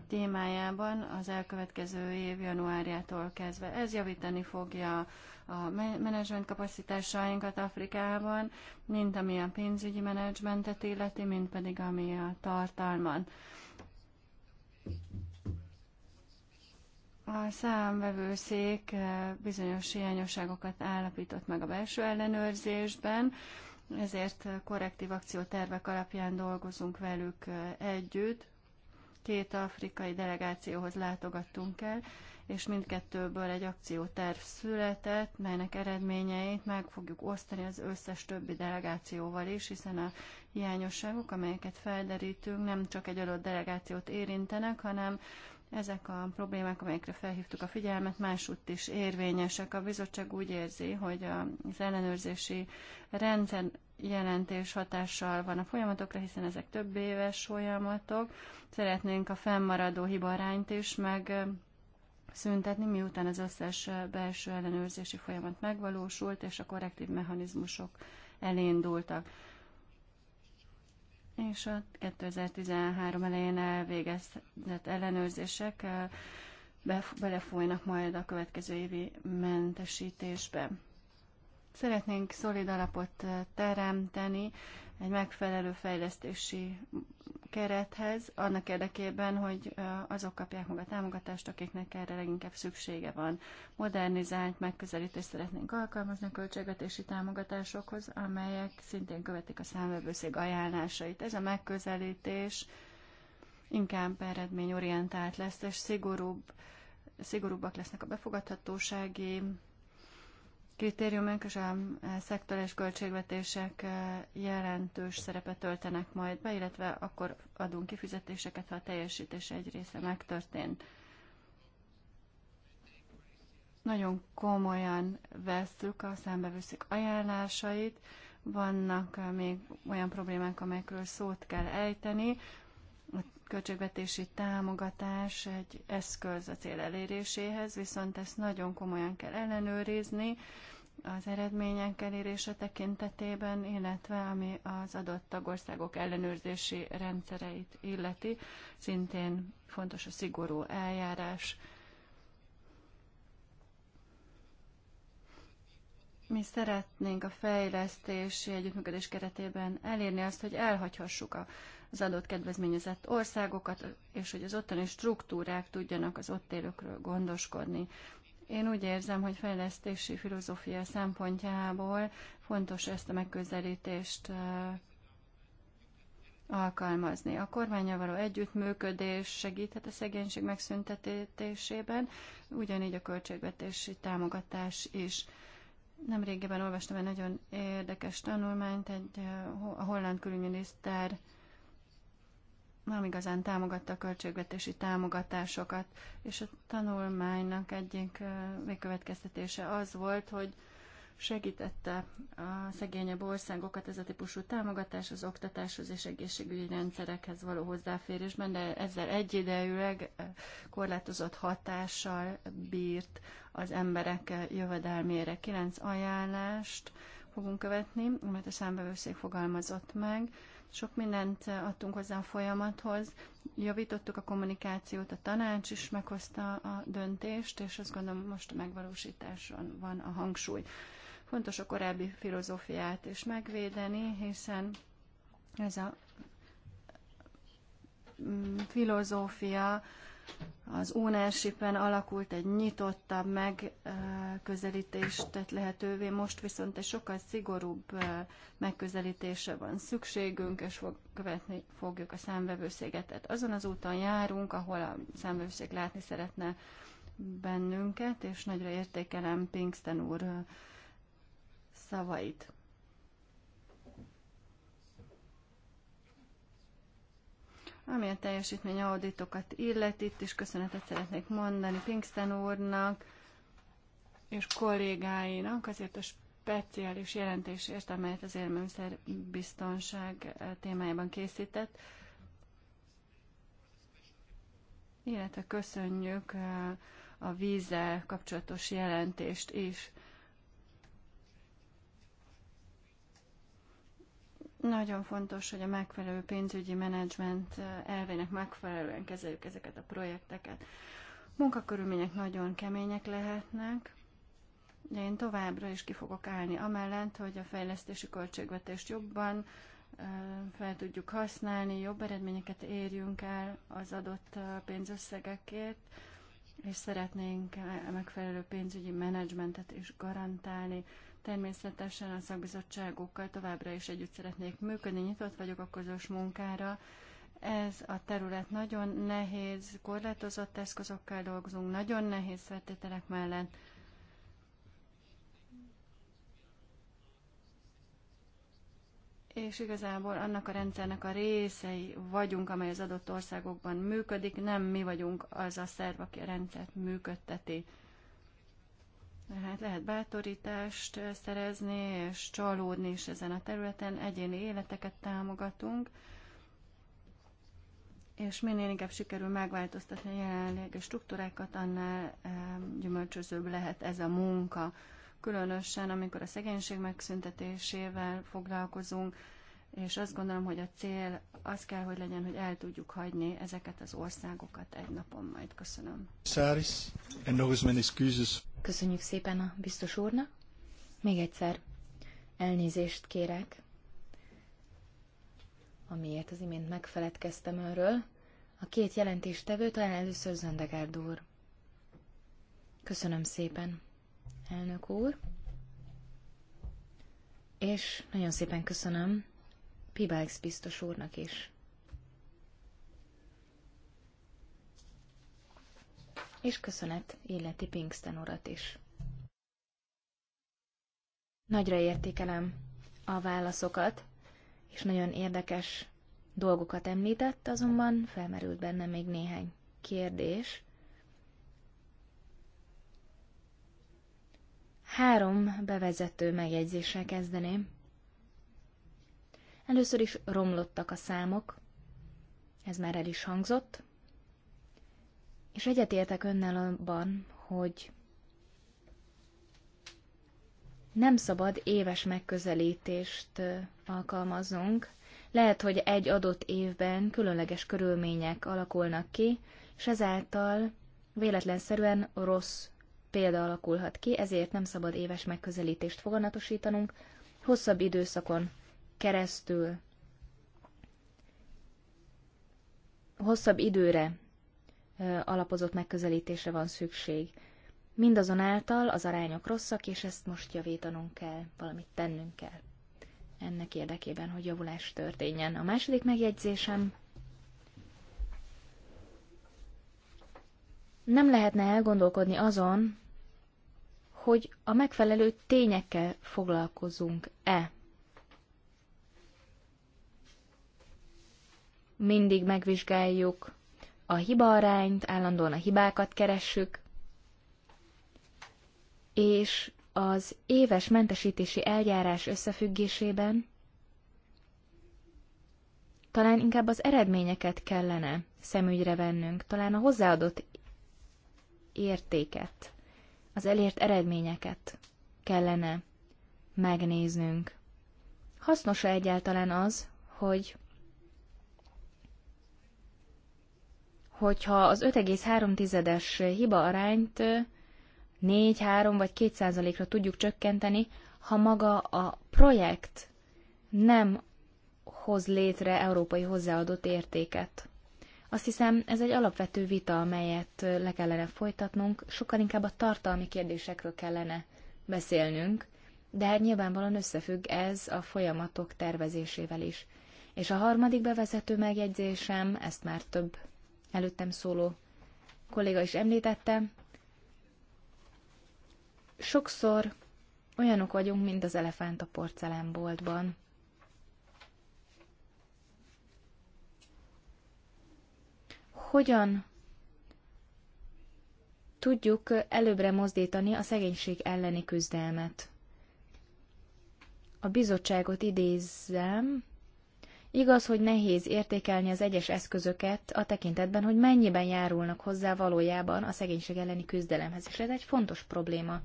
B: témájában az elkövetkező év januárjától kezdve. Ez javítani fogja a menedzsment kapacitásainkat Afrikában, mint ami a pénzügyi menedzsmentet illeti, mint pedig ami a tartalman. A számvevőszék eh, bizonyos hiányosságokat állapított meg a belső ellenőrzésben, ezért korrektív akciótervek alapján dolgozunk velük eh, együtt. Két afrikai delegációhoz látogattunk el, és mindkettőből egy akcióterv született, melynek eredményeit meg fogjuk osztani az összes többi delegációval is, hiszen a hiányosságok, amelyeket felderítünk, nem csak egy adott delegációt érintenek, hanem ezek a problémák, amelyekre felhívtuk a figyelmet, másútt is érvényesek. A bizottság úgy érzi, hogy az ellenőrzési rendszer jelentés hatással van a folyamatokra, hiszen ezek több éves folyamatok. Szeretnénk a fennmaradó hibarányt is meg szüntetni, miután az összes belső ellenőrzési folyamat megvalósult, és a korrektív mechanizmusok elindultak. És a 2013 elején elvégezett ellenőrzések eh, belefolynak majd a következő évi mentesítésbe. Szeretnénk szolid alapot eh, teremteni egy megfelelő fejlesztési kerethez, annak érdekében, hogy azok kapják meg a támogatást, akiknek erre leginkább szüksége van. Modernizált megközelítést szeretnénk alkalmazni a költségvetési támogatásokhoz, amelyek szintén követik a számvevőszék ajánlásait. Ez a megközelítés inkább eredményorientált lesz, és szigorúbb, szigorúbbak lesznek a befogadhatósági kritériumok és a e, szektoris költségvetések e, jelentős szerepet töltenek majd be, illetve akkor adunk kifizetéseket, ha a teljesítés egy része megtörtént. Nagyon komolyan veszük a számbevőszik ajánlásait, vannak e, még olyan problémák, amelyekről szót kell ejteni. A költségvetési támogatás egy eszköz a cél eléréséhez, viszont ezt nagyon komolyan kell ellenőrizni, az eredmények elérése tekintetében, illetve ami az adott tagországok ellenőrzési rendszereit illeti, szintén fontos a szigorú eljárás. Mi szeretnénk a fejlesztési együttműködés keretében elérni azt, hogy elhagyhassuk az adott kedvezményezett országokat, és hogy az ottani struktúrák tudjanak az ott élőkről gondoskodni. Én úgy érzem, hogy fejlesztési filozófia szempontjából fontos ezt a megközelítést alkalmazni. A kormánya való együttműködés segíthet a szegénység megszüntetésében, ugyanígy a költségvetési támogatás is. Nemrégiben olvastam egy nagyon érdekes tanulmányt, egy a holland külügyminiszter nem igazán támogatta a költségvetési támogatásokat, és a tanulmánynak egyik végkövetkeztetése az volt, hogy segítette a szegényebb országokat ez a típusú támogatás az oktatáshoz és egészségügyi rendszerekhez való hozzáférésben, de ezzel egyidejűleg korlátozott hatással bírt az emberek jövedelmére. Kilenc ajánlást fogunk követni, mert a számbevőszék fogalmazott meg. Sok mindent adtunk hozzá a folyamathoz, javítottuk a kommunikációt, a tanács is meghozta a döntést, és azt gondolom most a megvalósításon van a hangsúly. Fontos a korábbi filozófiát is megvédeni, hiszen ez a mm, filozófia az ownershipen alakult egy nyitottabb megközelítést tett lehetővé, most viszont egy sokkal szigorúbb megközelítése van szükségünk, és fog, követni fogjuk a számvevőszégetet. Azon az úton járunk, ahol a számvevőszék látni szeretne bennünket, és nagyra értékelem Pinkston úr szavait. Ami a teljesítmény auditokat illet, itt is köszönetet szeretnék mondani Pinkston úrnak és kollégáinak azért a speciális jelentésért, amelyet az élelmiszer biztonság eh, témájában készített. Illetve köszönjük eh, a vízzel kapcsolatos jelentést is. Nagyon fontos, hogy a megfelelő pénzügyi menedzsment eh, elvének megfelelően kezeljük ezeket a projekteket. Munkakörülmények nagyon kemények lehetnek, de én továbbra is ki fogok állni amellett, hogy a fejlesztési költségvetést jobban eh, fel tudjuk használni, jobb eredményeket érjünk el az adott eh, pénzösszegekért, és szeretnénk megfelelő pénzügyi menedzsmentet is garantálni Természetesen a szakbizottságokkal továbbra is együtt szeretnék működni, nyitott vagyok a közös munkára. Ez a terület nagyon nehéz, korlátozott eszközökkel dolgozunk, nagyon nehéz feltételek mellett. és igazából annak a rendszernek a részei vagyunk, amely az adott országokban működik, nem mi vagyunk az a szerv, aki a rendszert működteti. Hát lehet bátorítást szerezni, és csalódni is ezen a területen. Egyéni életeket támogatunk, és minél inkább sikerül megváltoztatni a jelenlegi struktúrákat, annál gyümölcsözőbb lehet ez a munka. Különösen, amikor a szegénység megszüntetésével foglalkozunk, és azt gondolom, hogy a cél az kell, hogy legyen, hogy el tudjuk hagyni ezeket az országokat egy napon majd. Köszönöm.
A: Száris, en Köszönjük szépen a biztos úrnak. Még egyszer elnézést kérek, amiért az imént megfeledkeztem önről. A két jelentéstevő talán először Zöndegárd úr. Köszönöm szépen, elnök úr. És nagyon szépen köszönöm Pibax biztos úrnak is. és köszönet illeti Pinkston urat is. Nagyra értékelem a válaszokat, és nagyon érdekes dolgokat említett, azonban felmerült benne még néhány kérdés. Három bevezető megjegyzéssel kezdeném. Először is romlottak a számok, ez már el is hangzott. És egyetértek önnel abban, hogy nem szabad éves megközelítést alkalmazunk. Lehet, hogy egy adott évben különleges körülmények alakulnak ki, és ezáltal véletlenszerűen rossz példa alakulhat ki, ezért nem szabad éves megközelítést foganatosítanunk, hosszabb időszakon keresztül, hosszabb időre alapozott megközelítésre van szükség. Mindazonáltal az arányok rosszak, és ezt most javítanunk kell, valamit tennünk kell. Ennek érdekében, hogy javulás történjen. A második megjegyzésem nem lehetne elgondolkodni azon, hogy a megfelelő tényekkel foglalkozunk-e. Mindig megvizsgáljuk a arányt, állandóan a hibákat keressük, és az éves mentesítési eljárás összefüggésében talán inkább az eredményeket kellene szemügyre vennünk, talán a hozzáadott értéket, az elért eredményeket kellene megnéznünk. Hasznos-e egyáltalán az, hogy hogyha az 5,3-es hiba arányt 4, 3 vagy 2 százalékra tudjuk csökkenteni, ha maga a projekt nem hoz létre európai hozzáadott értéket. Azt hiszem, ez egy alapvető vita, amelyet le kellene folytatnunk, sokkal inkább a tartalmi kérdésekről kellene beszélnünk, de hát nyilvánvalóan összefügg ez a folyamatok tervezésével is. És a harmadik bevezető megjegyzésem, ezt már több előttem szóló kolléga is említette, sokszor olyanok vagyunk, mint az elefánt a porcelánboltban. Hogyan tudjuk előbbre mozdítani a szegénység elleni küzdelmet? A bizottságot idézzem, Igaz, hogy nehéz értékelni az egyes eszközöket a tekintetben, hogy mennyiben járulnak hozzá valójában a szegénység elleni küzdelemhez, és ez egy fontos probléma.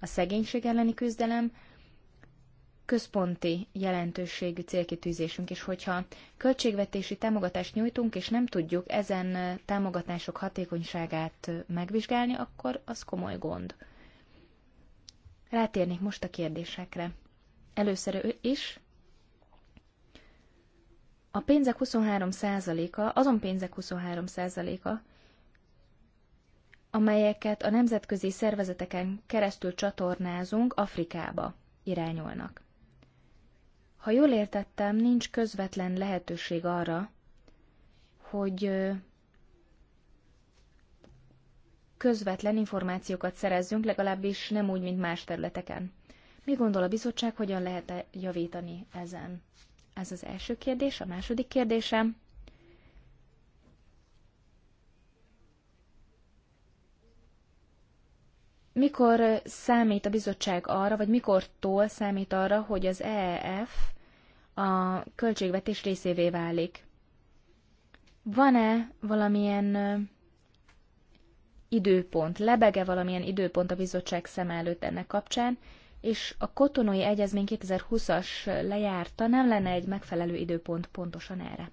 A: A szegénység elleni küzdelem központi jelentőségű célkitűzésünk, és hogyha költségvetési támogatást nyújtunk, és nem tudjuk ezen támogatások hatékonyságát megvizsgálni, akkor az komoly gond. Rátérnék most a kérdésekre. Először is a pénzek 23%-a, azon pénzek 23%-a, amelyeket a nemzetközi szervezeteken keresztül csatornázunk, Afrikába irányolnak. Ha jól értettem, nincs közvetlen lehetőség arra, hogy közvetlen információkat szerezzünk, legalábbis nem úgy, mint más területeken. Mi gondol a bizottság, hogyan lehet -e javítani ezen? Ez az első kérdés. A második kérdésem. Mikor számít a bizottság arra, vagy mikortól számít arra, hogy az EEF a költségvetés részévé válik? Van-e valamilyen időpont, lebege valamilyen időpont a bizottság szem előtt ennek kapcsán, és a kotonai egyezmény 2020-as lejárta, nem lenne egy megfelelő időpont pontosan erre.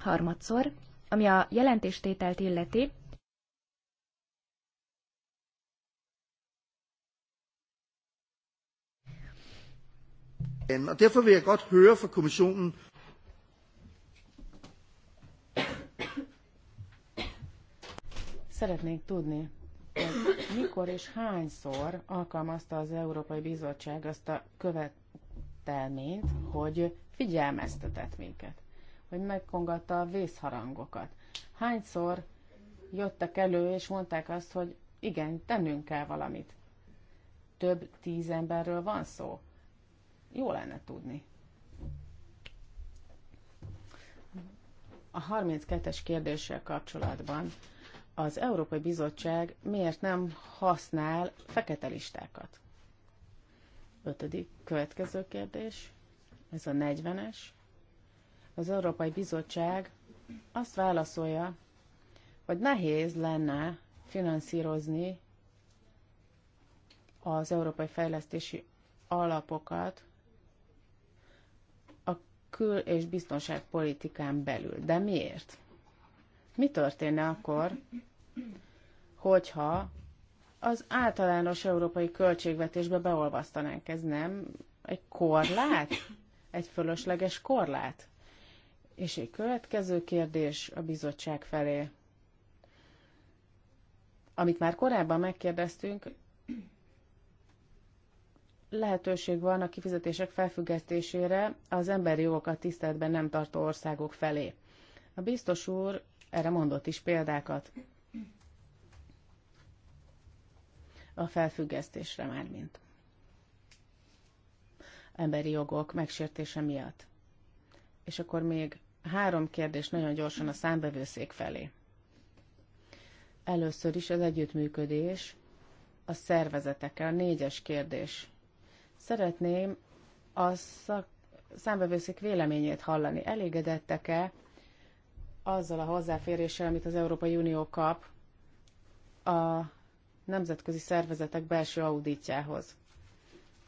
A: Harmadszor, ami a jelentéstételt illeti, Og derfor vil jeg godt høre fra kommissionen,
C: Szeretnénk tudni, hogy mikor és hányszor alkalmazta az Európai Bizottság azt a követelményt, hogy figyelmeztetett minket, hogy megkongatta a vészharangokat. Hányszor jöttek elő és mondták azt, hogy igen, tennünk kell valamit. Több tíz emberről van szó. Jó lenne tudni. A 32-es kérdéssel kapcsolatban az Európai Bizottság miért nem használ fekete listákat? Ötödik következő kérdés, ez a 40-es. Az Európai Bizottság azt válaszolja, hogy nehéz lenne finanszírozni az Európai Fejlesztési Alapokat a kül- és biztonságpolitikán belül. De miért? Mi történne akkor, hogyha az általános európai költségvetésbe beolvasztanánk? Ez nem egy korlát? Egy fölösleges korlát? És egy következő kérdés a bizottság felé. Amit már korábban megkérdeztünk, lehetőség van a kifizetések felfüggesztésére az emberi jogokat tiszteletben nem tartó országok felé. A biztos úr erre mondott is példákat a felfüggesztésre már mint emberi jogok megsértése miatt. És akkor még három kérdés nagyon gyorsan a számbevőszék felé. Először is az együttműködés, a szervezetekkel, négyes kérdés. Szeretném a szak, számbevőszék véleményét hallani. Elégedettek-e azzal a hozzáféréssel, amit az Európai Unió kap a nemzetközi szervezetek belső auditjához.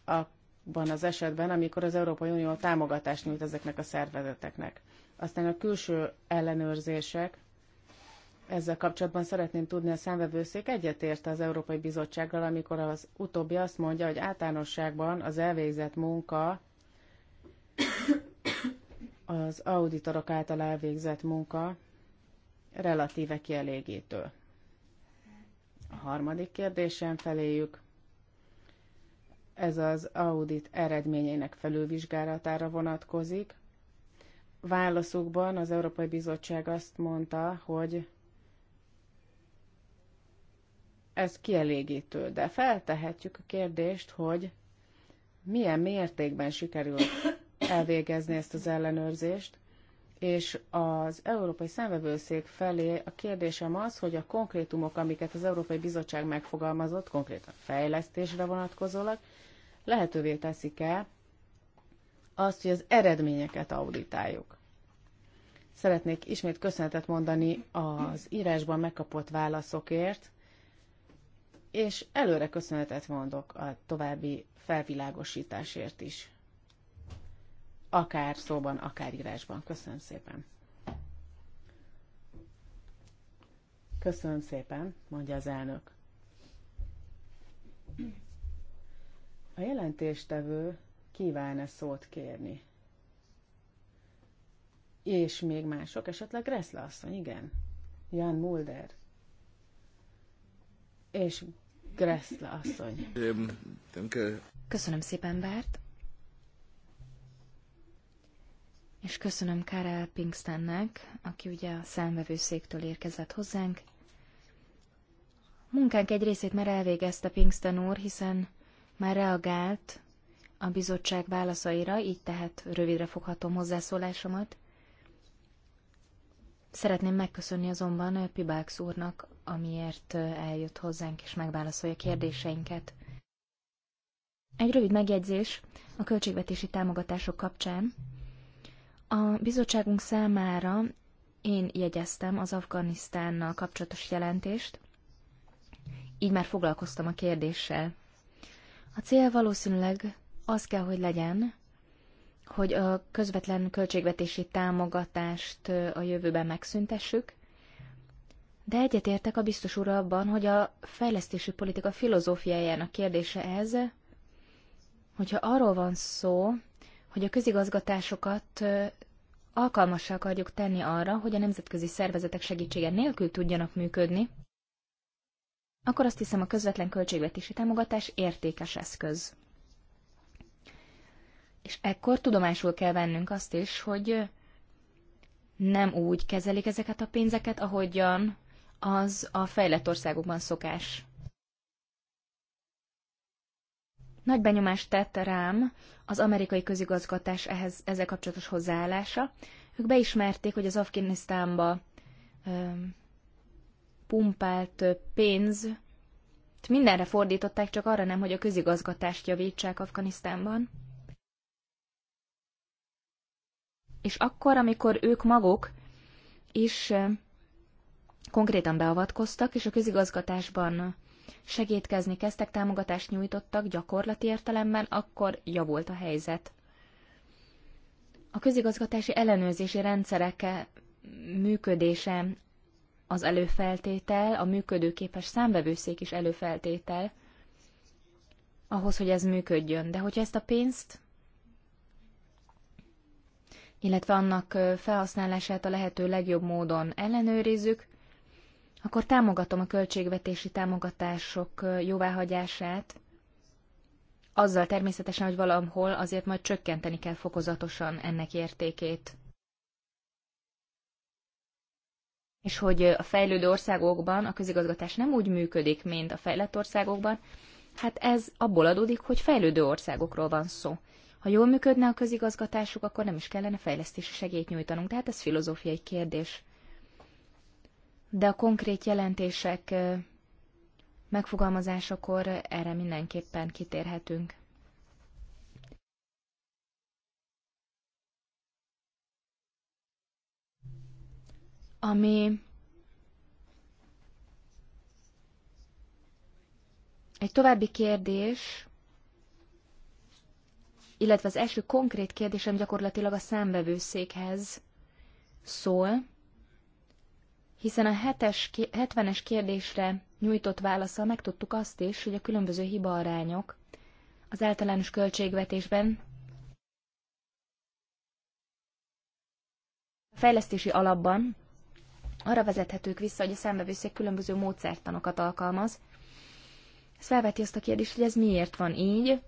C: Abban az esetben, amikor az Európai Unió támogatást nyújt ezeknek a szervezeteknek. Aztán a külső ellenőrzések, ezzel kapcsolatban szeretném tudni, a szemvevőszék egyetért az Európai Bizottsággal, amikor az utóbbi azt mondja, hogy általánosságban az elvégzett munka az auditorok által elvégzett munka relatíve kielégítő. A harmadik kérdésem feléjük, ez az audit eredményeinek felülvizsgálatára vonatkozik. Válaszukban az Európai Bizottság azt mondta, hogy ez kielégítő, de feltehetjük a kérdést, hogy milyen mértékben sikerült elvégezni ezt az ellenőrzést, és az Európai Szenvevőszék felé a kérdésem az, hogy a konkrétumok, amiket az Európai Bizottság megfogalmazott, konkrétan fejlesztésre vonatkozólag, lehetővé teszik-e azt, hogy az eredményeket auditáljuk. Szeretnék ismét köszönetet mondani az írásban megkapott válaszokért, és előre köszönetet mondok a további felvilágosításért is akár szóban, akár írásban. Köszönöm szépen. Köszönöm szépen, mondja az elnök. A jelentéstevő kíván-e szót kérni? És még mások, esetleg Reszla asszony, igen. Jan Mulder. És Gressla
A: asszony. Köszönöm szépen, Bárt. és köszönöm Karel Pinkstennek, aki ugye a számvevőszéktől érkezett hozzánk. Munkánk egy részét már elvégezte Pinkston úr, hiszen már reagált a bizottság válaszaira, így tehát rövidre foghatom hozzászólásomat. Szeretném megköszönni azonban Pibáks úrnak, amiért eljött hozzánk és megválaszolja kérdéseinket. Egy rövid megjegyzés a költségvetési támogatások kapcsán. A bizottságunk számára én jegyeztem az Afganisztánnal kapcsolatos jelentést, így már foglalkoztam a kérdéssel. A cél valószínűleg az kell, hogy legyen, hogy a közvetlen költségvetési támogatást a jövőben megszüntessük, de egyetértek a biztos úr abban, hogy a fejlesztési politika filozófiájának kérdése ez, hogyha arról van szó, hogy a közigazgatásokat alkalmassá akarjuk tenni arra, hogy a nemzetközi szervezetek segítsége nélkül tudjanak működni, akkor azt hiszem a közvetlen költségvetési támogatás értékes eszköz. És ekkor tudomásul kell vennünk azt is, hogy nem úgy kezelik ezeket a pénzeket, ahogyan az a fejlett országokban szokás. Nagy benyomást tett rám az amerikai közigazgatás ehhez, ezzel kapcsolatos hozzáállása. Ők beismerték, hogy az Afganisztánba pumpált pénz mindenre fordították, csak arra nem, hogy a közigazgatást javítsák Afganisztánban. És akkor, amikor ők maguk is konkrétan beavatkoztak, és a közigazgatásban segítkezni kezdtek, támogatást nyújtottak gyakorlati értelemben, akkor javult a helyzet. A közigazgatási ellenőrzési rendszereke működése az előfeltétel, a működőképes számbevőszék is előfeltétel ahhoz, hogy ez működjön. De hogyha ezt a pénzt, illetve annak felhasználását a lehető legjobb módon ellenőrizzük, akkor támogatom a költségvetési támogatások jóváhagyását, azzal természetesen, hogy valahol azért majd csökkenteni kell fokozatosan ennek értékét. És hogy a fejlődő országokban a közigazgatás nem úgy működik, mint a fejlett országokban, hát ez abból adódik, hogy fejlődő országokról van szó. Ha jól működne a közigazgatásuk, akkor nem is kellene fejlesztési segélyt nyújtanunk, tehát ez filozófiai kérdés de a konkrét jelentések megfogalmazásakor erre mindenképpen kitérhetünk. Ami egy további kérdés, illetve az első konkrét kérdésem gyakorlatilag a számbevőszékhez szól, hiszen a 70-es kérdésre nyújtott válaszsal megtudtuk azt is, hogy a különböző hibaarányok az általános költségvetésben a fejlesztési alapban arra vezethetők vissza, hogy a szembevőszék különböző módszertanokat alkalmaz. Ez felveti azt a kérdést, hogy ez miért van így,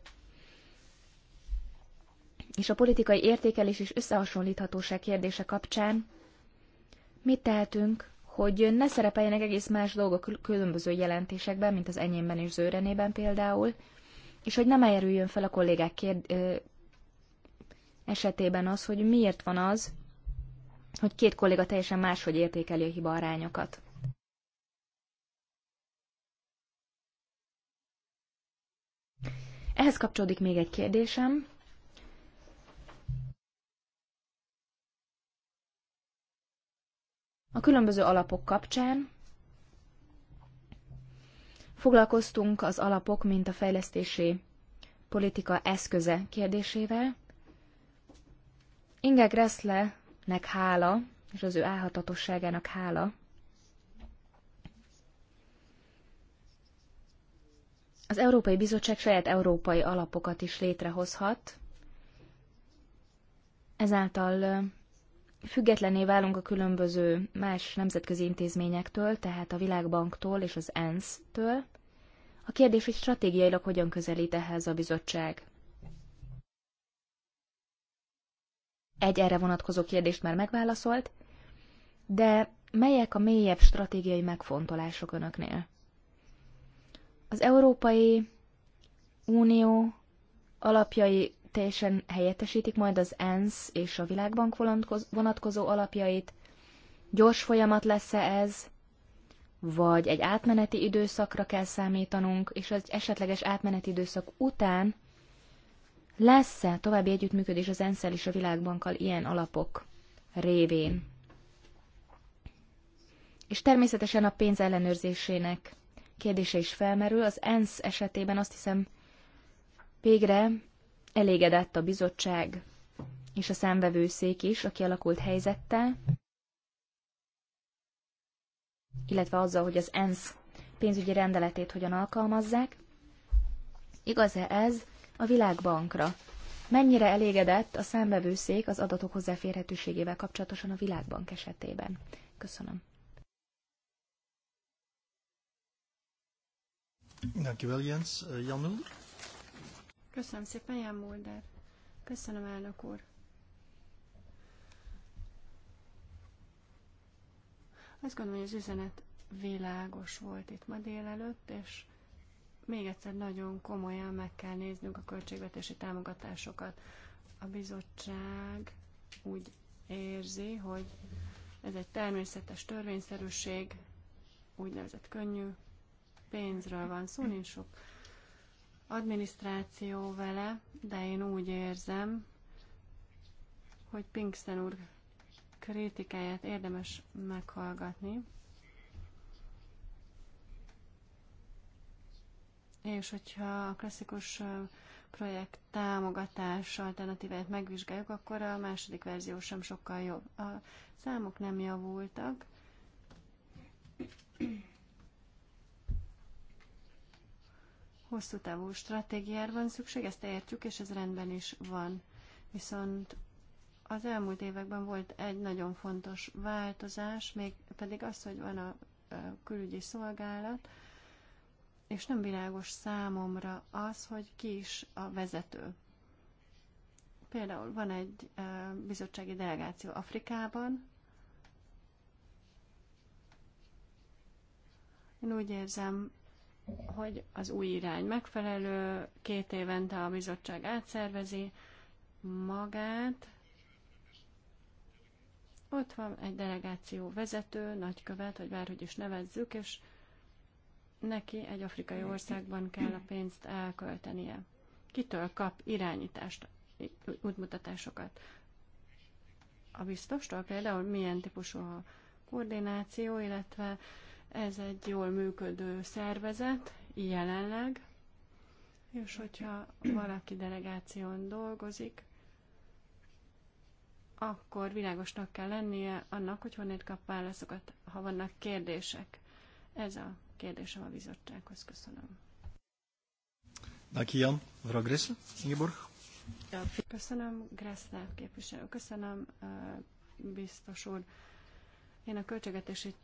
A: és a politikai értékelés és összehasonlíthatóság kérdése kapcsán mit tehetünk hogy ne szerepeljenek egész más dolgok különböző jelentésekben, mint az enyémben és zőrenében például, és hogy nem erüljön fel a kollégák kérd, ö, esetében az, hogy miért van az, hogy két kolléga teljesen máshogy értékeli a hiba arányokat. Ehhez kapcsolódik még egy kérdésem. A különböző alapok kapcsán foglalkoztunk az alapok, mint a fejlesztési politika eszköze kérdésével. Inge Gresslenek hála, és az ő álhatatosságának hála, Az Európai Bizottság saját európai alapokat is létrehozhat, ezáltal függetlené válunk a különböző más nemzetközi intézményektől, tehát a Világbanktól és az ENSZ-től. A kérdés, hogy stratégiailag hogyan közelít ehhez a bizottság. Egy erre vonatkozó kérdést már megválaszolt, de melyek a mélyebb stratégiai megfontolások önöknél? Az Európai Unió alapjai teljesen helyettesítik majd az ENSZ és a Világbank vonatkozó alapjait? Gyors folyamat lesz-e ez? Vagy egy átmeneti időszakra kell számítanunk, és az esetleges átmeneti időszak után lesz-e további együttműködés az ensz és a Világbankkal ilyen alapok révén? És természetesen a pénz ellenőrzésének kérdése is felmerül. Az ENSZ esetében azt hiszem végre Elégedett a bizottság és a számvevőszék is a kialakult helyzettel, illetve azzal, hogy az ENSZ pénzügyi rendeletét hogyan alkalmazzák. Igaz-e ez a Világbankra? Mennyire elégedett a számbevőszék az adatok hozzáférhetőségével kapcsolatosan a Világbank esetében? Köszönöm. Dankjewel Jens. Eh, Jan
B: Köszönöm szépen, Jan Mulder. Köszönöm, elnök úr. Azt gondolom, hogy az üzenet világos volt itt ma délelőtt, és még egyszer nagyon komolyan meg kell néznünk a költségvetési támogatásokat. A bizottság úgy érzi, hogy ez egy természetes törvényszerűség, úgynevezett könnyű pénzről van szó, nincs sok adminisztráció vele, de én úgy érzem, hogy Pinkston úr kritikáját érdemes meghallgatni. És hogyha a klasszikus projekt támogatás alternatíváját megvizsgáljuk, akkor a második verzió sem sokkal jobb. A számok nem javultak. hosszú távú stratégiára van szükség, ezt értjük, és ez rendben is van. Viszont az elmúlt években volt egy nagyon fontos változás, még pedig az, hogy van a külügyi szolgálat, és nem világos számomra az, hogy ki is a vezető. Például van egy bizottsági delegáció Afrikában. Én úgy érzem, hogy az új irány megfelelő, két évente a bizottság átszervezi magát. Ott van egy delegáció vezető, nagykövet, vagy bárhogy is nevezzük, és neki egy afrikai országban kell a pénzt elköltenie. Kitől kap irányítást, útmutatásokat? A biztostól például milyen típusú a koordináció, illetve ez egy jól működő szervezet jelenleg, és hogyha valaki delegáción dolgozik, akkor világosnak kell lennie annak, hogy honnét kap válaszokat, ha vannak kérdések. Ez a kérdésem a bizottsághoz. Köszönöm.
A: Dank Jan. Mevrouw Gressel, Ingeborg.
B: Köszönöm, Gressler képviselő. Köszönöm, biztos úr. Én a költségetési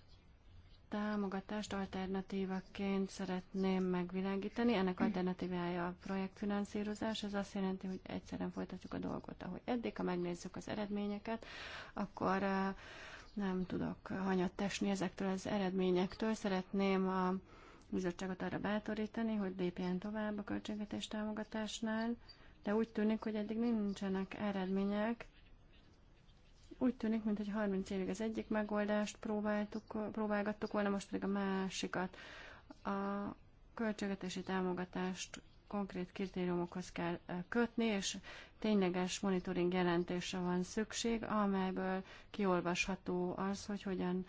B: támogatást alternatívaként szeretném megvilágítani. Ennek alternatívája a projektfinanszírozás. Ez azt jelenti, hogy egyszerűen folytatjuk a dolgot, ahogy eddig, ha megnézzük az eredményeket, akkor eh, nem tudok hanyat tesni ezektől az eredményektől. Szeretném a bizottságot arra bátorítani, hogy lépjen tovább a költségvetés támogatásnál, de úgy tűnik, hogy eddig nincsenek eredmények, úgy tűnik, mintha 30 évig az egyik megoldást próbáltuk, próbálgattuk volna, most pedig a másikat. A költségvetési támogatást konkrét kritériumokhoz kell kötni, és tényleges monitoring jelentése van szükség, amelyből kiolvasható az, hogy hogyan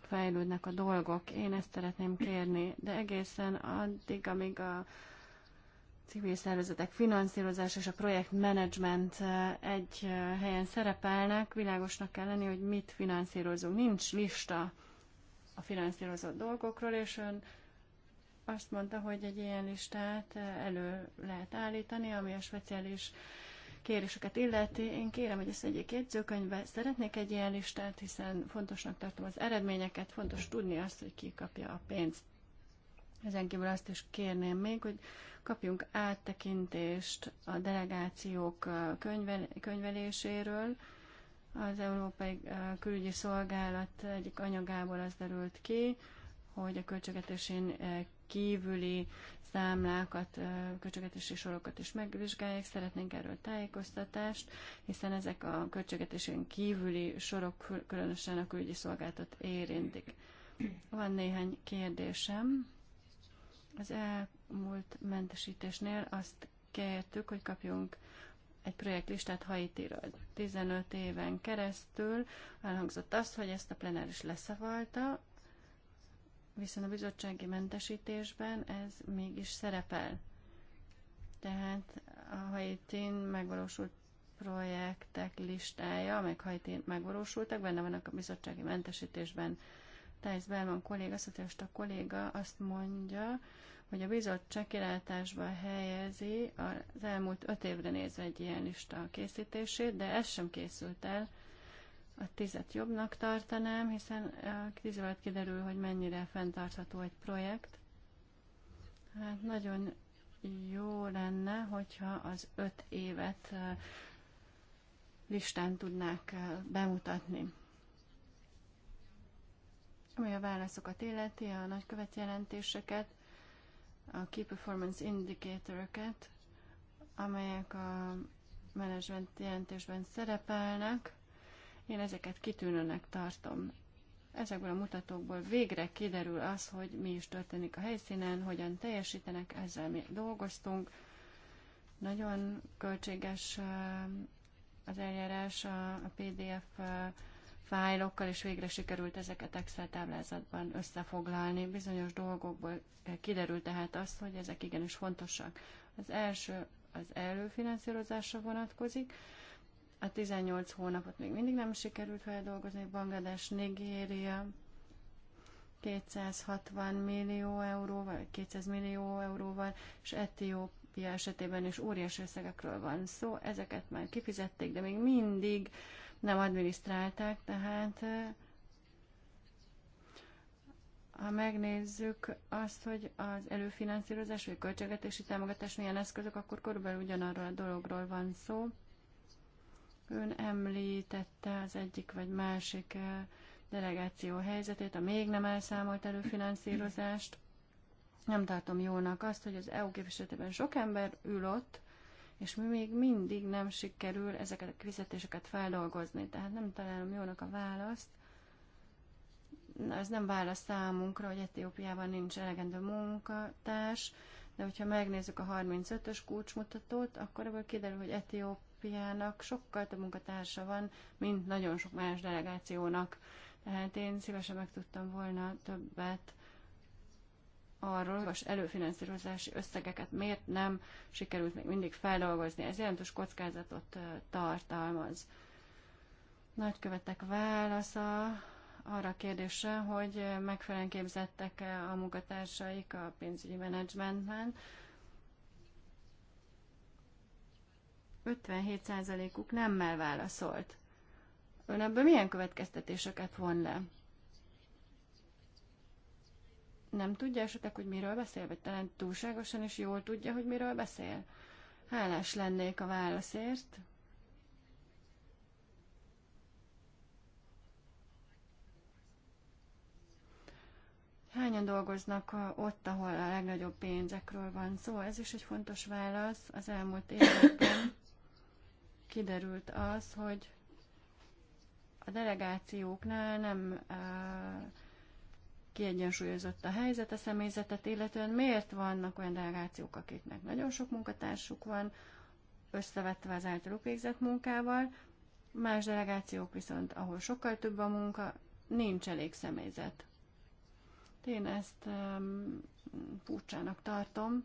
B: fejlődnek a dolgok. Én ezt szeretném kérni, de egészen addig, amíg a civil szervezetek finanszírozás és a projektmenedzsment egy helyen szerepelnek, világosnak kell lenni, hogy mit finanszírozunk. Nincs lista a finanszírozott dolgokról, és ön azt mondta, hogy egy ilyen listát elő lehet állítani, ami a speciális kéréseket illeti. Én kérem, hogy ezt egyik jegyzőkönyvbe. Szeretnék egy ilyen listát, hiszen fontosnak tartom az eredményeket, fontos tudni azt, hogy ki kapja a pénzt. Ezen kívül azt is kérném még, hogy kapjunk áttekintést a delegációk könyvel, könyveléséről. Az Európai Külügyi Szolgálat egyik anyagából az derült ki, hogy a költségetésén kívüli számlákat, költségetési sorokat is megvizsgálják. Szeretnénk erről tájékoztatást, hiszen ezek a költségetésén kívüli sorok különösen a külügyi szolgáltat érintik. Van néhány kérdésem az elmúlt mentesítésnél azt kértük, hogy kapjunk egy projektlistát Haitiről. 15 éven keresztül elhangzott azt, hogy ezt a plenáris leszavalta, viszont a bizottsági mentesítésben ez mégis szerepel. Tehát a Haitin megvalósult projektek listája, amelyek Haitin megvalósultak, benne vannak a bizottsági mentesítésben. Tehát Belman kolléga, a kolléga azt mondja, hogy a bizottság kilátásba helyezi az elmúlt öt évre nézve egy ilyen lista készítését, de ez sem készült el. A tizet jobbnak tartanám, hiszen eh, tíz alatt kiderül, hogy mennyire fenntartható egy projekt. Hát nagyon jó lenne, hogyha az öt évet eh, listán tudnák eh, bemutatni. Ami a válaszokat illeti, a nagykövet jelentéseket, a Key Performance Indicator-öket, amelyek a management jelentésben szerepelnek, én ezeket kitűnőnek tartom. Ezekből a mutatókból végre kiderül az, hogy mi is történik a helyszínen, hogyan teljesítenek, ezzel mi dolgoztunk. Nagyon költséges az eljárás a PDF fájlokkal, és végre sikerült ezeket Excel táblázatban összefoglalni. Bizonyos dolgokból eh, kiderült tehát az, hogy ezek igenis fontosak. Az első az előfinanszírozásra vonatkozik. A 18 hónapot még mindig nem sikerült feldolgozni. Banglades, Nigéria 260 millió euróval, 200 millió euróval, és Etióp Etiópia esetében is óriási összegekről van szó, ezeket már kifizették, de még mindig nem adminisztrálták, tehát ha megnézzük azt, hogy az előfinanszírozás vagy költségvetési támogatás milyen eszközök, akkor körülbelül ugyanarról a dologról van szó. Ön említette az egyik vagy másik delegáció helyzetét, a még nem elszámolt előfinanszírozást. Nem tartom jónak azt, hogy az EU képviseletében sok ember ül ott, és mi még mindig nem sikerül ezeket a fizetéseket feldolgozni. Tehát nem találom jónak a választ. Na Ez nem válasz számunkra, hogy Etiópiában nincs elegendő munkatárs, de hogyha megnézzük a 35-ös kulcsmutatót, akkor ebből kiderül, hogy Etiópiának sokkal több munkatársa van, mint nagyon sok más delegációnak. Tehát én szívesen megtudtam volna többet arról, hogy előfinanszírozási összegeket miért nem sikerült még mindig feldolgozni. Ez jelentős kockázatot tartalmaz. Nagykövetek válasza arra a kérdésre, hogy megfelelően képzettek -e a munkatársaik a pénzügyi menedzsmentben. 57%-uk nem válaszolt. Ön ebből milyen következtetéseket von le? nem tudja esetleg, hogy miről beszél, vagy talán túlságosan is jól tudja, hogy miről beszél. Hálás lennék a válaszért. Hányan dolgoznak ott, ahol a legnagyobb pénzekről van szó? Szóval ez is egy fontos válasz. Az elmúlt években kiderült az, hogy a delegációknál nem uh, kiegyensúlyozott a helyzet a személyzetet, illetően miért vannak olyan delegációk, akiknek nagyon sok munkatársuk van, összevetve az általuk végzett munkával, más delegációk viszont, ahol sokkal több a munka, nincs elég személyzet. Én ezt um, furcsának tartom,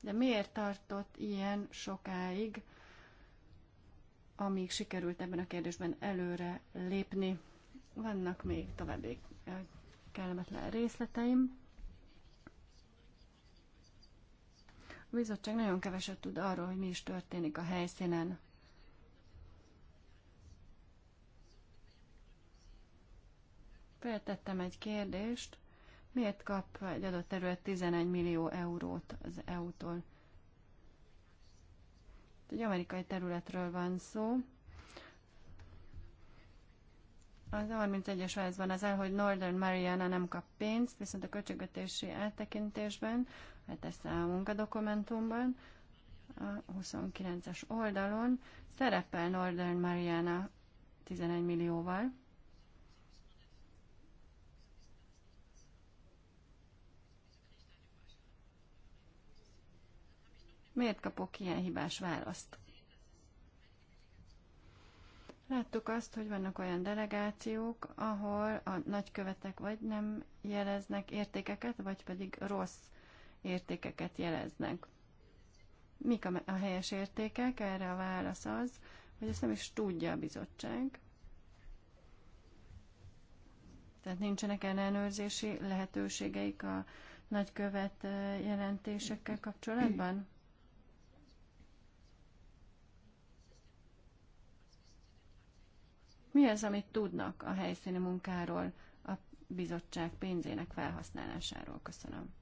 B: de miért tartott ilyen sokáig, amíg sikerült ebben a kérdésben előre lépni? Vannak még további kellemetlen részleteim. A bizottság nagyon keveset tud arról, hogy mi is történik a helyszínen. Feltettem egy kérdést, miért kap egy adott terület 11 millió eurót az EU-tól? Egy amerikai területről van szó, az 31-es válaszban az el, hogy Northern Mariana nem kap pénzt, viszont a költségvetési áttekintésben, hát ezt a munkadokumentumban, a 29-es oldalon szerepel Northern Mariana 11 millióval. Miért kapok ilyen hibás választ? Láttuk azt, hogy vannak olyan delegációk, ahol a nagykövetek vagy nem jeleznek értékeket, vagy pedig rossz értékeket jeleznek. Mik a, a helyes értékek? Erre a válasz az, hogy ezt nem is tudja a bizottság. Tehát nincsenek ellenőrzési lehetőségeik a nagykövet eh, jelentésekkel kapcsolatban? Mi az, amit tudnak a helyszíni munkáról, a bizottság pénzének felhasználásáról? Köszönöm.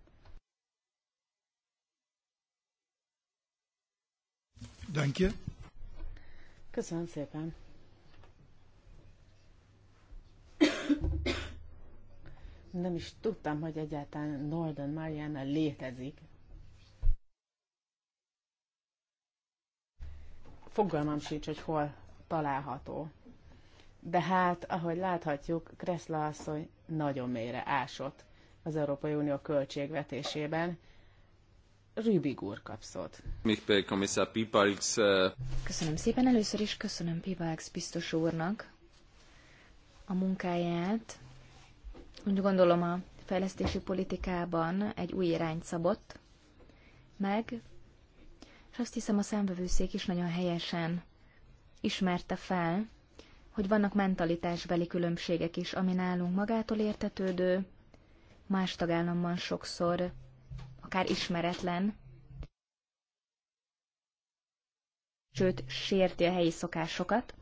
A: Danke.
C: Köszönöm szépen. Nem is tudtam, hogy egyáltalán Northern Mariana létezik. Fogalmam sincs, hogy hol található de hát, ahogy láthatjuk, Kreszla asszony nagyon mélyre ásott az Európai Unió költségvetésében. Rübig úr kap äh,
A: Köszönöm szépen. Először is köszönöm Pivax biztos úrnak a munkáját. Úgy gondolom a fejlesztési politikában egy új irányt szabott meg, és azt hiszem a számvevőszék is nagyon helyesen ismerte fel, hogy vannak mentalitásbeli különbségek is, ami nálunk magától értetődő, más tagállamban sokszor akár ismeretlen, sőt, sérti a helyi szokásokat.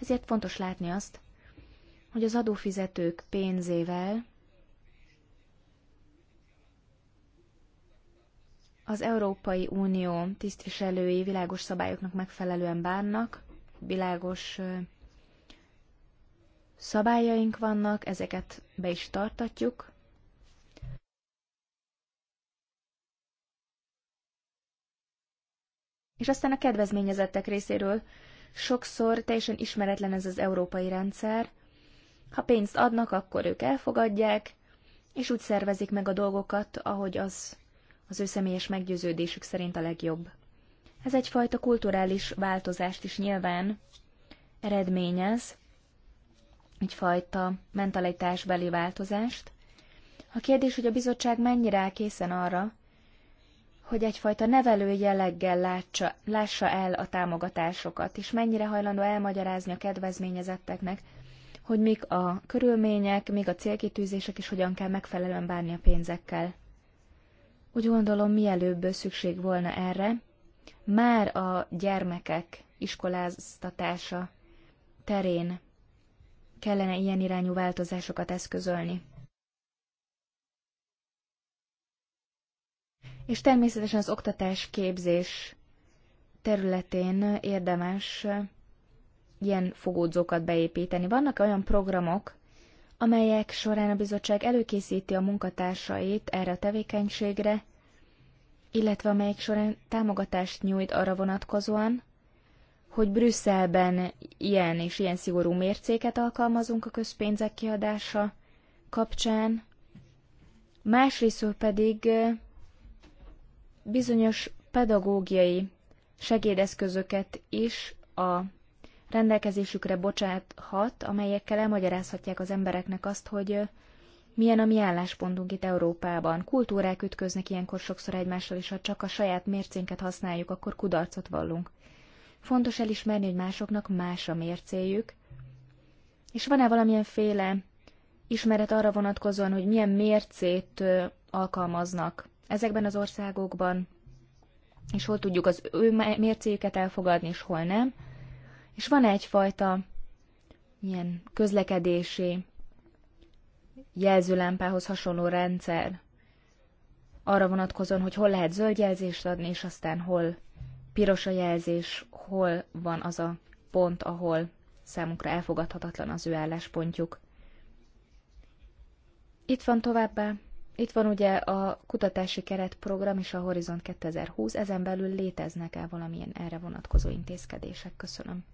A: Ezért fontos látni azt, hogy az adófizetők pénzével az Európai Unió tisztviselői világos szabályoknak megfelelően bánnak, világos szabályaink vannak, ezeket be is tartatjuk. És aztán a kedvezményezettek részéről sokszor teljesen ismeretlen ez az európai rendszer. Ha pénzt adnak, akkor ők elfogadják, és úgy szervezik meg a dolgokat, ahogy az az ő személyes meggyőződésük szerint a legjobb. Ez egyfajta kulturális változást is nyilván eredményez, egyfajta mentalitásbeli változást. A kérdés, hogy a bizottság mennyire áll készen arra, hogy egyfajta nevelő jelleggel látsa, lássa el a támogatásokat, és mennyire hajlandó elmagyarázni a kedvezményezetteknek, hogy mik a körülmények, mik a célkitűzések, és hogyan kell megfelelően bánni a pénzekkel. Úgy gondolom, mielőbb szükség volna erre, már a gyermekek iskoláztatása terén kellene ilyen irányú változásokat eszközölni. És természetesen az oktatás-képzés területén érdemes ilyen fogódzókat beépíteni. Vannak olyan programok, amelyek során a bizottság előkészíti a munkatársait erre a tevékenységre, illetve amelyik során támogatást nyújt arra vonatkozóan, hogy Brüsszelben ilyen és ilyen szigorú mércéket alkalmazunk a közpénzek kiadása kapcsán, másrészt pedig bizonyos pedagógiai segédeszközöket is a rendelkezésükre bocsáthat, amelyekkel elmagyarázhatják az embereknek azt, hogy milyen a mi álláspontunk itt Európában. Kultúrák ütköznek ilyenkor sokszor egymással, és ha csak a saját mércénket használjuk, akkor kudarcot vallunk. Fontos elismerni, hogy másoknak más a mércéjük. És van-e féle ismeret arra vonatkozóan, hogy milyen mércét alkalmaznak ezekben az országokban, és hol tudjuk az ő mércéjüket elfogadni, és hol nem. És van egyfajta ilyen közlekedési jelzőlámpához hasonló rendszer arra vonatkozóan, hogy hol lehet zöld jelzést adni, és aztán hol piros a jelzés, hol van az a pont, ahol számukra elfogadhatatlan az ő álláspontjuk. Itt van továbbá, itt van ugye a kutatási keretprogram és a Horizont 2020, ezen belül léteznek-e valamilyen erre vonatkozó intézkedések? Köszönöm.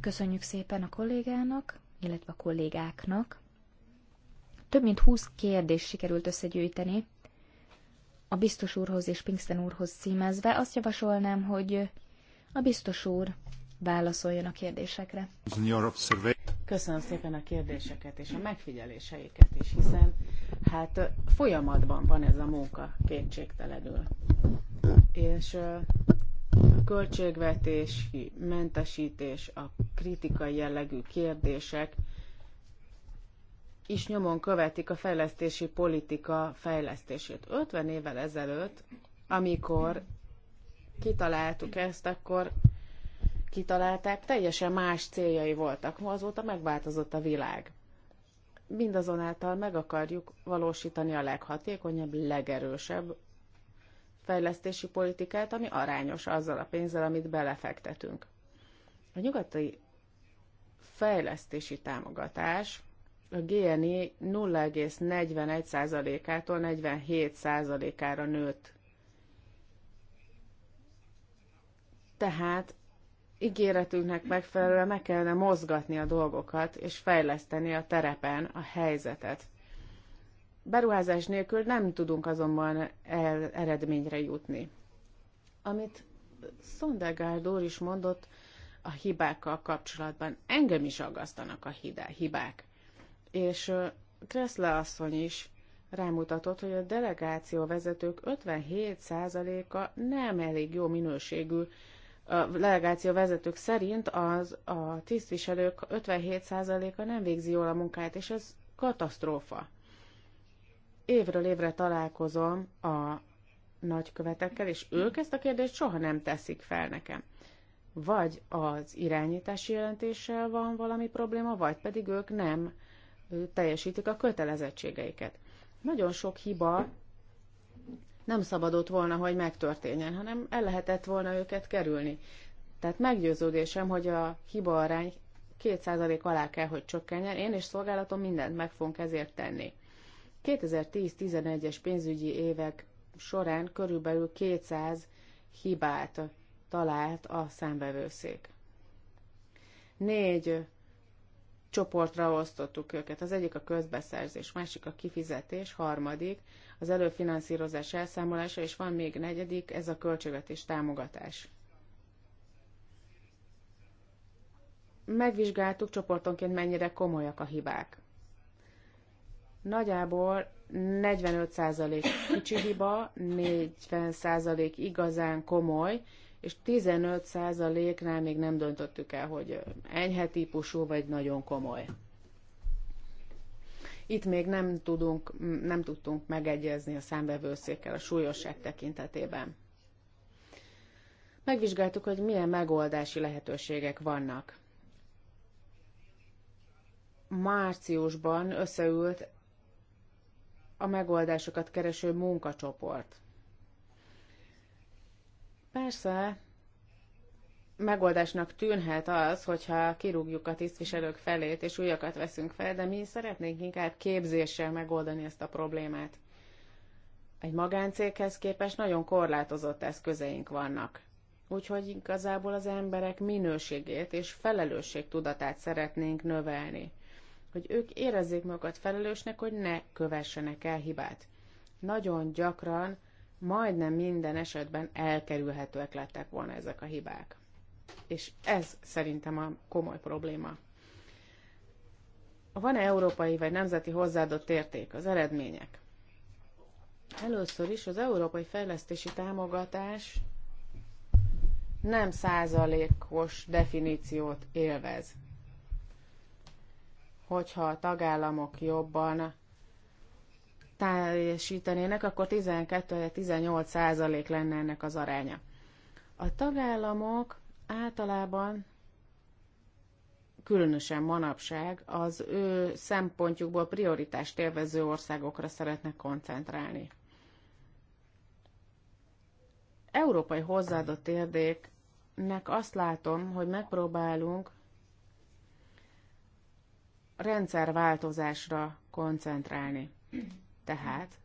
A: Köszönjük szépen a kollégának, illetve a kollégáknak több mint 20 kérdés sikerült összegyűjteni, a biztos úrhoz és Pinkston úrhoz címezve. Azt javasolnám, hogy a biztos úr válaszoljon a kérdésekre. Köszönöm szépen
C: a kérdéseket és a megfigyeléseiket is, hiszen hát folyamatban van ez a munka kétségtelenül. És a költségvetési mentesítés, a kritikai jellegű kérdések, is nyomon követik a fejlesztési politika fejlesztését. 50 évvel ezelőtt, amikor kitaláltuk ezt, akkor kitalálták, teljesen más céljai voltak. Ma azóta megváltozott a világ. Mindazonáltal meg akarjuk valósítani a leghatékonyabb, legerősebb fejlesztési politikát, ami arányos azzal a pénzzel, amit belefektetünk. A nyugati fejlesztési támogatás a GNI 0,41%-ától 47%-ára nőtt. Tehát ígéretünknek megfelelően meg kellene mozgatni a dolgokat, és fejleszteni a terepen a helyzetet. Beruházás nélkül nem tudunk azonban el eredményre jutni. Amit Szondergárd úr is mondott a hibákkal kapcsolatban, engem is aggasztanak a hibák és Kressle asszony is rámutatott, hogy a delegáció vezetők 57%-a nem elég jó minőségű. A delegáció vezetők szerint az a tisztviselők 57%-a nem végzi jól a munkát, és ez katasztrófa. Évről évre találkozom a nagykövetekkel, és ők ezt a kérdést soha nem teszik fel nekem. Vagy az irányítási jelentéssel van valami probléma, vagy pedig ők nem teljesítik a kötelezettségeiket. Nagyon sok hiba nem szabadott volna, hogy megtörténjen, hanem el lehetett volna őket kerülni. Tehát meggyőződésem, hogy a hiba arány 2% alá kell, hogy csökkenjen. Én és szolgálatom mindent meg fogunk ezért tenni. 2010-11-es pénzügyi évek során körülbelül 200 hibát talált a számbevőszék. Négy csoportra osztottuk őket. Az egyik a közbeszerzés, másik a kifizetés, harmadik az előfinanszírozás elszámolása, és van még negyedik, ez a költségvetés támogatás. Megvizsgáltuk csoportonként mennyire komolyak a hibák. Nagyjából 45% kicsi hiba, 40% igazán komoly, és 15%-nál még nem döntöttük el, hogy enyhe típusú vagy nagyon komoly. Itt még nem, tudunk, nem tudtunk megegyezni a számbevőszékkel a súlyosság tekintetében. Megvizsgáltuk, hogy milyen megoldási lehetőségek vannak. Márciusban összeült a megoldásokat kereső munkacsoport Persze, megoldásnak tűnhet az, hogyha kirúgjuk a tisztviselők felét, és újakat veszünk fel, de mi szeretnénk inkább képzéssel megoldani ezt a problémát. Egy magáncéghez képest nagyon korlátozott eszközeink vannak. Úgyhogy igazából az emberek minőségét és felelősségtudatát szeretnénk növelni. Hogy ők érezzék magukat felelősnek, hogy ne kövessenek el hibát. Nagyon gyakran majdnem minden esetben elkerülhetőek lettek volna ezek a hibák. És ez szerintem a komoly probléma. Van-e európai vagy nemzeti hozzáadott érték az eredmények? Először is az európai fejlesztési támogatás nem százalékos definíciót élvez. Hogyha a tagállamok jobban teljesítenének, akkor 12-18 százalék lenne ennek az aránya. A tagállamok általában különösen manapság az ő szempontjukból prioritást élvező országokra szeretnek koncentrálni. Európai hozzáadott érdéknek azt látom, hogy megpróbálunk rendszerváltozásra koncentrálni. Tehát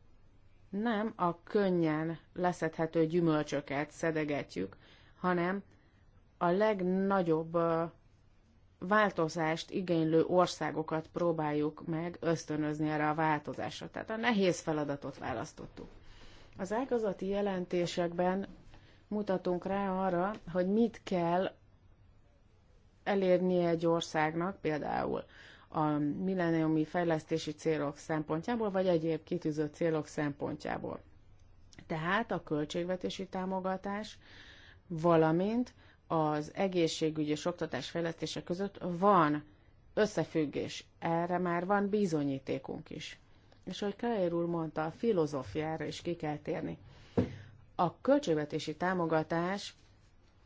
C: nem a könnyen leszedhető gyümölcsöket szedegetjük, hanem a legnagyobb változást igénylő országokat próbáljuk meg ösztönözni erre a változásra. Tehát a nehéz feladatot választottuk. Az ágazati jelentésekben mutatunk rá arra, hogy mit kell elérnie egy országnak, például a milleniumi fejlesztési célok szempontjából, vagy egyéb kitűzött célok szempontjából. Tehát a költségvetési támogatás, valamint az egészségügyi és oktatás fejlesztése között van összefüggés. Erre már van bizonyítékunk is. És ahogy Keleir úr mondta, a filozófiára is ki kell térni. A költségvetési támogatás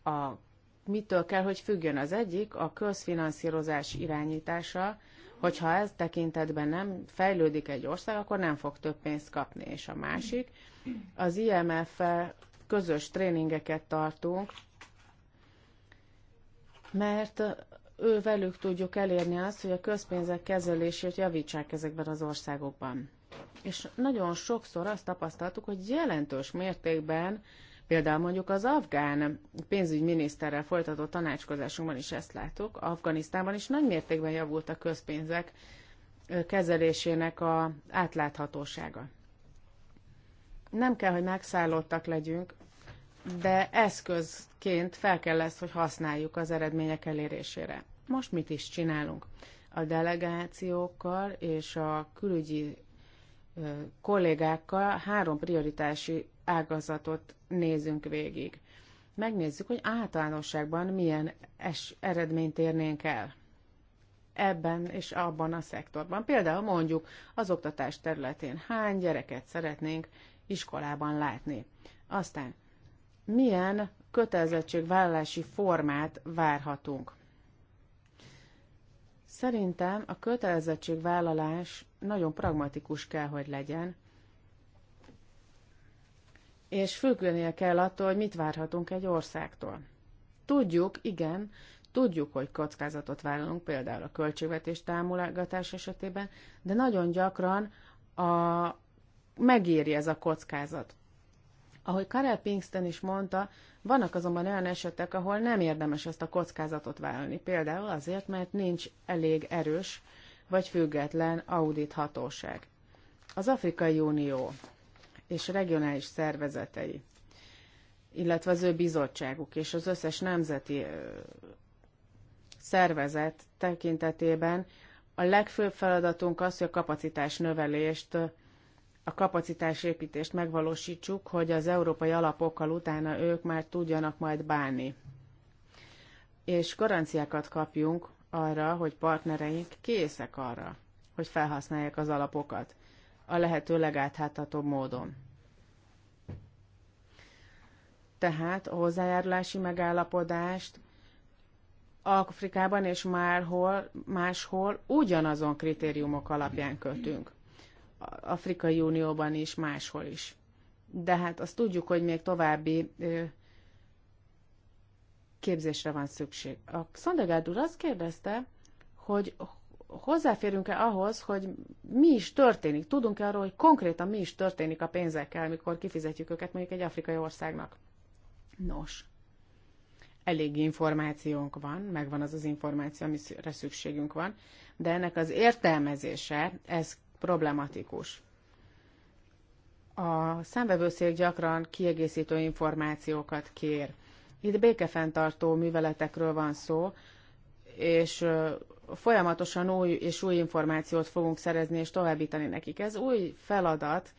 C: a mitől kell, hogy függjön az egyik, a közfinanszírozás irányítása, Hogyha ez tekintetben nem fejlődik egy ország, akkor nem fog több pénzt kapni. És a másik, az imf -e közös tréningeket tartunk, mert ő velük tudjuk elérni azt, hogy a közpénzek kezelését javítsák ezekben az országokban. És nagyon sokszor azt tapasztaltuk, hogy jelentős mértékben Például mondjuk az afgán pénzügyminiszterrel folytatott tanácskozásunkban is ezt láttuk. Afganisztánban is nagy mértékben javult a közpénzek kezelésének a átláthatósága. Nem kell, hogy megszállottak legyünk, de eszközként fel kell lesz, hogy használjuk az eredmények elérésére. Most mit is csinálunk? A delegációkkal és a külügyi kollégákkal három prioritási ágazatot nézünk végig. Megnézzük, hogy általánosságban milyen es eredményt érnénk el ebben és abban a szektorban. Például mondjuk az oktatás területén hány gyereket szeretnénk iskolában látni. Aztán milyen kötelezettségvállalási formát várhatunk. Szerintem a kötelezettségvállalás nagyon pragmatikus kell, hogy legyen, és függenie kell attól, hogy mit várhatunk egy országtól. Tudjuk, igen, tudjuk, hogy kockázatot vállalunk például a költségvetés támogatás esetében, de nagyon gyakran a, megéri ez a kockázat. Ahogy Karel Pinkston is mondta, vannak azonban olyan esetek, ahol nem érdemes ezt a kockázatot vállalni, például azért, mert nincs elég erős vagy független audit hatóság. Az Afrikai Unió és regionális szervezetei, illetve az ő bizottságuk és az összes nemzeti szervezet tekintetében a legfőbb feladatunk az, hogy a kapacitás növelést, a kapacitásépítést megvalósítsuk, hogy az európai alapokkal utána ők már tudjanak majd bánni. És garanciákat kapjunk arra, hogy partnereink készek arra, hogy felhasználják az alapokat a lehető legáthátatóbb módon. Tehát a hozzájárulási megállapodást Afrikában és márhol, máshol ugyanazon kritériumok alapján kötünk. Afrikai Unióban is, máshol is. De hát azt tudjuk, hogy még további ö, képzésre van szükség. A Szondegárd úr azt kérdezte, hogy hozzáférünk-e ahhoz, hogy mi is történik? Tudunk-e arról, hogy konkrétan mi is történik a pénzekkel, mikor kifizetjük őket mondjuk egy afrikai országnak? Nos, elég információnk van, megvan az az információ, amire szükségünk van, de ennek az értelmezése, ez problematikus. A számvevőszék gyakran kiegészítő információkat kér. Itt békefenntartó műveletekről van szó, és folyamatosan új és új információt fogunk szerezni és továbbítani nekik. Ez új feladat,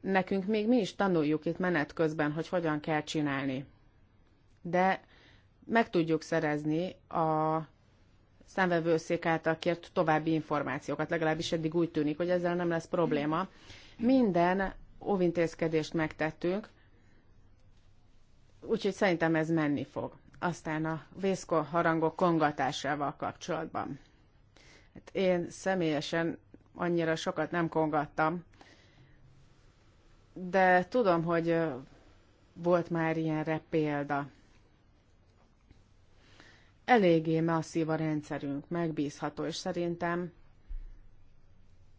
C: nekünk még mi is tanuljuk itt menet közben, hogy hogyan kell csinálni. De meg tudjuk szerezni a szemvevőszék által kért további információkat, legalábbis eddig úgy tűnik, hogy ezzel nem lesz probléma. Minden óvintézkedést megtettünk, úgyhogy szerintem ez menni fog aztán a vészkó harangok kongatásával kapcsolatban. Hát én személyesen annyira sokat nem kongattam, de tudom, hogy volt már ilyenre példa. Eléggé masszív a rendszerünk, megbízható, és szerintem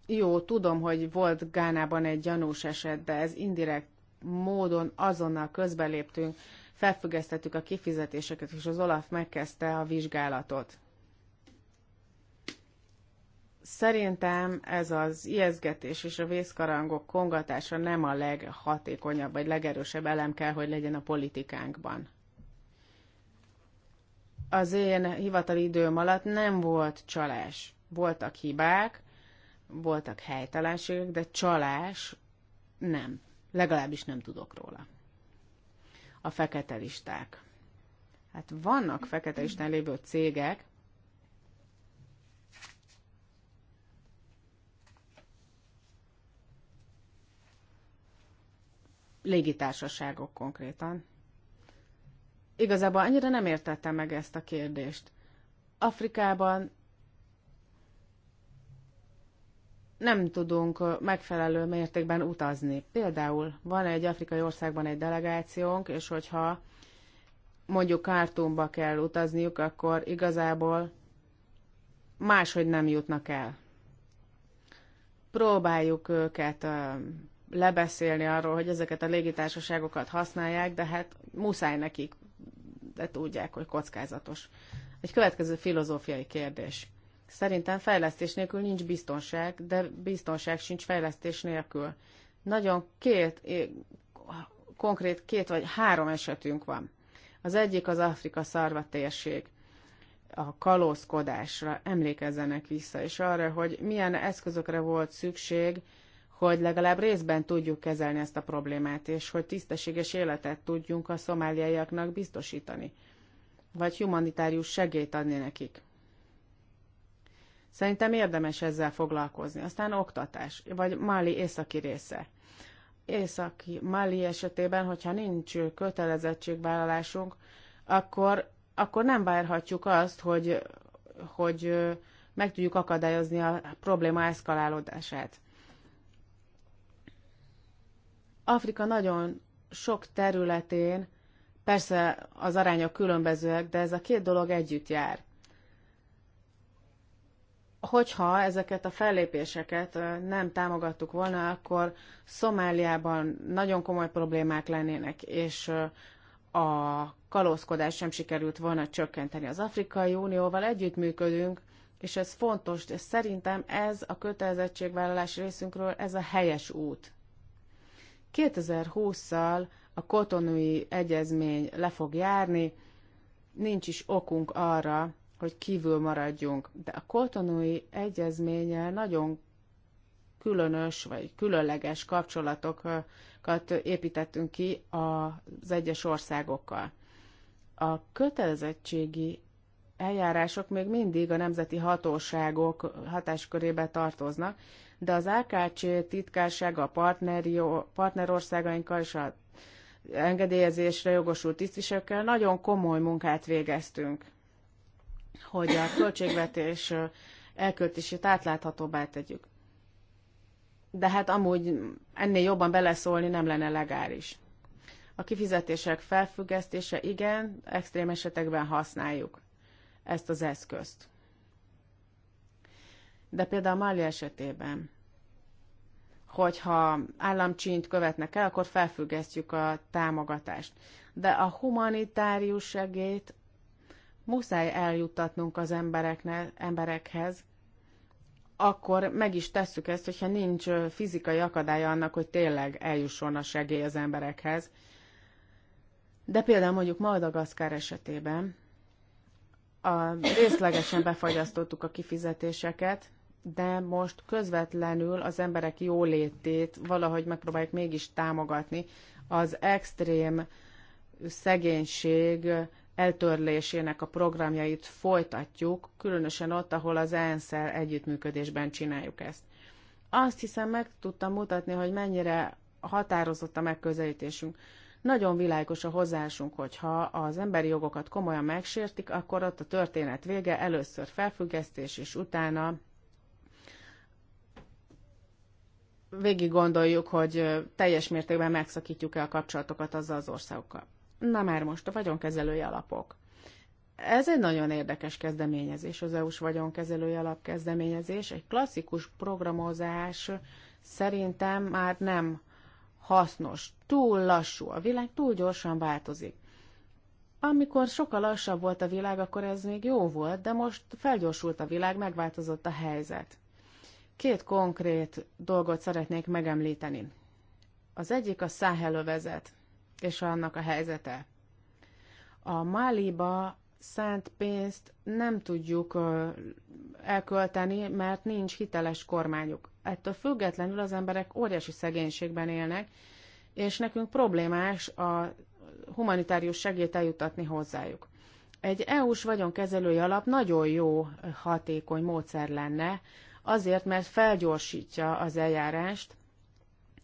C: jó, tudom, hogy volt Gánában egy gyanús eset, de ez indirekt módon azonnal közbeléptünk, felfüggesztettük a kifizetéseket, és az Olaf megkezdte a vizsgálatot. Szerintem ez az ijeszgetés és a vészkarangok kongatása nem a leghatékonyabb vagy legerősebb elem kell, hogy legyen a politikánkban az én hivatali időm alatt nem volt csalás. Voltak hibák, voltak helytelenségek, de csalás nem. Legalábbis nem tudok róla a fekete listák. Hát vannak fekete listán lévő cégek, légitársaságok konkrétan. Igazából annyira nem értettem meg ezt a kérdést. Afrikában nem tudunk megfelelő mértékben utazni. Például van egy afrikai országban egy delegációnk, és hogyha mondjuk Kártumba kell utazniuk, akkor igazából máshogy nem jutnak el. Próbáljuk őket lebeszélni arról, hogy ezeket a légitársaságokat használják, de hát muszáj nekik, de tudják, hogy kockázatos. Egy következő filozófiai kérdés. Szerintem fejlesztés nélkül nincs biztonság, de biztonság sincs fejlesztés nélkül. Nagyon két, konkrét két vagy három esetünk van. Az egyik az Afrika szarva térség a kalózkodásra emlékezzenek vissza, és arra, hogy milyen eszközökre volt szükség, hogy legalább részben tudjuk kezelni ezt a problémát, és hogy tisztességes életet tudjunk a szomáliaiaknak biztosítani, vagy humanitárius segélyt adni nekik. Szerintem érdemes ezzel foglalkozni. Aztán oktatás, vagy Mali északi része. Északi Mali esetében, hogyha nincs kötelezettségvállalásunk, akkor, akkor nem várhatjuk azt, hogy, hogy meg tudjuk akadályozni a probléma eszkalálódását. Afrika nagyon sok területén, persze az arányok különbözőek, de ez a két dolog együtt jár – hogyha ezeket a fellépéseket nem támogattuk volna, akkor Szomáliában nagyon komoly problémák lennének, és a kalózkodás sem sikerült volna csökkenteni. Az Afrikai Unióval együttműködünk, és ez fontos, de szerintem ez a kötelezettségvállalás részünkről ez a helyes út. 2020-szal a kotonui egyezmény le fog járni, nincs is okunk arra, hogy kívül maradjunk. De a kotonói egyezménnyel nagyon különös vagy különleges kapcsolatokat építettünk ki az egyes országokkal. A kötelezettségi eljárások még mindig a nemzeti hatóságok hatáskörébe tartoznak, de az AKC titkársága a partneri, partnerországainkkal és a engedélyezésre jogosult tisztviselőkkel nagyon komoly munkát végeztünk hogy a költségvetés elköltését átláthatóbbá tegyük. De hát amúgy ennél jobban beleszólni nem lenne legális. A kifizetések felfüggesztése igen, extrém esetekben használjuk ezt az eszközt. De például Mali esetében, hogyha államcsínyt követnek el, akkor felfüggesztjük a támogatást. De a humanitárius segét muszáj eljuttatnunk az embereknek, emberekhez, akkor meg is tesszük ezt, hogyha nincs fizikai akadálya annak, hogy tényleg eljusson a segély az emberekhez. De például mondjuk Madagaszkár esetében a, részlegesen befagyasztottuk a kifizetéseket, de most közvetlenül az emberek jólétét valahogy megpróbáljuk mégis támogatni. Az extrém szegénység eltörlésének a programjait folytatjuk, különösen ott, ahol az ensz együttműködésben csináljuk ezt. Azt hiszem meg tudtam mutatni, hogy mennyire határozott a megközelítésünk. Nagyon világos a hozzáásunk, hogyha az emberi jogokat komolyan megsértik, akkor ott a történet vége, először felfüggesztés, és utána végig gondoljuk, hogy teljes mértékben megszakítjuk-e a kapcsolatokat azzal az országokkal. Na már most a vagyonkezelői alapok. Ez egy nagyon érdekes kezdeményezés, az EU-s vagyonkezelői alapkezdeményezés. Egy klasszikus programozás szerintem már nem hasznos, túl lassú, a világ túl gyorsan változik. Amikor sokkal lassabb volt a világ, akkor ez még jó volt, de most felgyorsult a világ, megváltozott a helyzet. Két konkrét dolgot szeretnék megemlíteni. Az egyik a száhelövezet és annak a helyzete. A Máliba szánt pénzt nem tudjuk elkölteni, mert nincs hiteles kormányuk. Ettől függetlenül az emberek óriási szegénységben élnek, és nekünk problémás a humanitárius segélyt eljutatni hozzájuk. Egy EU-s vagyonkezelői alap nagyon jó, hatékony módszer lenne, azért, mert felgyorsítja az eljárást,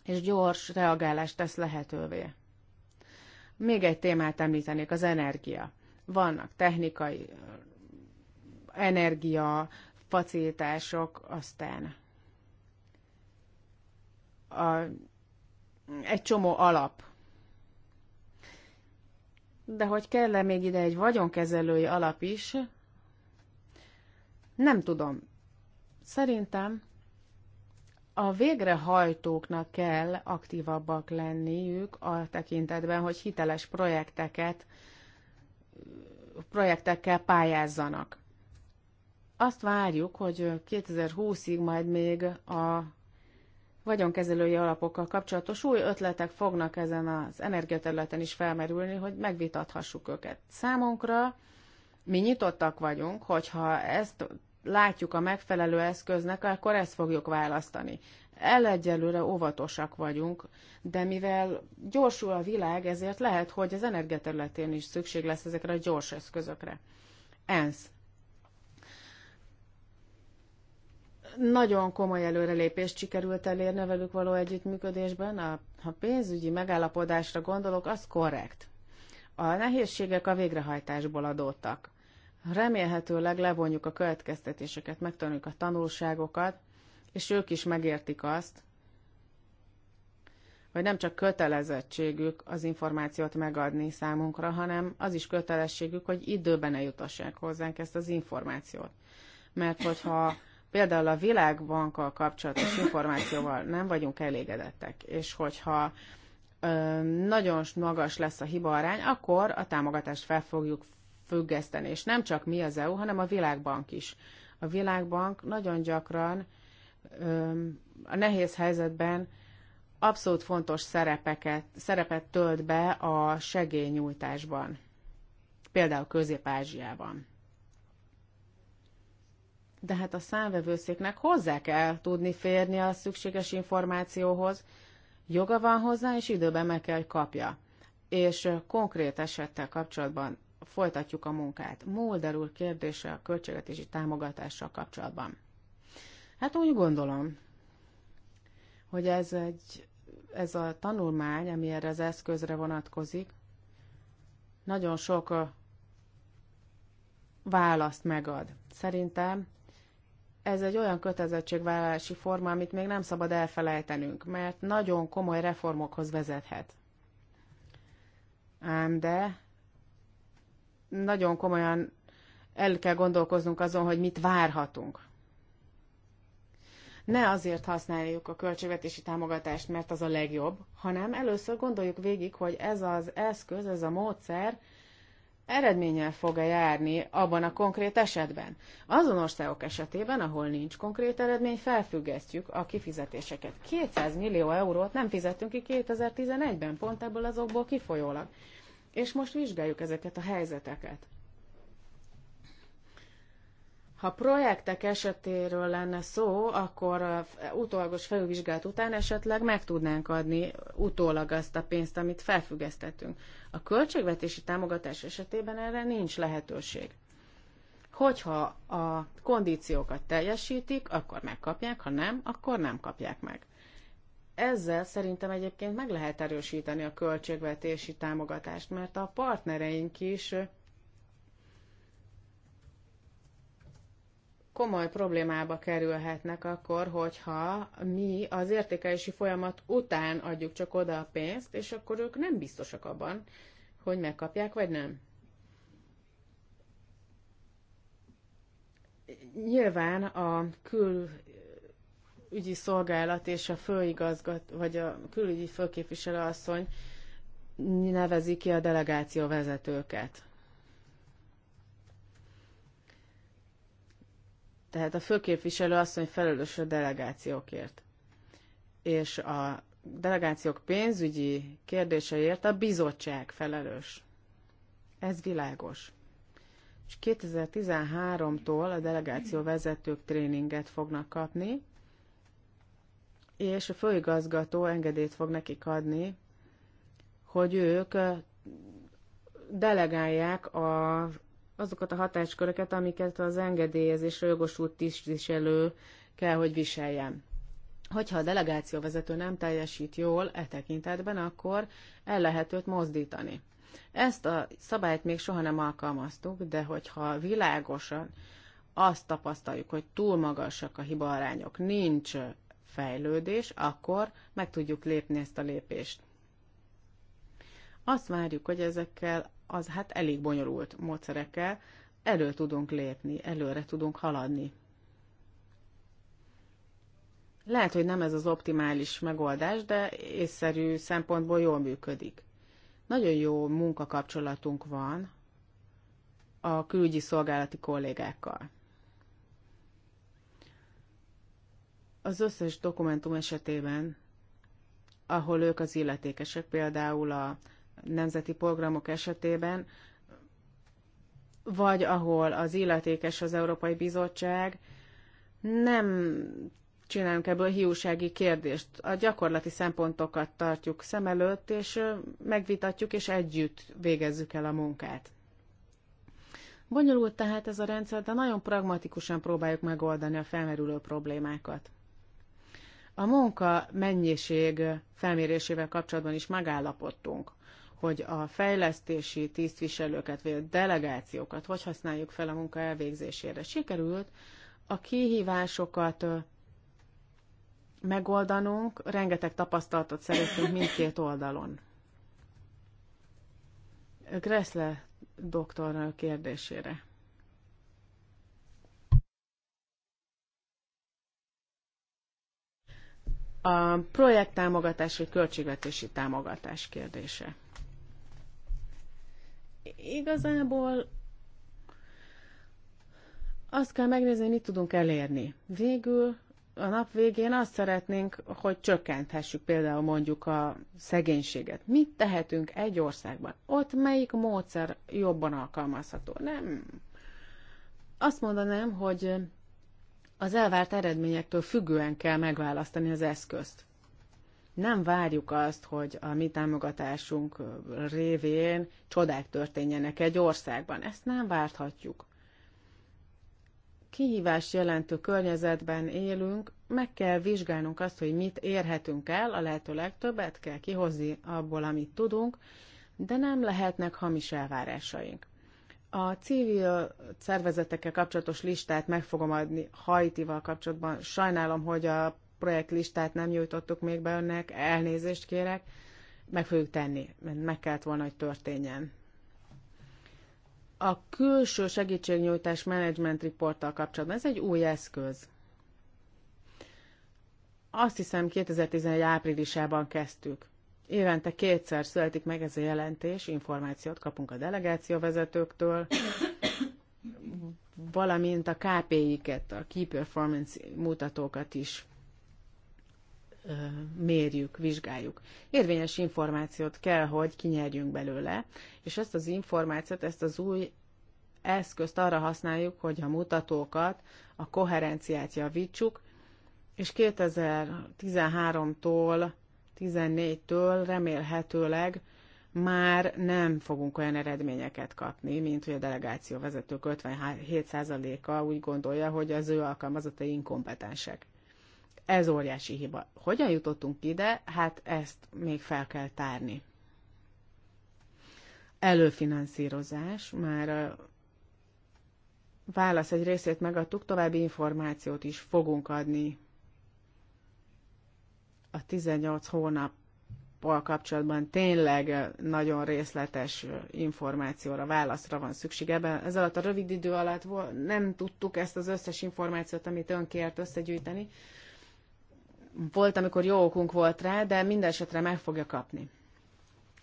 C: és gyors reagálást tesz lehetővé. Még egy témát említenék, az energia. Vannak technikai energia, facilitások, aztán a, egy csomó alap. De hogy kell -e még ide egy vagyonkezelői alap is, nem tudom. Szerintem a végrehajtóknak kell aktívabbak lenniük a tekintetben, hogy hiteles projekteket, projektekkel pályázzanak. Azt várjuk, hogy 2020-ig majd még a vagyonkezelői alapokkal kapcsolatos új ötletek fognak ezen az energiaterületen is felmerülni, hogy megvitathassuk őket. Számunkra mi nyitottak vagyunk, hogyha ezt látjuk a megfelelő eszköznek, akkor ezt fogjuk választani. Elegyelőre óvatosak vagyunk, de mivel gyorsul a világ, ezért lehet, hogy az energiaterületén is szükség lesz ezekre a gyors eszközökre. ENSZ. Nagyon komoly előrelépést sikerült elérni velük való együttműködésben. A, ha pénzügyi megállapodásra gondolok, az korrekt. A nehézségek a végrehajtásból adódtak Remélhetőleg levonjuk a következtetéseket, megtanuljuk a tanulságokat, és ők is megértik azt, hogy nem csak kötelezettségük az információt megadni számunkra, hanem az is kötelességük, hogy időben eljutassák hozzánk ezt az információt. Mert hogyha például a világbankkal kapcsolatos információval nem vagyunk elégedettek, és hogyha ö, nagyon magas lesz a hibaarány, akkor a támogatást fel fogjuk függeszteni, és nem csak mi az EU, hanem a Világbank is. A Világbank nagyon gyakran a nehéz helyzetben abszolút fontos szerepeket, szerepet tölt be a segélynyújtásban, például Közép-Ázsiában. De hát a számvevőszéknek hozzá kell tudni férni a szükséges információhoz, joga van hozzá, és időben meg kell, hogy kapja. És konkrét esettel kapcsolatban folytatjuk a munkát. Mulder úr kérdése a költségvetési támogatással kapcsolatban. Hát úgy gondolom, hogy ez, egy, ez a tanulmány, ami erre az eszközre vonatkozik, nagyon sok választ megad. Szerintem ez egy olyan kötelezettségvállalási forma, amit még nem szabad elfelejtenünk, mert nagyon komoly reformokhoz vezethet. Ám de nagyon komolyan el kell gondolkoznunk azon, hogy mit várhatunk. Ne azért használjuk a költségvetési támogatást, mert az a legjobb, hanem először gondoljuk végig, hogy ez az eszköz, ez a módszer eredménnyel fog-e járni abban a konkrét esetben. Azon országok esetében, ahol nincs konkrét eredmény, felfüggesztjük a kifizetéseket. 200 millió eurót nem fizettünk ki 2011-ben, pont ebből azokból kifolyólag. És most vizsgáljuk ezeket a helyzeteket. Ha projektek esetéről lenne szó, akkor utólagos felülvizsgálat után esetleg meg tudnánk adni utólag azt a pénzt, amit felfüggesztettünk. A költségvetési támogatás esetében erre nincs lehetőség. Hogyha a kondíciókat teljesítik, akkor megkapják, ha nem, akkor nem kapják meg ezzel szerintem egyébként meg lehet erősíteni a költségvetési támogatást, mert a partnereink is komoly problémába kerülhetnek akkor, hogyha mi az értékelési folyamat után adjuk csak oda a pénzt, és akkor ők nem biztosak abban, hogy megkapják vagy nem. Nyilván a kül ügyi szolgálat és a főigazgat, vagy a külügyi főképviselő asszony nevezi ki a delegáció vezetőket. Tehát a főképviselő asszony felelős a delegációkért. És a delegációk pénzügyi kérdéseért a bizottság felelős. Ez világos. És 2013-tól a delegáció vezetők tréninget fognak kapni, és a főigazgató engedélyt fog nekik adni, hogy ők delegálják a, azokat a hatásköröket, amiket az engedélyezés jogosult tisztviselő kell, hogy viseljen. Hogyha a delegáció vezető nem teljesít jól e tekintetben, akkor el lehet őt mozdítani. Ezt a szabályt még soha nem alkalmaztuk, de hogyha világosan azt tapasztaljuk, hogy túl magasak a hibaarányok, nincs fejlődés, akkor meg tudjuk lépni ezt a lépést. Azt várjuk, hogy ezekkel az hát elég bonyolult módszerekkel elő tudunk lépni, előre tudunk haladni. Lehet, hogy nem ez az optimális megoldás, de észszerű szempontból jól működik. Nagyon jó munkakapcsolatunk van a külügyi szolgálati kollégákkal. Az összes dokumentum esetében, ahol ők az illetékesek, például a nemzeti programok esetében, vagy ahol az illetékes az Európai Bizottság, nem csinálunk ebből hiúsági kérdést. A gyakorlati szempontokat tartjuk szem előtt, és megvitatjuk, és együtt végezzük el a munkát. Bonyolult tehát ez a rendszer, de nagyon pragmatikusan próbáljuk megoldani a felmerülő problémákat. A munka mennyiség felmérésével kapcsolatban is megállapodtunk, hogy a fejlesztési tisztviselőket, vagy a delegációkat hogy használjuk fel a munka elvégzésére. Sikerült a kihívásokat megoldanunk, rengeteg tapasztalatot szereztünk mindkét oldalon. Gressle doktornő kérdésére. a projekttámogatás vagy költségvetési támogatás kérdése. Igazából azt kell megnézni, mit tudunk elérni. Végül a nap végén azt szeretnénk, hogy csökkenthessük például mondjuk a szegénységet. Mit tehetünk egy országban? Ott melyik módszer jobban alkalmazható? Nem. Azt mondanám, hogy az elvárt eredményektől függően kell megválasztani az eszközt. Nem várjuk azt, hogy a mi támogatásunk révén csodák történjenek egy országban. Ezt nem várhatjuk. Kihívás jelentő környezetben élünk, meg kell vizsgálnunk azt, hogy mit érhetünk el, a lehető legtöbbet kell kihozni abból, amit tudunk, de nem lehetnek hamis elvárásaink. A civil szervezetekkel kapcsolatos listát meg fogom adni Haitival kapcsolatban. Sajnálom, hogy a projektlistát nem nyújtottuk még be önnek, elnézést kérek. Meg fogjuk tenni, mert meg kellett volna, hogy történjen. A külső segítségnyújtás management reporttal kapcsolatban, ez egy új eszköz. Azt hiszem 2011 áprilisában kezdtük. Évente kétszer születik meg ez a jelentés, információt kapunk a delegációvezetőktől, valamint a KPI-ket, a Key Performance mutatókat is mérjük, vizsgáljuk. Érvényes információt kell, hogy kinyerjünk belőle, és ezt az információt, ezt az új eszközt arra használjuk, hogy a mutatókat, a koherenciát javítsuk, és 2013-tól 2014-től remélhetőleg már nem fogunk olyan eredményeket kapni, mint hogy a delegáció vezetők 57%-a úgy gondolja, hogy az ő alkalmazottai inkompetensek. Ez óriási hiba. Hogyan jutottunk ide? Hát ezt még fel kell tárni. Előfinanszírozás, már a válasz egy részét megadtuk, további információt is fogunk adni a 18 hónappal kapcsolatban tényleg nagyon részletes információra, válaszra van szükség. Ebben ez alatt a rövid idő alatt nem tudtuk ezt az összes információt, amit kért összegyűjteni. Volt, amikor jó okunk volt rá, de minden esetre meg fogja kapni.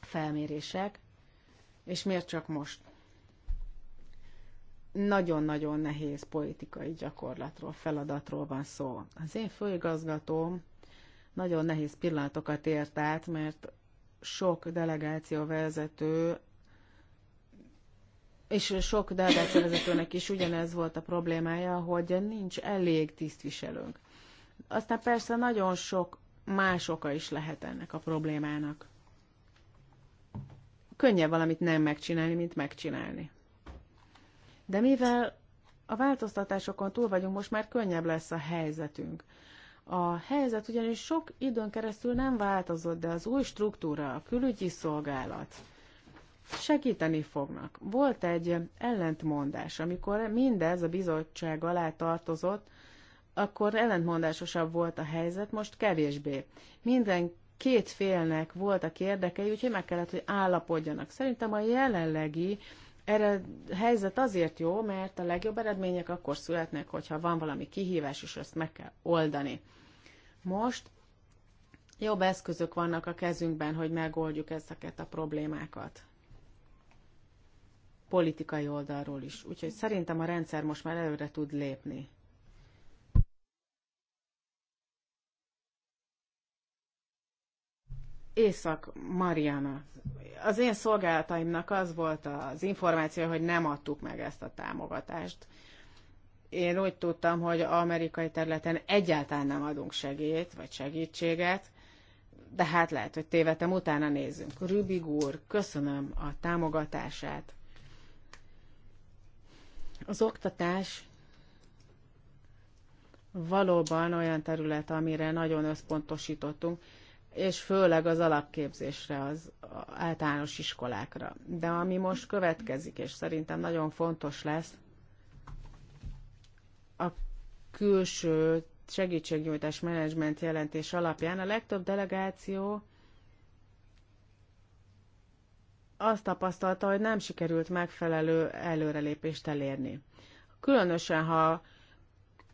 C: Felmérések. És miért csak most? nagyon-nagyon nehéz politikai gyakorlatról, feladatról van szó. Az én főigazgatóm nagyon nehéz pillanatokat ért át, mert sok delegáció vezető és sok delegáció vezetőnek is ugyanez volt a problémája, hogy nincs elég tisztviselőnk. Aztán persze nagyon sok más oka is lehet ennek a problémának. Könnyebb valamit nem megcsinálni, mint megcsinálni. De mivel a változtatásokon túl vagyunk, most már könnyebb lesz a helyzetünk. A helyzet ugyanis sok időn keresztül nem változott, de az új struktúra, a külügyi szolgálat segíteni fognak. Volt egy ellentmondás, amikor mindez a bizottság alá tartozott, akkor ellentmondásosabb volt a helyzet, most kevésbé. Minden két félnek voltak érdekei, úgyhogy meg kellett, hogy állapodjanak. Szerintem a jelenlegi ered, helyzet azért jó, mert a legjobb eredmények akkor születnek, hogyha van valami kihívás, és ezt meg kell oldani. Most jobb eszközök vannak a kezünkben, hogy megoldjuk ezeket a problémákat. Politikai oldalról is. Úgyhogy szerintem a rendszer most már előre tud lépni. Észak Mariana. Az én szolgálataimnak az volt az információ, hogy nem adtuk meg ezt a támogatást. Én úgy tudtam, hogy amerikai területen egyáltalán nem adunk segélyt, vagy segítséget, de hát lehet, hogy tévedtem, utána nézzünk. Rübig úr, köszönöm a támogatását. Az oktatás valóban olyan terület, amire nagyon összpontosítottunk, és főleg az alapképzésre, az általános iskolákra. De ami most következik, és szerintem nagyon fontos lesz, külső segítségnyújtás menedzsment jelentés alapján a legtöbb delegáció azt tapasztalta, hogy nem sikerült megfelelő előrelépést elérni. Különösen, ha,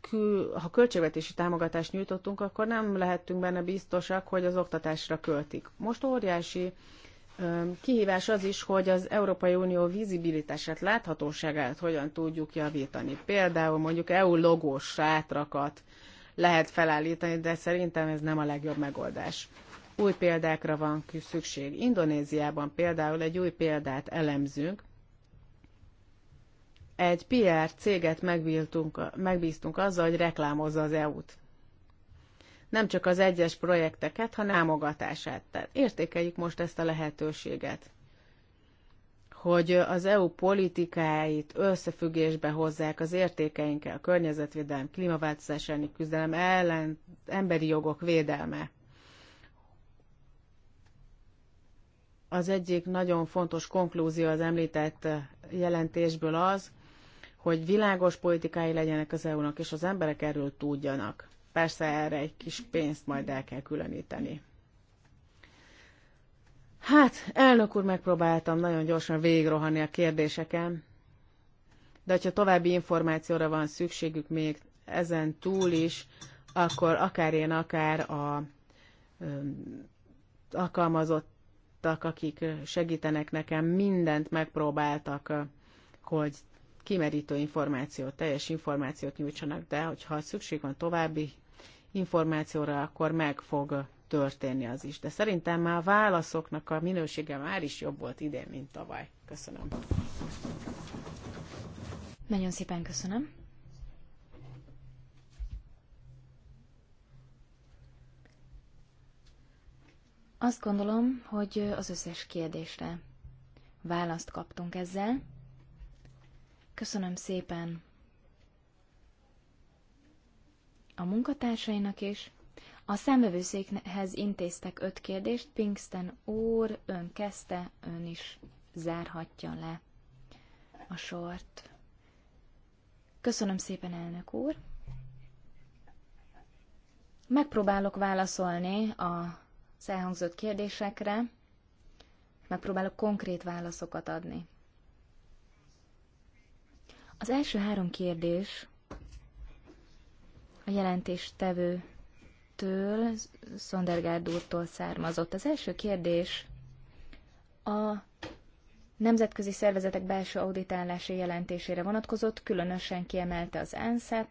C: kül, ha költségvetési támogatást nyújtottunk, akkor nem lehettünk benne biztosak, hogy az oktatásra költik. Most óriási kihívás az is, hogy az Európai Unió vizibilitását, láthatóságát hogyan tudjuk javítani. Például mondjuk EU logós sátrakat lehet felállítani, de szerintem ez nem a legjobb megoldás. Új példákra van szükség. Indonéziában például egy új példát elemzünk. Egy PR céget megbíztunk, megbíztunk azzal, hogy reklámozza az EU-t nem csak az egyes projekteket, hanem támogatását. Tehát értékeljük most ezt a lehetőséget, hogy az EU politikáit összefüggésbe hozzák az értékeinkkel, a környezetvédelem, klímaváltozás elleni küzdelem ellen, emberi jogok védelme. Az egyik nagyon fontos konklúzió az említett jelentésből az, hogy világos politikái legyenek az EU-nak, és az emberek erről tudjanak. Persze erre egy kis pénzt majd el kell különíteni. Hát, elnök úr, megpróbáltam nagyon gyorsan végigrohanni a kérdéseken, de hogyha további információra van szükségük még ezen túl is, akkor akár én, akár a öm, alkalmazottak, akik segítenek nekem, mindent megpróbáltak, hogy kimerítő információt, teljes információt nyújtsanak, de hogyha szükség van további információra, akkor meg fog történni az is. De szerintem már a válaszoknak a minősége már is jobb volt idén, mint tavaly. Köszönöm.
A: Nagyon szépen köszönöm. Azt gondolom, hogy az összes kérdésre választ kaptunk ezzel. Köszönöm szépen a munkatársainak is. A számövőszékhez intéztek öt kérdést, Pinkston úr, ön kezdte, ön is zárhatja le a sort. Köszönöm szépen, elnök úr. Megpróbálok válaszolni a elhangzott kérdésekre, megpróbálok konkrét válaszokat adni. Az első három kérdés a jelentéstevőtől, Szondergárd úrtól származott. Az első kérdés a nemzetközi szervezetek belső auditálási jelentésére vonatkozott, különösen kiemelte az ENSZ-et.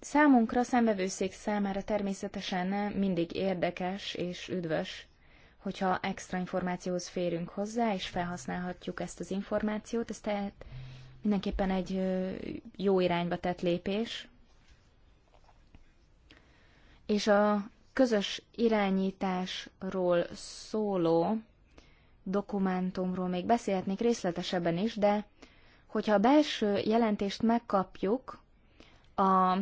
A: Számunkra, szembevőszék számára természetesen mindig érdekes és üdvös, hogyha extra információhoz férünk hozzá, és felhasználhatjuk ezt az információt, ez tehát mindenképpen egy jó irányba tett lépés. És a közös irányításról szóló dokumentumról még beszélhetnék részletesebben is, de hogyha a belső jelentést megkapjuk a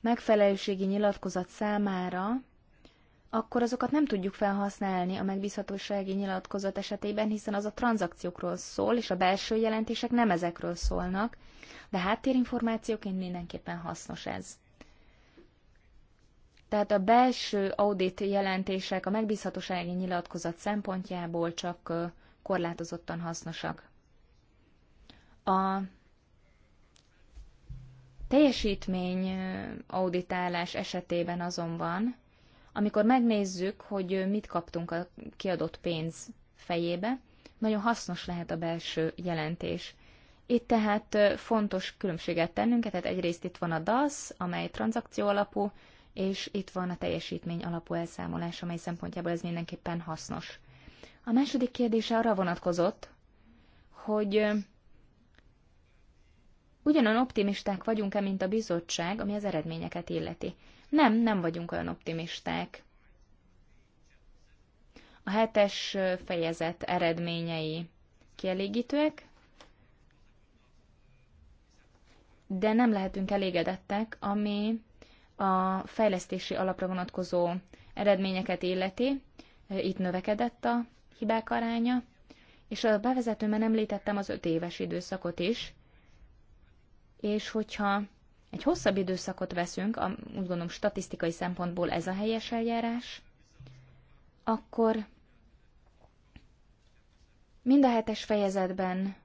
A: megfelelőségi nyilatkozat számára, akkor azokat nem tudjuk felhasználni a megbízhatósági nyilatkozat esetében, hiszen az a tranzakciókról szól, és a belső jelentések nem ezekről szólnak, de háttérinformációként mindenképpen hasznos ez. Tehát a belső audit jelentések a megbízhatósági nyilatkozat szempontjából csak korlátozottan hasznosak. A teljesítmény auditálás esetében azonban amikor megnézzük, hogy mit kaptunk a kiadott pénz fejébe, nagyon hasznos lehet a belső jelentés. Itt tehát fontos különbséget tennünk, tehát egyrészt itt van a DAS, amely tranzakció alapú, és itt van a teljesítmény alapú elszámolás, amely szempontjából ez mindenképpen hasznos. A második kérdése arra vonatkozott, hogy ugyanan optimisták vagyunk-e, mint a bizottság, ami az eredményeket illeti. Nem, nem vagyunk olyan optimisták. A hetes fejezet eredményei kielégítőek, de nem lehetünk elégedettek, ami a fejlesztési alapra vonatkozó eredményeket illeti. Itt növekedett a hibák aránya, és a bevezetőben említettem az öt éves időszakot is, és hogyha egy hosszabb időszakot veszünk, a, úgy gondolom statisztikai szempontból ez a helyes eljárás, akkor mind a hetes fejezetben,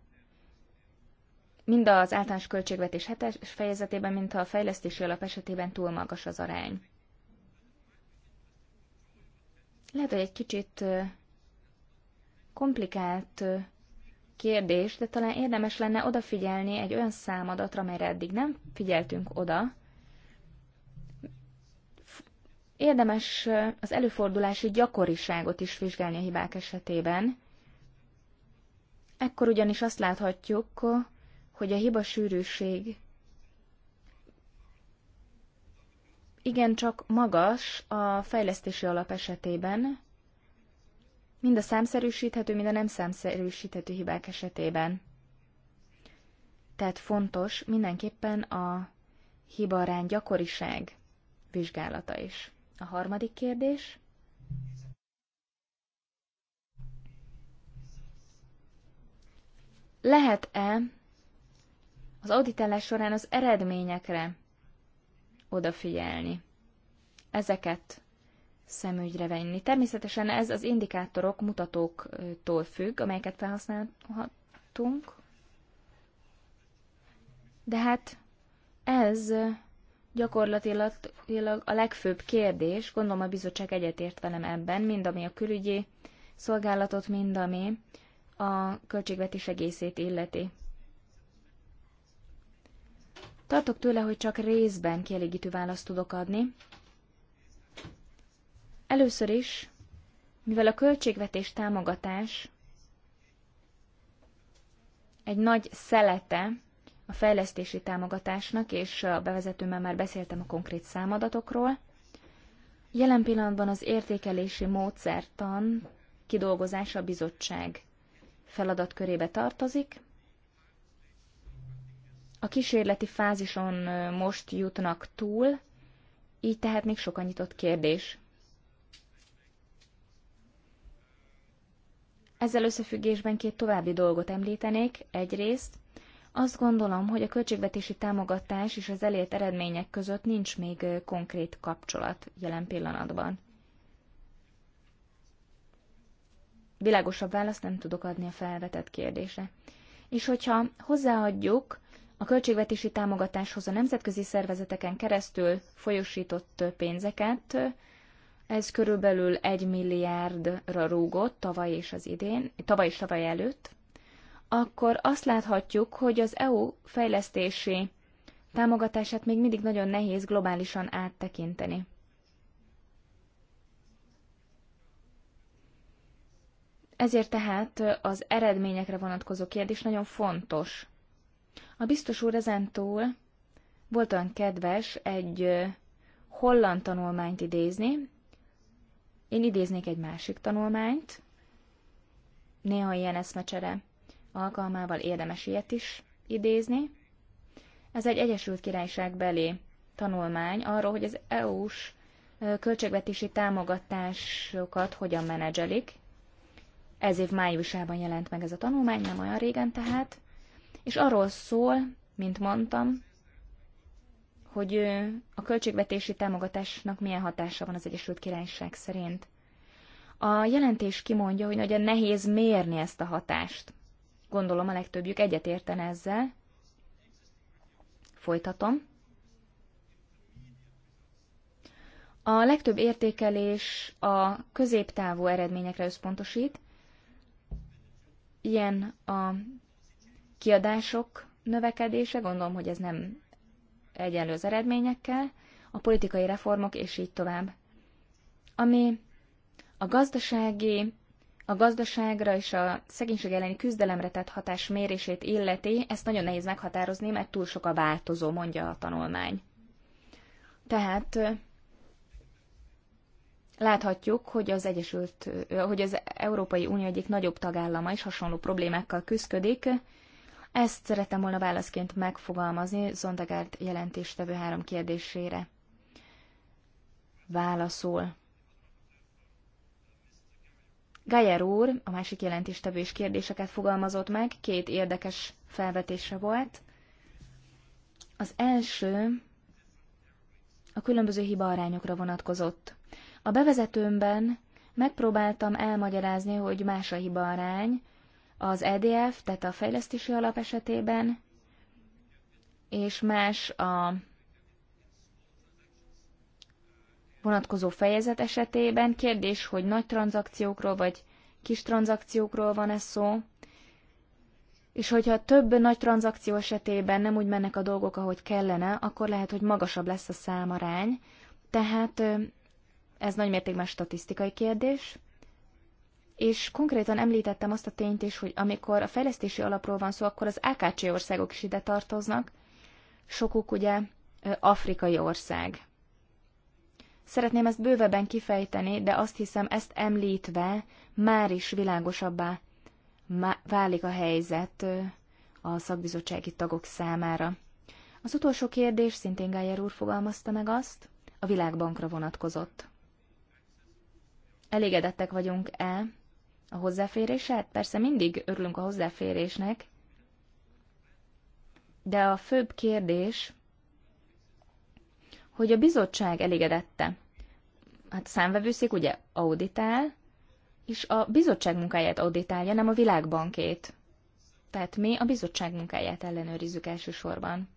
A: mind az általános költségvetés hetes fejezetében, mint a fejlesztési alap esetében túl magas az arány. Lehet, hogy egy kicsit komplikált kérdés, de talán érdemes lenne odafigyelni egy olyan számadatra, amelyre eddig nem figyeltünk oda. Érdemes az előfordulási gyakoriságot is vizsgálni a hibák esetében. Ekkor ugyanis azt láthatjuk, hogy a hiba sűrűség igencsak magas a fejlesztési alap esetében, mind a számszerűsíthető, mind a nem számszerűsíthető hibák esetében. Tehát fontos mindenképpen a arány gyakoriság vizsgálata is. A harmadik kérdés. Lehet-e az auditálás során az eredményekre odafigyelni? Ezeket szemügyre venni. Természetesen ez az indikátorok, mutatóktól függ, amelyeket felhasználhatunk, de hát ez gyakorlatilag a legfőbb kérdés, gondolom a bizottság egyetért velem ebben, mind ami a külügyi szolgálatot, mind ami a költségvetés egészét illeti. Tartok tőle, hogy csak részben kielégítő választ tudok adni, Először is, mivel a költségvetés támogatás egy nagy szelete a fejlesztési támogatásnak, és a bevezetőmben már beszéltem a konkrét számadatokról, jelen pillanatban az értékelési módszertan kidolgozása a bizottság feladatkörébe tartozik, a kísérleti fázison most jutnak túl, így tehát még sok a nyitott kérdés. Ezzel összefüggésben két további dolgot említenék. Egyrészt azt gondolom, hogy a költségvetési támogatás és az elért eredmények között nincs még konkrét kapcsolat jelen pillanatban. Világosabb választ nem tudok adni a felvetett kérdésre. És hogyha hozzáadjuk a költségvetési támogatáshoz a nemzetközi szervezeteken keresztül folyosított pénzeket, ez körülbelül egy milliárdra rúgott tavaly és az idén, tavaly és tavaly előtt, akkor azt láthatjuk, hogy az EU fejlesztési támogatását még mindig nagyon nehéz globálisan áttekinteni. Ezért tehát az eredményekre vonatkozó kérdés nagyon fontos. A biztos úr ezentúl volt olyan kedves egy holland tanulmányt idézni, én idéznék egy másik tanulmányt, néha ilyen eszmecsere alkalmával érdemes ilyet is idézni. Ez egy Egyesült Királyság belé tanulmány arról, hogy az EU-s költségvetési támogatásokat hogyan menedzselik. Ez év májusában jelent meg ez a tanulmány, nem olyan régen tehát, és arról szól, mint mondtam, hogy a költségvetési támogatásnak milyen hatása van az Egyesült Királyság szerint. A jelentés kimondja, hogy nagyon nehéz mérni ezt a hatást. Gondolom a legtöbbjük egyetérten ezzel. Folytatom. A legtöbb értékelés a középtávú eredményekre összpontosít. Ilyen a kiadások növekedése, gondolom, hogy ez nem egyenlő az eredményekkel, a politikai reformok és így tovább. Ami a gazdasági, a gazdaságra és a szegénység elleni küzdelemre tett hatás mérését illeti, ezt nagyon nehéz meghatározni, mert túl sok a változó, mondja a tanulmány. Tehát láthatjuk, hogy az Egyesült, hogy az Európai Unió egyik nagyobb tagállama is hasonló problémákkal küzdködik, ezt szeretem volna válaszként megfogalmazni Zondagárt jelentéstevő három kérdésére. Válaszol. Gajer úr, a másik jelentéstevő is kérdéseket fogalmazott meg, két érdekes felvetése volt. Az első a különböző hibaarányokra vonatkozott. A bevezetőmben megpróbáltam elmagyarázni, hogy más a hibaarány, az EDF, tehát a fejlesztési alap esetében, és más a vonatkozó fejezet esetében. Kérdés, hogy nagy tranzakciókról vagy kis tranzakciókról van-e szó, és hogyha több nagy tranzakció esetében nem úgy mennek a dolgok, ahogy kellene, akkor lehet, hogy magasabb lesz a számarány. Tehát ez nagymértékben statisztikai kérdés és konkrétan említettem azt a tényt is, hogy amikor a fejlesztési alapról van szó, akkor az AKC országok is ide tartoznak, sokuk ugye afrikai ország. Szeretném ezt bővebben kifejteni, de azt hiszem, ezt említve már is világosabbá válik a helyzet a szakbizottsági tagok számára. Az utolsó kérdés szintén Gájer úr fogalmazta meg azt, a világbankra vonatkozott. Elégedettek vagyunk-e a hozzáférés, hát persze mindig örülünk a hozzáférésnek, de a főbb kérdés, hogy a bizottság elégedette. Hát a számvevőszék ugye auditál, és a bizottság munkáját auditálja, nem a világbankét. Tehát mi a bizottság munkáját ellenőrizzük elsősorban.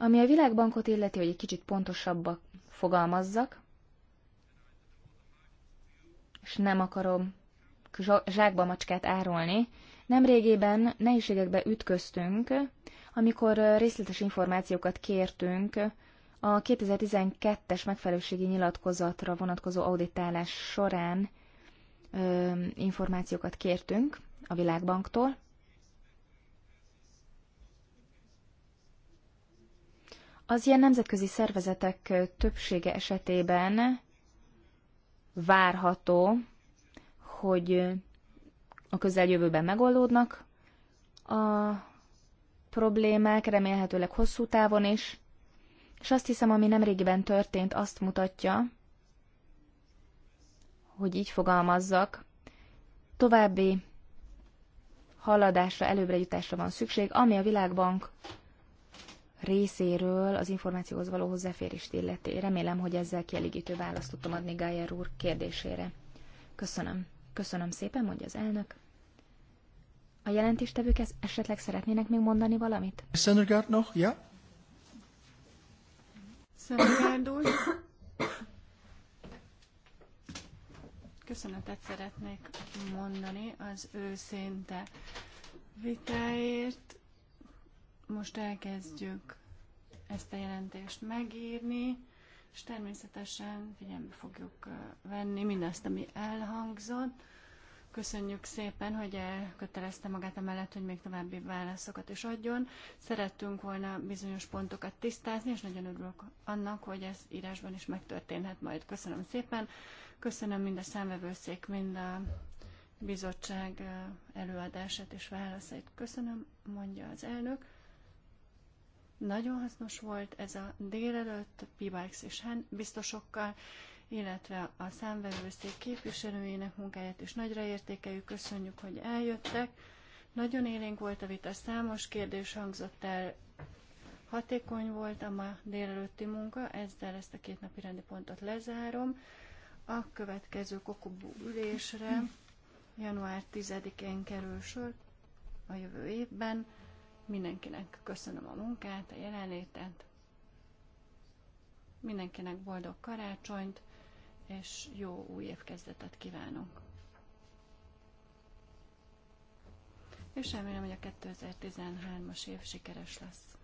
A: Ami a világbankot illeti, hogy egy kicsit pontosabbak fogalmazzak, és nem akarom zsákba macskát árulni, nemrégében nehézségekbe ütköztünk, amikor részletes információkat kértünk a 2012-es megfelelőségi nyilatkozatra vonatkozó auditálás során ö, információkat kértünk a Világbanktól, Az ilyen nemzetközi szervezetek többsége esetében várható, hogy a közeljövőben megoldódnak a problémák, remélhetőleg hosszú távon is, és azt hiszem, ami nemrégiben történt, azt mutatja, hogy így fogalmazzak, további haladásra, előbrejutásra van szükség, ami a Világbank részéről az információhoz való hozzáférést illeti. Remélem, hogy ezzel kielégítő választ tudtam adni Gájer úr kérdésére. Köszönöm. Köszönöm szépen, mondja az elnök. A jelentéstevők esetleg szeretnének még mondani valamit? Szendergaard noch, ja? Szendergaard úr.
B: Köszönetet szeretnék mondani az őszinte vitáért, most elkezdjük ezt a jelentést megírni, és természetesen figyelembe fogjuk venni mindazt, ami elhangzott. Köszönjük szépen, hogy elkötelezte magát amellett, hogy még további válaszokat is adjon. Szerettünk volna bizonyos pontokat tisztázni, és nagyon örülök annak, hogy ez írásban is megtörténhet majd. Köszönöm szépen. Köszönöm mind a számvevőszék, mind a bizottság előadását és válaszait. Köszönöm, mondja az elnök. Nagyon hasznos volt ez a délelőtt Pibax és Hen biztosokkal, illetve a számvevőszék képviselőjének munkáját is nagyra értékeljük, köszönjük, hogy eljöttek. Nagyon élénk volt a vita, számos kérdés hangzott el, hatékony volt a ma délelőtti munka, ezzel ezt a két napi rendi pontot lezárom. A következő kokobú ülésre január 10-én kerül sor a jövő évben. Mindenkinek köszönöm a munkát, a jelenlétet. Mindenkinek boldog karácsonyt, és jó új évkezdetet kívánunk. És remélem, hogy a 2013-as év sikeres lesz.